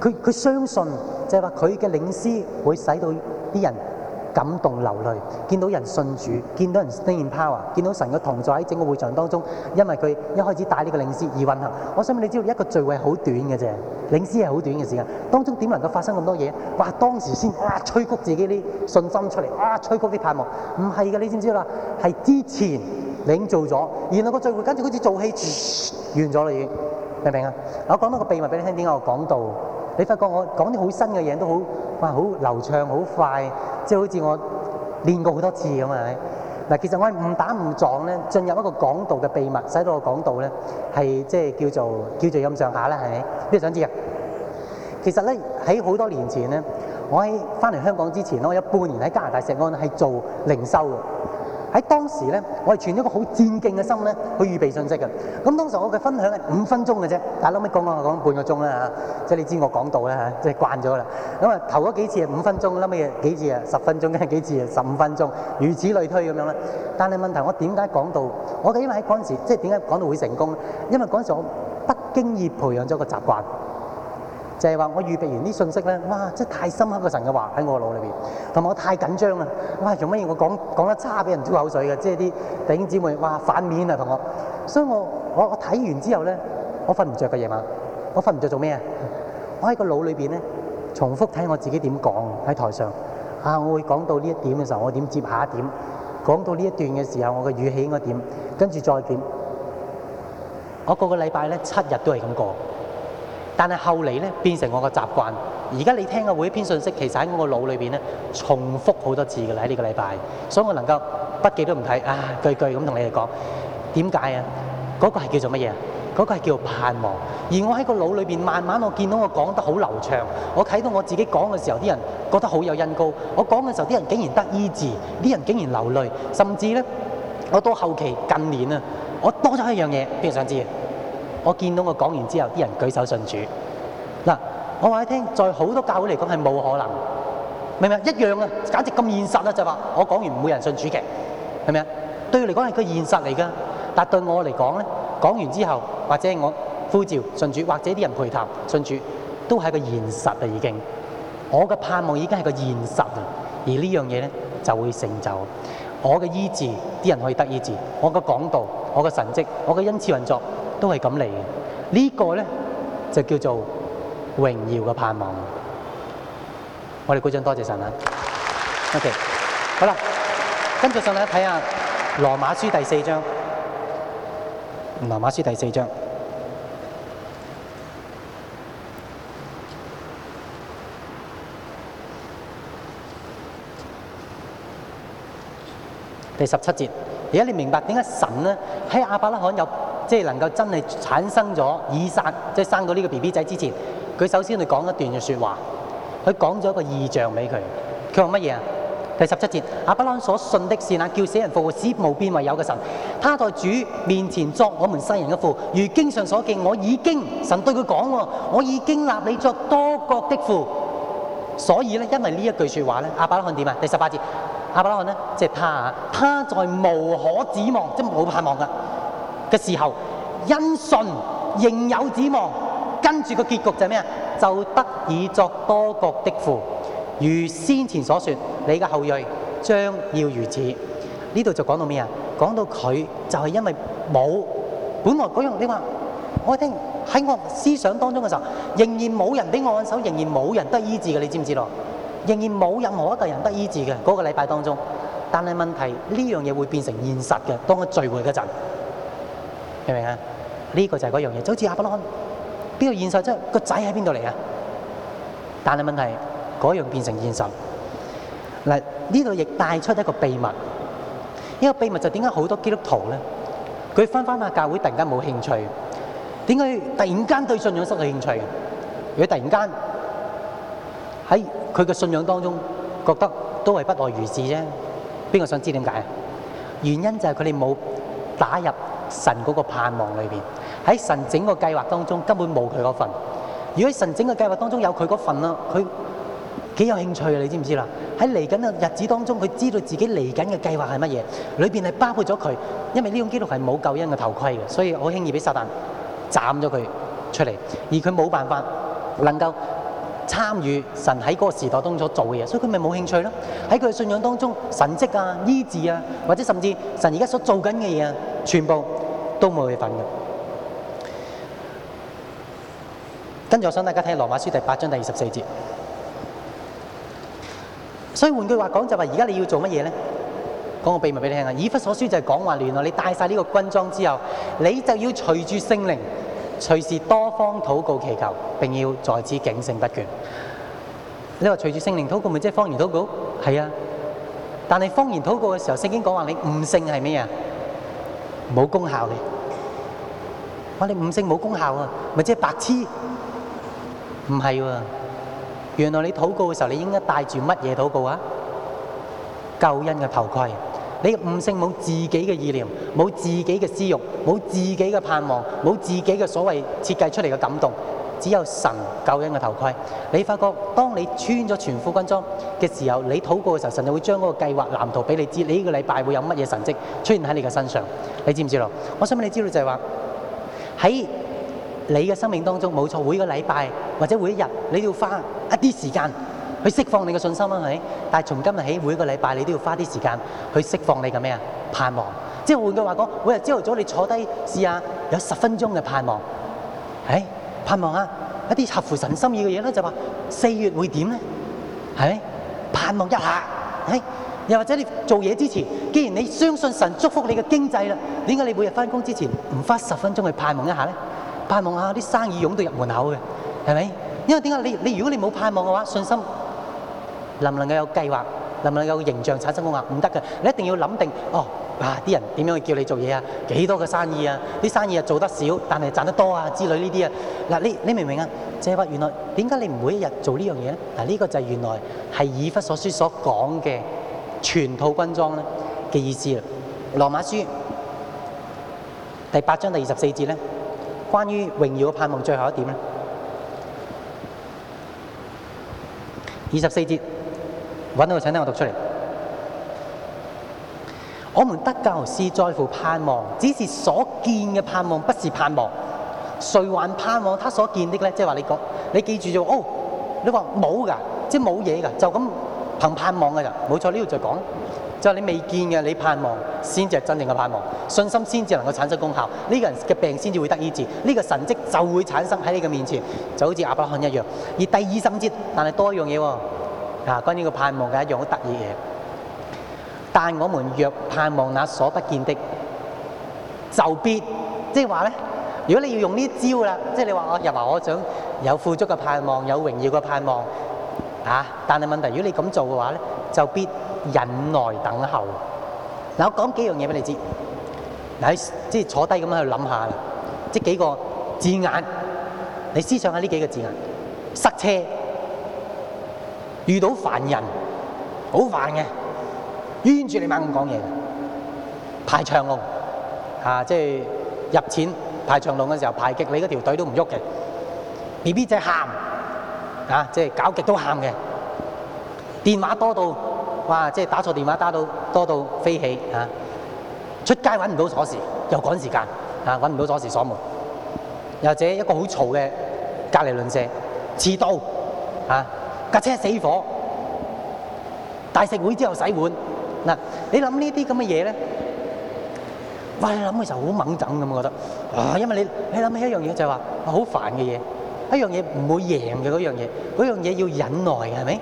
佢佢相信，就係話佢嘅領詩會使到啲人感動流淚，見到人信主，見到人竟然拋啊，見到神嘅同在喺整個會場當中，因為佢一開始帶呢個領詩而運行。我想問你知道一個聚會好短嘅啫，領詩係好短嘅時間，當中點能夠發生咁多嘢？哇！當時先啊，催谷自己啲信心出嚟，啊，催谷啲盼望。唔係嘅，你知唔知啦？係之前領做咗，然後那個聚會跟住好似做戲完咗啦，已經。明唔明啊？我講多個秘密俾你聽，點解我講道？你發覺我講啲好新嘅嘢都好哇，好流暢、好快，即係好似我練過好多次咁啊？係嗱，其實我係誤打誤撞咧，進入一個講道嘅秘密，使到個講道咧係即係叫做叫做咁上下啦，係咪？你想知啊？其實咧喺好多年前咧，我喺翻嚟香港之前咯，我有半年喺加拿大西岸係做零售嘅。喺當時咧，我係存咗個好戰勁嘅心咧，去預備信息嘅。咁當時我嘅分享係五分鐘嘅啫，但係後屘講講下講半個鐘啦、啊、即係你知我講到啦嚇、啊，即係慣咗啦。咁、嗯、啊，頭嗰幾次係五分鐘，後屘幾次啊，十分鐘，跟住幾次啊，十五分鐘，如此類推咁樣啦。但係問題我點解講到？我哋因為喺嗰陣時，即係點解講到會成功咧？因為嗰陣時我不經意培養咗個習慣。就係話，我預備完啲信息咧，哇！真係太深刻嘅神嘅話喺我腦裏邊，同埋我太緊張啦，哇！做乜嘢？我講講得差，俾人吐口水嘅，即係啲弟兄姊妹哇反面啊，同我。所以我我我睇完之後咧，我瞓唔着嘅夜晚，我瞓唔着做咩啊？我喺個腦裏邊咧，重複睇我自己點講喺台上啊，我會講到呢一點嘅時候，我點接下一點？講到呢一段嘅時候，我嘅語氣應該點？跟住再點？我個個禮拜咧七日都係咁過。但係後嚟咧變成我個習慣，而家你聽嘅每一篇信息，其實喺我個腦裏邊咧重複好多次㗎喇。喺呢個禮拜，所以我能夠筆記都唔睇，啊句句咁同你哋講。點解啊？嗰個係叫做乜嘢？嗰個係叫做盼望。而我喺個腦裏邊慢慢，我見到我講得好流暢，我睇到我自己講嘅時候，啲人覺得好有恩膏。我講嘅時候，啲人竟然得醫治，啲人竟然流淚，甚至咧，我到後期近年啊，我多咗一樣嘢，你想知啊？我見到我講完之後，啲人舉手信主嗱。我話你聽，在好多教會嚟講係冇可能，明唔明？一樣啊，簡直咁現實啦，就話我講完唔會人信主嘅，係咪啊？對佢嚟講係個現實嚟㗎，但對我嚟講咧，講完之後或者我呼召信主，或者啲人陪談信主，都係個現實啊！已經，我嘅盼望已經係個現實啊，而這呢樣嘢咧就會成就我嘅醫治，啲人可以得醫治；我嘅講道，我嘅神跡，我嘅恩，恩賜運作。都係咁嚟嘅，呢個咧就叫做榮耀嘅盼望。我哋鼓掌，多謝神啊！O.K. 好啦，跟住上嚟睇下《羅馬書》第四章，《羅馬書》第四章第十七節。而家你明白點解神咧喺亞伯拉罕有？即係能夠真係產生咗，以生即係生到呢個 B B 仔之前，佢首先佢講一段嘅説話，佢講咗一個意象俾佢。佢話乜嘢啊？第十七節， 亞伯拉罕所信的是那叫死人復活、使無變為有嘅神。他在主面前作我們世人嘅父。如經上所見，我已經神對佢講喎，我已經立你作多國的父。所以咧，因為呢一句説話咧，亞伯拉罕點啊？第十八節，亞伯拉罕咧即係他，他在無可指望，即係冇盼望嘅嘅時候，因信仍有指望，跟住個結局就係咩啊？就得以作多國的父。如先前所說，你嘅後裔將要如此。呢度就講到咩啊？講到佢就係因為冇本來嗰樣，你話我聽喺我思想當中嘅時候，仍然冇人俾我按手，仍然冇人得醫治嘅，你知唔知咯？仍然冇任何一個人得醫治嘅嗰個禮拜當中。但係問題呢樣嘢會變成現實嘅，當佢聚會嗰陣。明唔明啊？呢個就係嗰樣嘢，就好似亞伯蘭，邊個現實即係個仔喺邊度嚟啊？但係問題是，嗰樣變成現實。嗱，呢度亦帶出一個秘密，呢個秘密就點解好多基督徒咧，佢翻翻下教會突然間冇興趣，點解突然間對信仰失去興趣嘅？如果突然間喺佢嘅信仰當中覺得都係不外如是啫，邊個想知點解？原因就係佢哋冇打入。神嗰個盼望裏邊，喺神整個計劃當中根本冇佢嗰份。如果神整個計劃當中有佢嗰份啦，佢幾有興趣啊！你知唔知啦？喺嚟緊嘅日子當中，佢知道自己嚟緊嘅計劃係乜嘢，裏邊係包括咗佢，因為呢種基督係冇救恩嘅頭盔嘅，所以我輕易俾撒旦斬咗佢出嚟，而佢冇辦法能夠參與神喺嗰個時代當中做嘅嘢，所以佢咪冇興趣咯。喺佢嘅信仰當中，神跡啊、醫治啊，或者甚至神而家所做緊嘅嘢，全部都冇去份嘅。跟住我想大家睇《羅馬書》第八章第二十四節。所以換句話講，就話而家你要做乜嘢咧？講個秘密俾你聽啊！以弗所書就係講話，原來你戴晒呢個軍裝之後，你就要隨住聖靈。隨時多方禱告祈求，並要在此警醒不倦。你話隨住聖靈禱告，咪即係方言禱告？係啊，但係方言禱告嘅時候，聖經講話你誤聖悟性係咩啊？冇功效嘅。我話你悟性冇功效啊，咪即係白痴？唔係，原來你禱告嘅時候，你應該帶住乜嘢禱告啊？救恩嘅頭盔。你悟性冇自己嘅意念，冇自己嘅私欲，冇自己嘅盼望，冇自己嘅所謂設計出嚟嘅感動，只有神救恩嘅頭盔。你發覺，當你穿咗全副軍裝嘅時候，你禱告嘅時候，神就會將嗰個計劃藍圖俾你知，你呢個禮拜會有乜嘢神蹟出現喺你嘅身上。你知唔知道？我想俾你知道就係話，喺你嘅生命當中，冇錯，每個禮拜或者每一日，你要花一啲時間。去釋放你嘅信心啦，係咪？但係從今日起，每個禮拜你都要花啲時間去釋放你嘅咩啊？盼望，即係換句話講，每日朝頭早你坐低試下有十分鐘嘅盼望，係盼望啊一啲合乎神心意嘅嘢啦，就話四月會點咧？係盼望一下，係又或者你做嘢之前，既然你相信神祝福你嘅經濟啦，點解你每日翻工之前唔花十分鐘去盼望一下咧？盼望下啲生意湧到入門口嘅，係咪？因為點解你你如果你冇盼望嘅話，信心，能唔能夠有計劃，能唔能夠有形象產生功效？唔得嘅，你一定要諗定哦。啊，啲人點樣去叫你做嘢啊？幾多嘅生意啊？啲生意啊做得少，但係賺得多啊之類呢啲啊。嗱，呢，你明唔明啊？即係話原來點解你唔每一日做呢樣嘢咧？嗱，呢個就係原來係以弗所書所講嘅全套軍裝咧嘅意思啦。羅馬書第八章第二十四節咧，關於榮耀嘅盼望最後一點咧，二十四節，揾到佢，請聽我讀出嚟。我們得救是在乎盼望，只是所見嘅盼望不是盼望。誰還盼望他所見的咧？即係話你講，你記住就說哦，你話冇㗎，即係冇嘢㗎，就咁、是、憑盼望㗎就。冇錯，呢度就講，就係你未見嘅你盼望，先至係真正嘅盼望，信心先至能夠產生功效，呢、這個人嘅病先至會得醫治，呢、這個神跡就會產生喺你嘅面前，就好似阿伯漢一樣。而第二十節，但係多一樣嘢喎。啊，關於個盼望嘅一樣好得意嘢。但我們若盼望那所不見的，就必即係話咧。如果你要用呢招啦，即係你話我、啊，又話我想有富足嘅盼望，有榮耀嘅盼望。啊！但係問題是，如果你咁做嘅話咧，就必忍耐等候。嗱、啊，我講幾樣嘢俾你知。嗱、啊，即係坐低咁樣去諗下啦。即係幾個字眼，你思想下呢幾個字眼：塞車。遇到煩人，好煩嘅，冤住你猛咁講嘢，排長龍，嚇，即係入錢排長龍嘅時候排極你嗰條隊都唔喐嘅，B B 仔喊，嚇，即係搞極都喊嘅，電話多到，哇，即係打錯電話打到多到飛起，嚇，出街揾唔到鎖匙，又趕時間，嚇，揾唔到鎖匙鎖門，或者一個好嘈嘅隔離鄰舍，遲到，嚇。架車死火，大食會之後洗碗，嗱、啊，你諗呢啲咁嘅嘢咧？哇！你諗嘅時候好掹癢掹憎咁，我覺得啊，因為你你諗起一樣嘢就係話好煩嘅嘢，一樣嘢唔會贏嘅嗰樣嘢，嗰樣嘢要忍耐嘅係咪？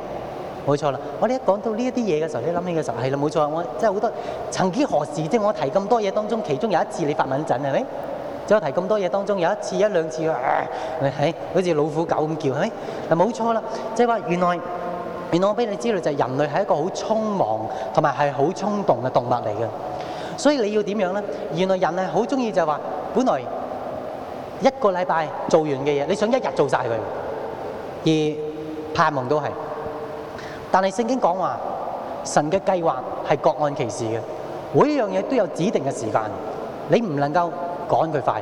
冇錯啦！我、啊、哋一講到呢一啲嘢嘅時候，你諗起嘅時候係啦，冇錯，我真係好多，曾幾何時即係我提咁多嘢當中，其中有一次你發掹憎係咪？咁多嘢當中，有一次一兩次，誒，係好似老虎狗咁叫，係咪？係冇錯啦，即係話原來原來我俾你知道，就係人類係一個好匆忙同埋係好衝動嘅動物嚟嘅，所以你要點樣咧？原來人係好中意就係話，本來一個禮拜做完嘅嘢，你想一日做晒佢，而盼望都係。但係聖經講話，神嘅計劃係各按其時嘅，每樣嘢都有指定嘅時間，你唔能夠，趕佢快，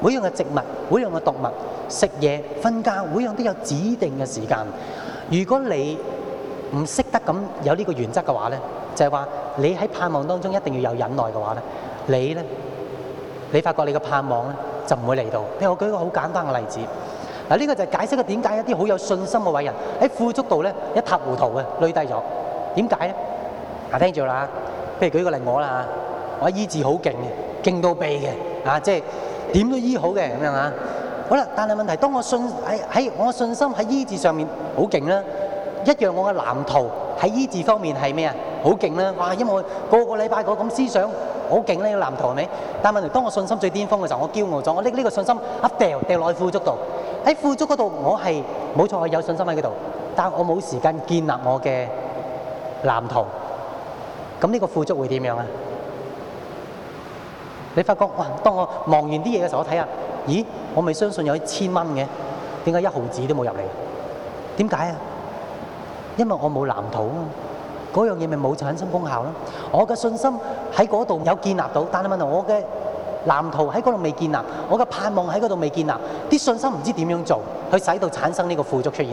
每樣嘅植物，每樣嘅動物食嘢、瞓覺，每樣都有指定嘅時間。如果你唔識得咁有呢個原則嘅話咧，就係話你喺盼望當中一定要有忍耐嘅話咧，你咧，你發覺你嘅盼望咧就唔會嚟到。譬如我舉個好簡單嘅例子，嗱，呢個就解釋咗點解一啲好有信心嘅偉人喺富足度咧一塌糊塗嘅累低咗點解咧？嗱，聽住啦，譬如舉個例我啦嚇，我醫治好勁，勁到痹嘅。啊，即係點都醫好嘅咁樣啊！好啦，但係問題，當我信喺喺我嘅信心喺醫治上面好勁咧，一樣我嘅藍圖喺醫治方面係咩啊？好勁咧！哇，因為我個個禮拜我咁思想好勁咧，個藍圖係咪？但問題，當我信心最巔峯嘅時候，我驕傲咗，我拎呢個信心一掉掉落去富足度，喺富足嗰度，我係冇錯，我有信心喺嗰度，但我冇時間建立我嘅藍圖。咁呢個富足會點樣啊？你發覺哇！當我望完啲嘢嘅時候，我睇下咦！我咪相信有一千蚊嘅，點解一毫子都冇入嚟？點解啊？因為我冇藍圖啊！嗰樣嘢咪冇產生功效咯。我嘅信心喺嗰度有建立到，但係問題，我嘅藍圖喺嗰度未建立，我嘅盼望喺嗰度未建立，啲信心唔知點樣做去使到產生呢個富足出現。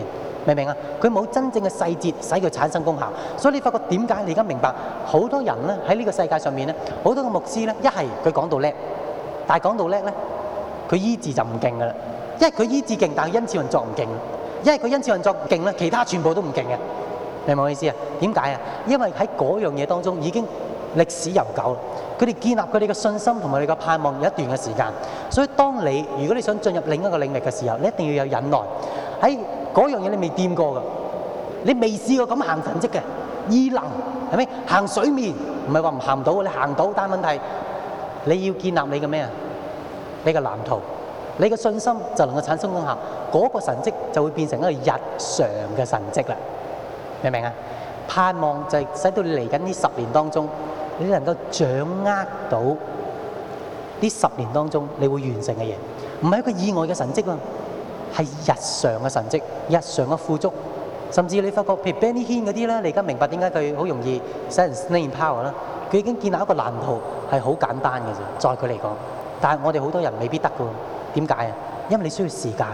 明唔明啊？佢冇真正嘅細節，使佢產生功效。所以你發覺點解？你而家明白，好多人咧喺呢個世界上面咧，好多嘅牧師咧，一係佢講到叻，但係講到叻咧，佢醫治就唔勁噶啦。因為佢醫治勁，但係恩賜運作唔勁。因為佢恩賜運作唔勁咧，其他全部都唔勁嘅。明唔明我意思啊？點解啊？因為喺嗰樣嘢當中已經歷史悠久啦。佢哋建立佢哋嘅信心同埋佢哋嘅盼望有一段嘅時間。所以當你如果你想進入另一個領域嘅時候，你一定要有忍耐喺。嗰樣嘢你未掂過噶，你未試過咁行神蹟嘅，異能係咪行水面？唔係話唔行到，你行到，但問題你要建立你嘅咩啊？你嘅藍圖，你嘅信心，就能夠產生功效。嗰個神蹟，就會變成一個日常嘅神蹟啦。明唔明啊？盼望就係使到你嚟緊呢十年當中，你能夠掌握到呢十年當中，你會完成嘅嘢，唔係一個意外嘅神蹟啊！係日常嘅神蹟，日常嘅富足，甚至你發覺，譬如 Benny Hinn 嗰啲咧，你而家明白點解佢好容易使人領現 power 啦？佢已經建立一個藍圖係好簡單嘅啫，在佢嚟講，但係我哋好多人未必得嘅喎。點解啊？因為你需要時間，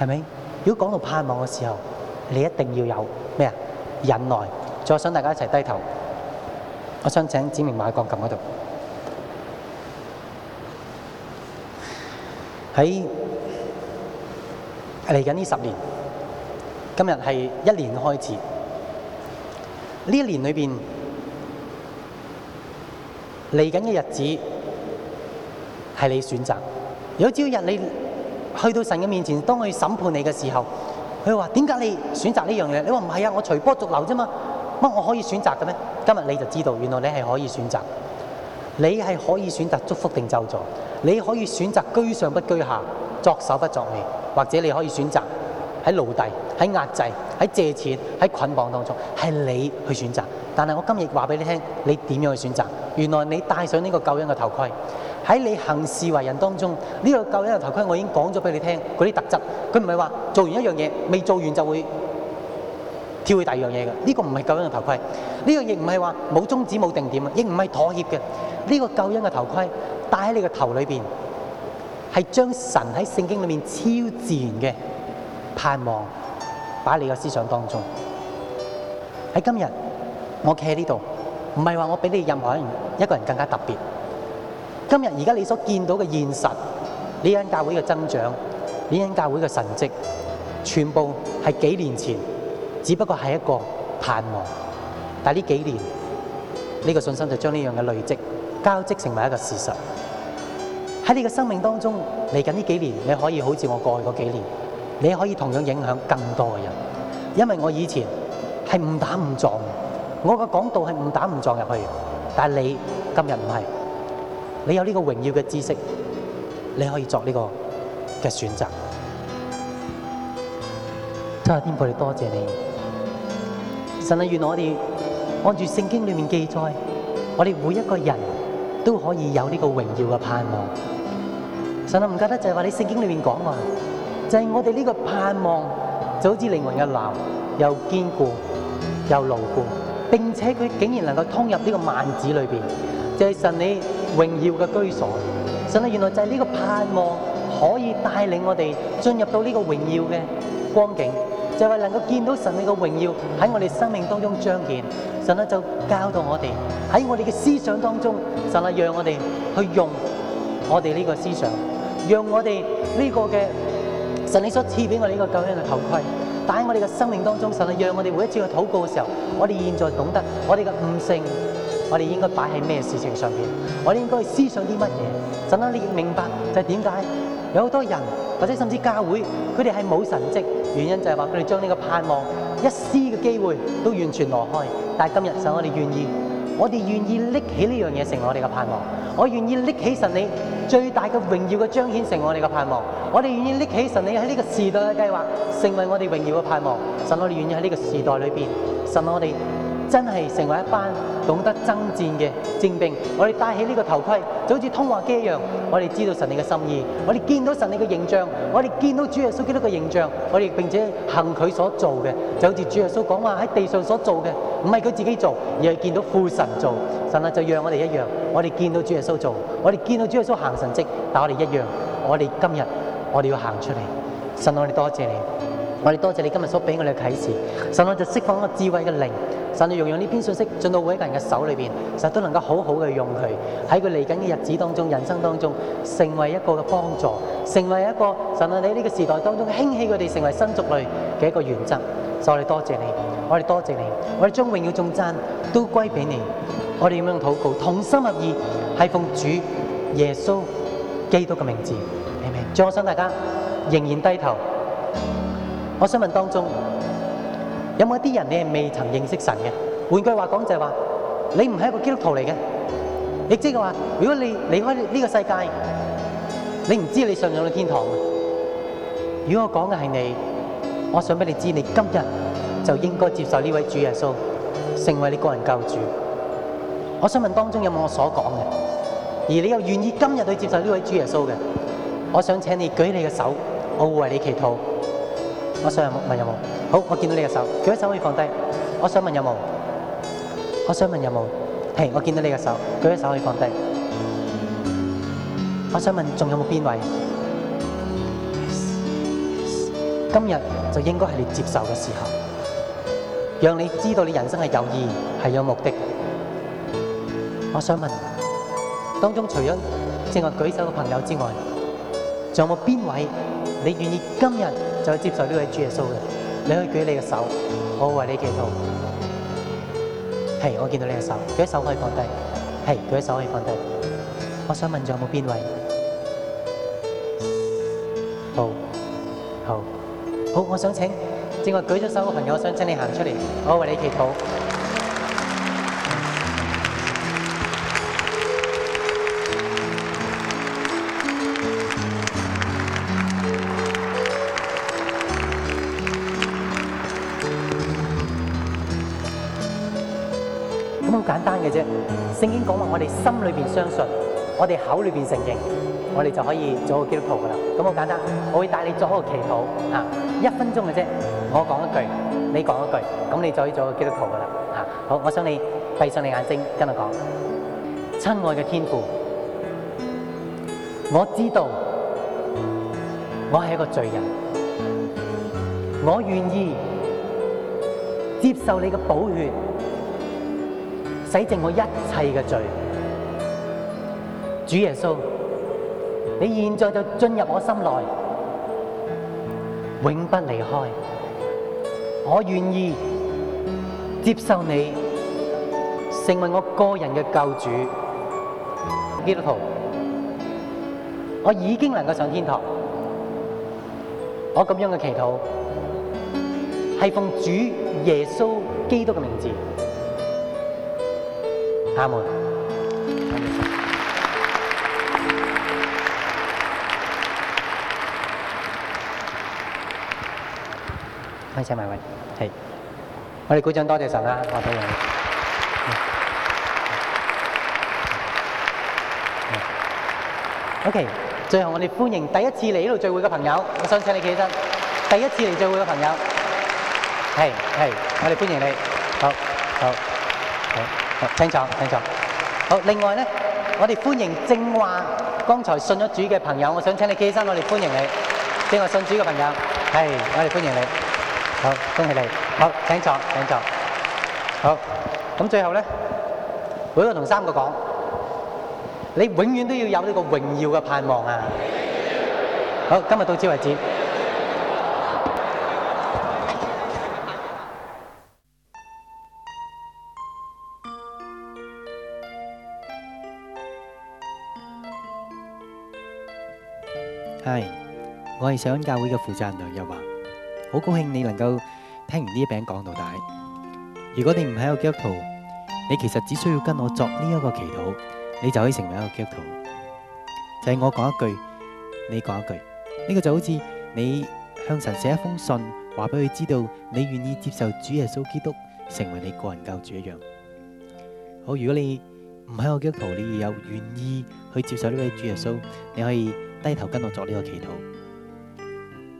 係咪？如果講到盼望嘅時候，你一定要有咩啊？忍耐。再想大家一齊低頭，我想請指明馬去鋼琴嗰度。喺嚟緊呢十年，今日係一年開始。呢一年裏邊嚟緊嘅日子係你選擇。如果朝日你去到神嘅面前，當佢審判你嘅時候，佢話點解你選擇呢樣嘢？你話唔係啊，我隨波逐流啫嘛。乜我可以選擇嘅咩？今日你就知道，原來你係可以選擇。你係可以選擇祝福定咒詛。你可以選擇居上不居下，作首不作尾，或者你可以選擇喺奴隸、喺壓制、喺借錢、喺捆綁當中，係你去選擇。但係我今日話俾你聽，你點樣去選擇？原來你戴上呢個救恩嘅頭盔，喺你行事為人當中，呢、這個救恩嘅頭盔我已經講咗俾你聽嗰啲特質。佢唔係話做完一樣嘢未做完就會，跳去第二樣嘢嘅，呢個唔係救恩嘅頭盔。呢、這個亦唔係話冇宗旨冇定點，亦唔係妥協嘅。呢、這個救恩嘅頭盔戴喺你個頭裏面，係將神喺聖經裏面超自然嘅盼望擺你個思想當中。喺今日，我企喺呢度，唔係話我比你任何一個人一個人更加特別。今日而家你所見到嘅現實，呢恩教會嘅增長，呢恩教會嘅神蹟全部係幾年前，只不過係一個盼望，但係呢幾年，呢、這個信心就將呢樣嘅累積交織成為一個事實。喺你嘅生命當中，嚟緊呢幾年，你可以好似我過去嗰幾年，你可以同樣影響更多嘅人。因為我以前係誤打誤撞的，我嘅講道係誤打誤撞入去。但你今日唔係，你有呢個榮耀嘅知識，你可以作呢個嘅選擇。真係天父，你多謝你。神啊，原來我哋按住聖經裏面記載，我哋每一個人都可以有呢個榮耀嘅盼望。神啊，唔記得就係話你聖經裏面講嘛，就係、是、我哋呢個盼望，就好似靈魂嘅錨，又堅固又牢固，並且佢竟然能夠通入呢個幔子裏邊，就係、是、神你榮耀嘅居所。神啊，原來就係呢個盼望，可以帶領我哋進入到呢個榮耀嘅光景，就係能夠見到神你嘅榮耀喺我哋生命當中彰顯，神啊，就教導我哋喺我哋嘅思想當中，神啊，讓我哋去用我哋呢個思想，讓我哋呢個嘅神你所賜俾我哋呢個救恩嘅頭盔，戴喺我哋嘅生命當中，神啊，讓我哋每一次去禱告嘅時候，我哋現在懂得我哋嘅悟性，我哋應該擺喺咩事情上邊，我哋應該思想啲乜嘢，神啊，你明白就係點解？有好多人，或者甚至教會，佢哋係冇神跡，原因就係話，佢哋將呢個盼望一絲嘅機會都完全挪開，但係今日，神我哋願意，我哋願意拎起呢樣嘢成為我哋嘅盼望。我願意拎起神你最大嘅榮耀嘅彰顯成為我哋嘅盼望。我哋願意拎起神你喺呢個時代嘅計劃成為我哋榮耀嘅盼望。神我哋願意喺呢個時代裏邊，神我哋。真係成為一班懂得爭戰嘅精兵。我哋戴起呢個頭盔，就好似通話機一樣。我哋知道神你嘅心意，我哋見到神你嘅形象，我哋見到主耶穌基督嘅形象，我哋並且行佢所做嘅，就好似主耶穌講話喺地上所做嘅，唔係佢自己做，而係見到父神做。神啊，就讓我哋一樣，我哋見到主耶穌做，我哋見到主耶穌行神跡，但我哋一樣，我哋今日我哋要行出嚟。神我哋，多謝你。我哋多謝你今日所俾我哋嘅啟示，神啊就釋放一個智慧嘅靈，神就用用呢篇信息進到每一個人嘅手裏邊，實都能夠好好嘅用佢喺佢嚟緊嘅日子當中、人生當中，成為一個嘅幫助，成為一個神啊喺呢個時代當中興起佢哋成為新族類嘅一個原則。所以我哋多謝你，我哋多謝你，我哋將榮耀頌讚都歸俾你。我哋點樣禱告？同心合意，係奉主耶穌基督嘅名字，明唔明？再想大家仍然低頭。我想問，當中有冇一啲人你係未曾認識神嘅？換句話講就係、是、話你唔係一個基督徒嚟嘅。亦即係話，如果你離開呢個世界，你唔知你上唔上到天堂。如果我講嘅係你，我想俾你知，你今日就應該接受呢位主耶穌成為你個人救主。我想問，當中有冇我所講嘅？而你又願意今日去接受呢位主耶穌嘅？我想請你舉你嘅手，我會為你祈禱。我想問有冇？好，我見到你嘅手，舉隻手可以放低。我想問有冇？我想問有冇？係，我見到你嘅手，舉隻手可以放低。我想問仲有冇邊位？今日就應該係你接受嘅時候，讓你知道你人生係有意，係有目的。我想問，當中除咗正話舉手嘅朋友之外，仲有冇邊位你願意今日？就去接受呢位主耶穌嘅，你可以舉你嘅手，我為你祈禱。係，我見到你嘅手，舉手可以放低。係，舉手可以放低。我想問仲有冇邊位？好，好，好，我想請，正話舉咗手嘅朋友，我想請你行出嚟，我為你祈禱。聖經講話我哋心裏邊相信，我哋口裏邊承認，我哋就可以做個基督徒噶啦。咁好簡單，我會帶你做好個祈禱一分鐘嘅啫。我講一句，你講一句，咁你就可以做個基督徒噶啦。吓，好，我想你閉上你眼睛，跟我講，親愛嘅天父，我知道我係一個罪人，我願意接受你嘅寶血。洗淨我一切嘅罪，主耶穌，你現在就進入我心內，永不離開。我願意接受你，成為我個人嘅救主。基督徒，我已經能夠上天堂。我咁樣嘅祈禱係奉主耶穌基督嘅名字。阿門。多謝埋位。係。我哋鼓掌多謝神啦，我哋。O K，最後我哋歡迎第一次嚟呢度聚會嘅朋友，我想請你企起身。第一次嚟聚會嘅朋友，係係，我哋歡迎你。好，好，好。請坐，請坐。好，另外咧，我哋歡迎正話剛才信咗主嘅朋友。我想請你企起身，我哋歡迎你。正話信主嘅朋友，係，我哋歡迎你。好，恭喜你。好，請坐，請坐。好，咁最後咧，每個同三個講，你永遠都要有呢個榮耀嘅盼望啊！好，今日到此為止。上教會嘅負責人梁又話：，好高興你能夠聽完呢一餅講道帶。如果你唔係個基督徒，你其實只需要跟我作呢一個祈禱，你就可以成為一個基督徒。就係我講一句，你講一句，呢個就好似你向神寫一封信，話俾佢知道你願意接受主耶穌基督成為你個人救主一樣。好，如果你唔係個基督徒，你又願意去接受呢位主耶穌，你可以低頭跟我作呢個祈禱。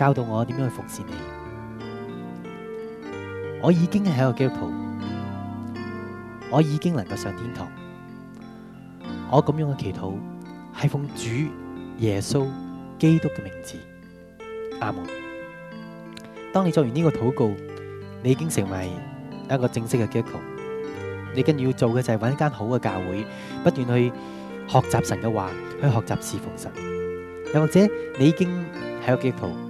教到我點樣去服侍你，我已經係一個基督徒，我已經能夠上天堂。我咁樣嘅祈禱係奉主耶穌基督嘅名字，阿門。當你做完呢個禱告，你已經成為一個正式嘅基督徒。你跟住要做嘅就係揾一間好嘅教會，不斷去學習神嘅話，去學習侍奉神。又或者你已經係一個基督徒。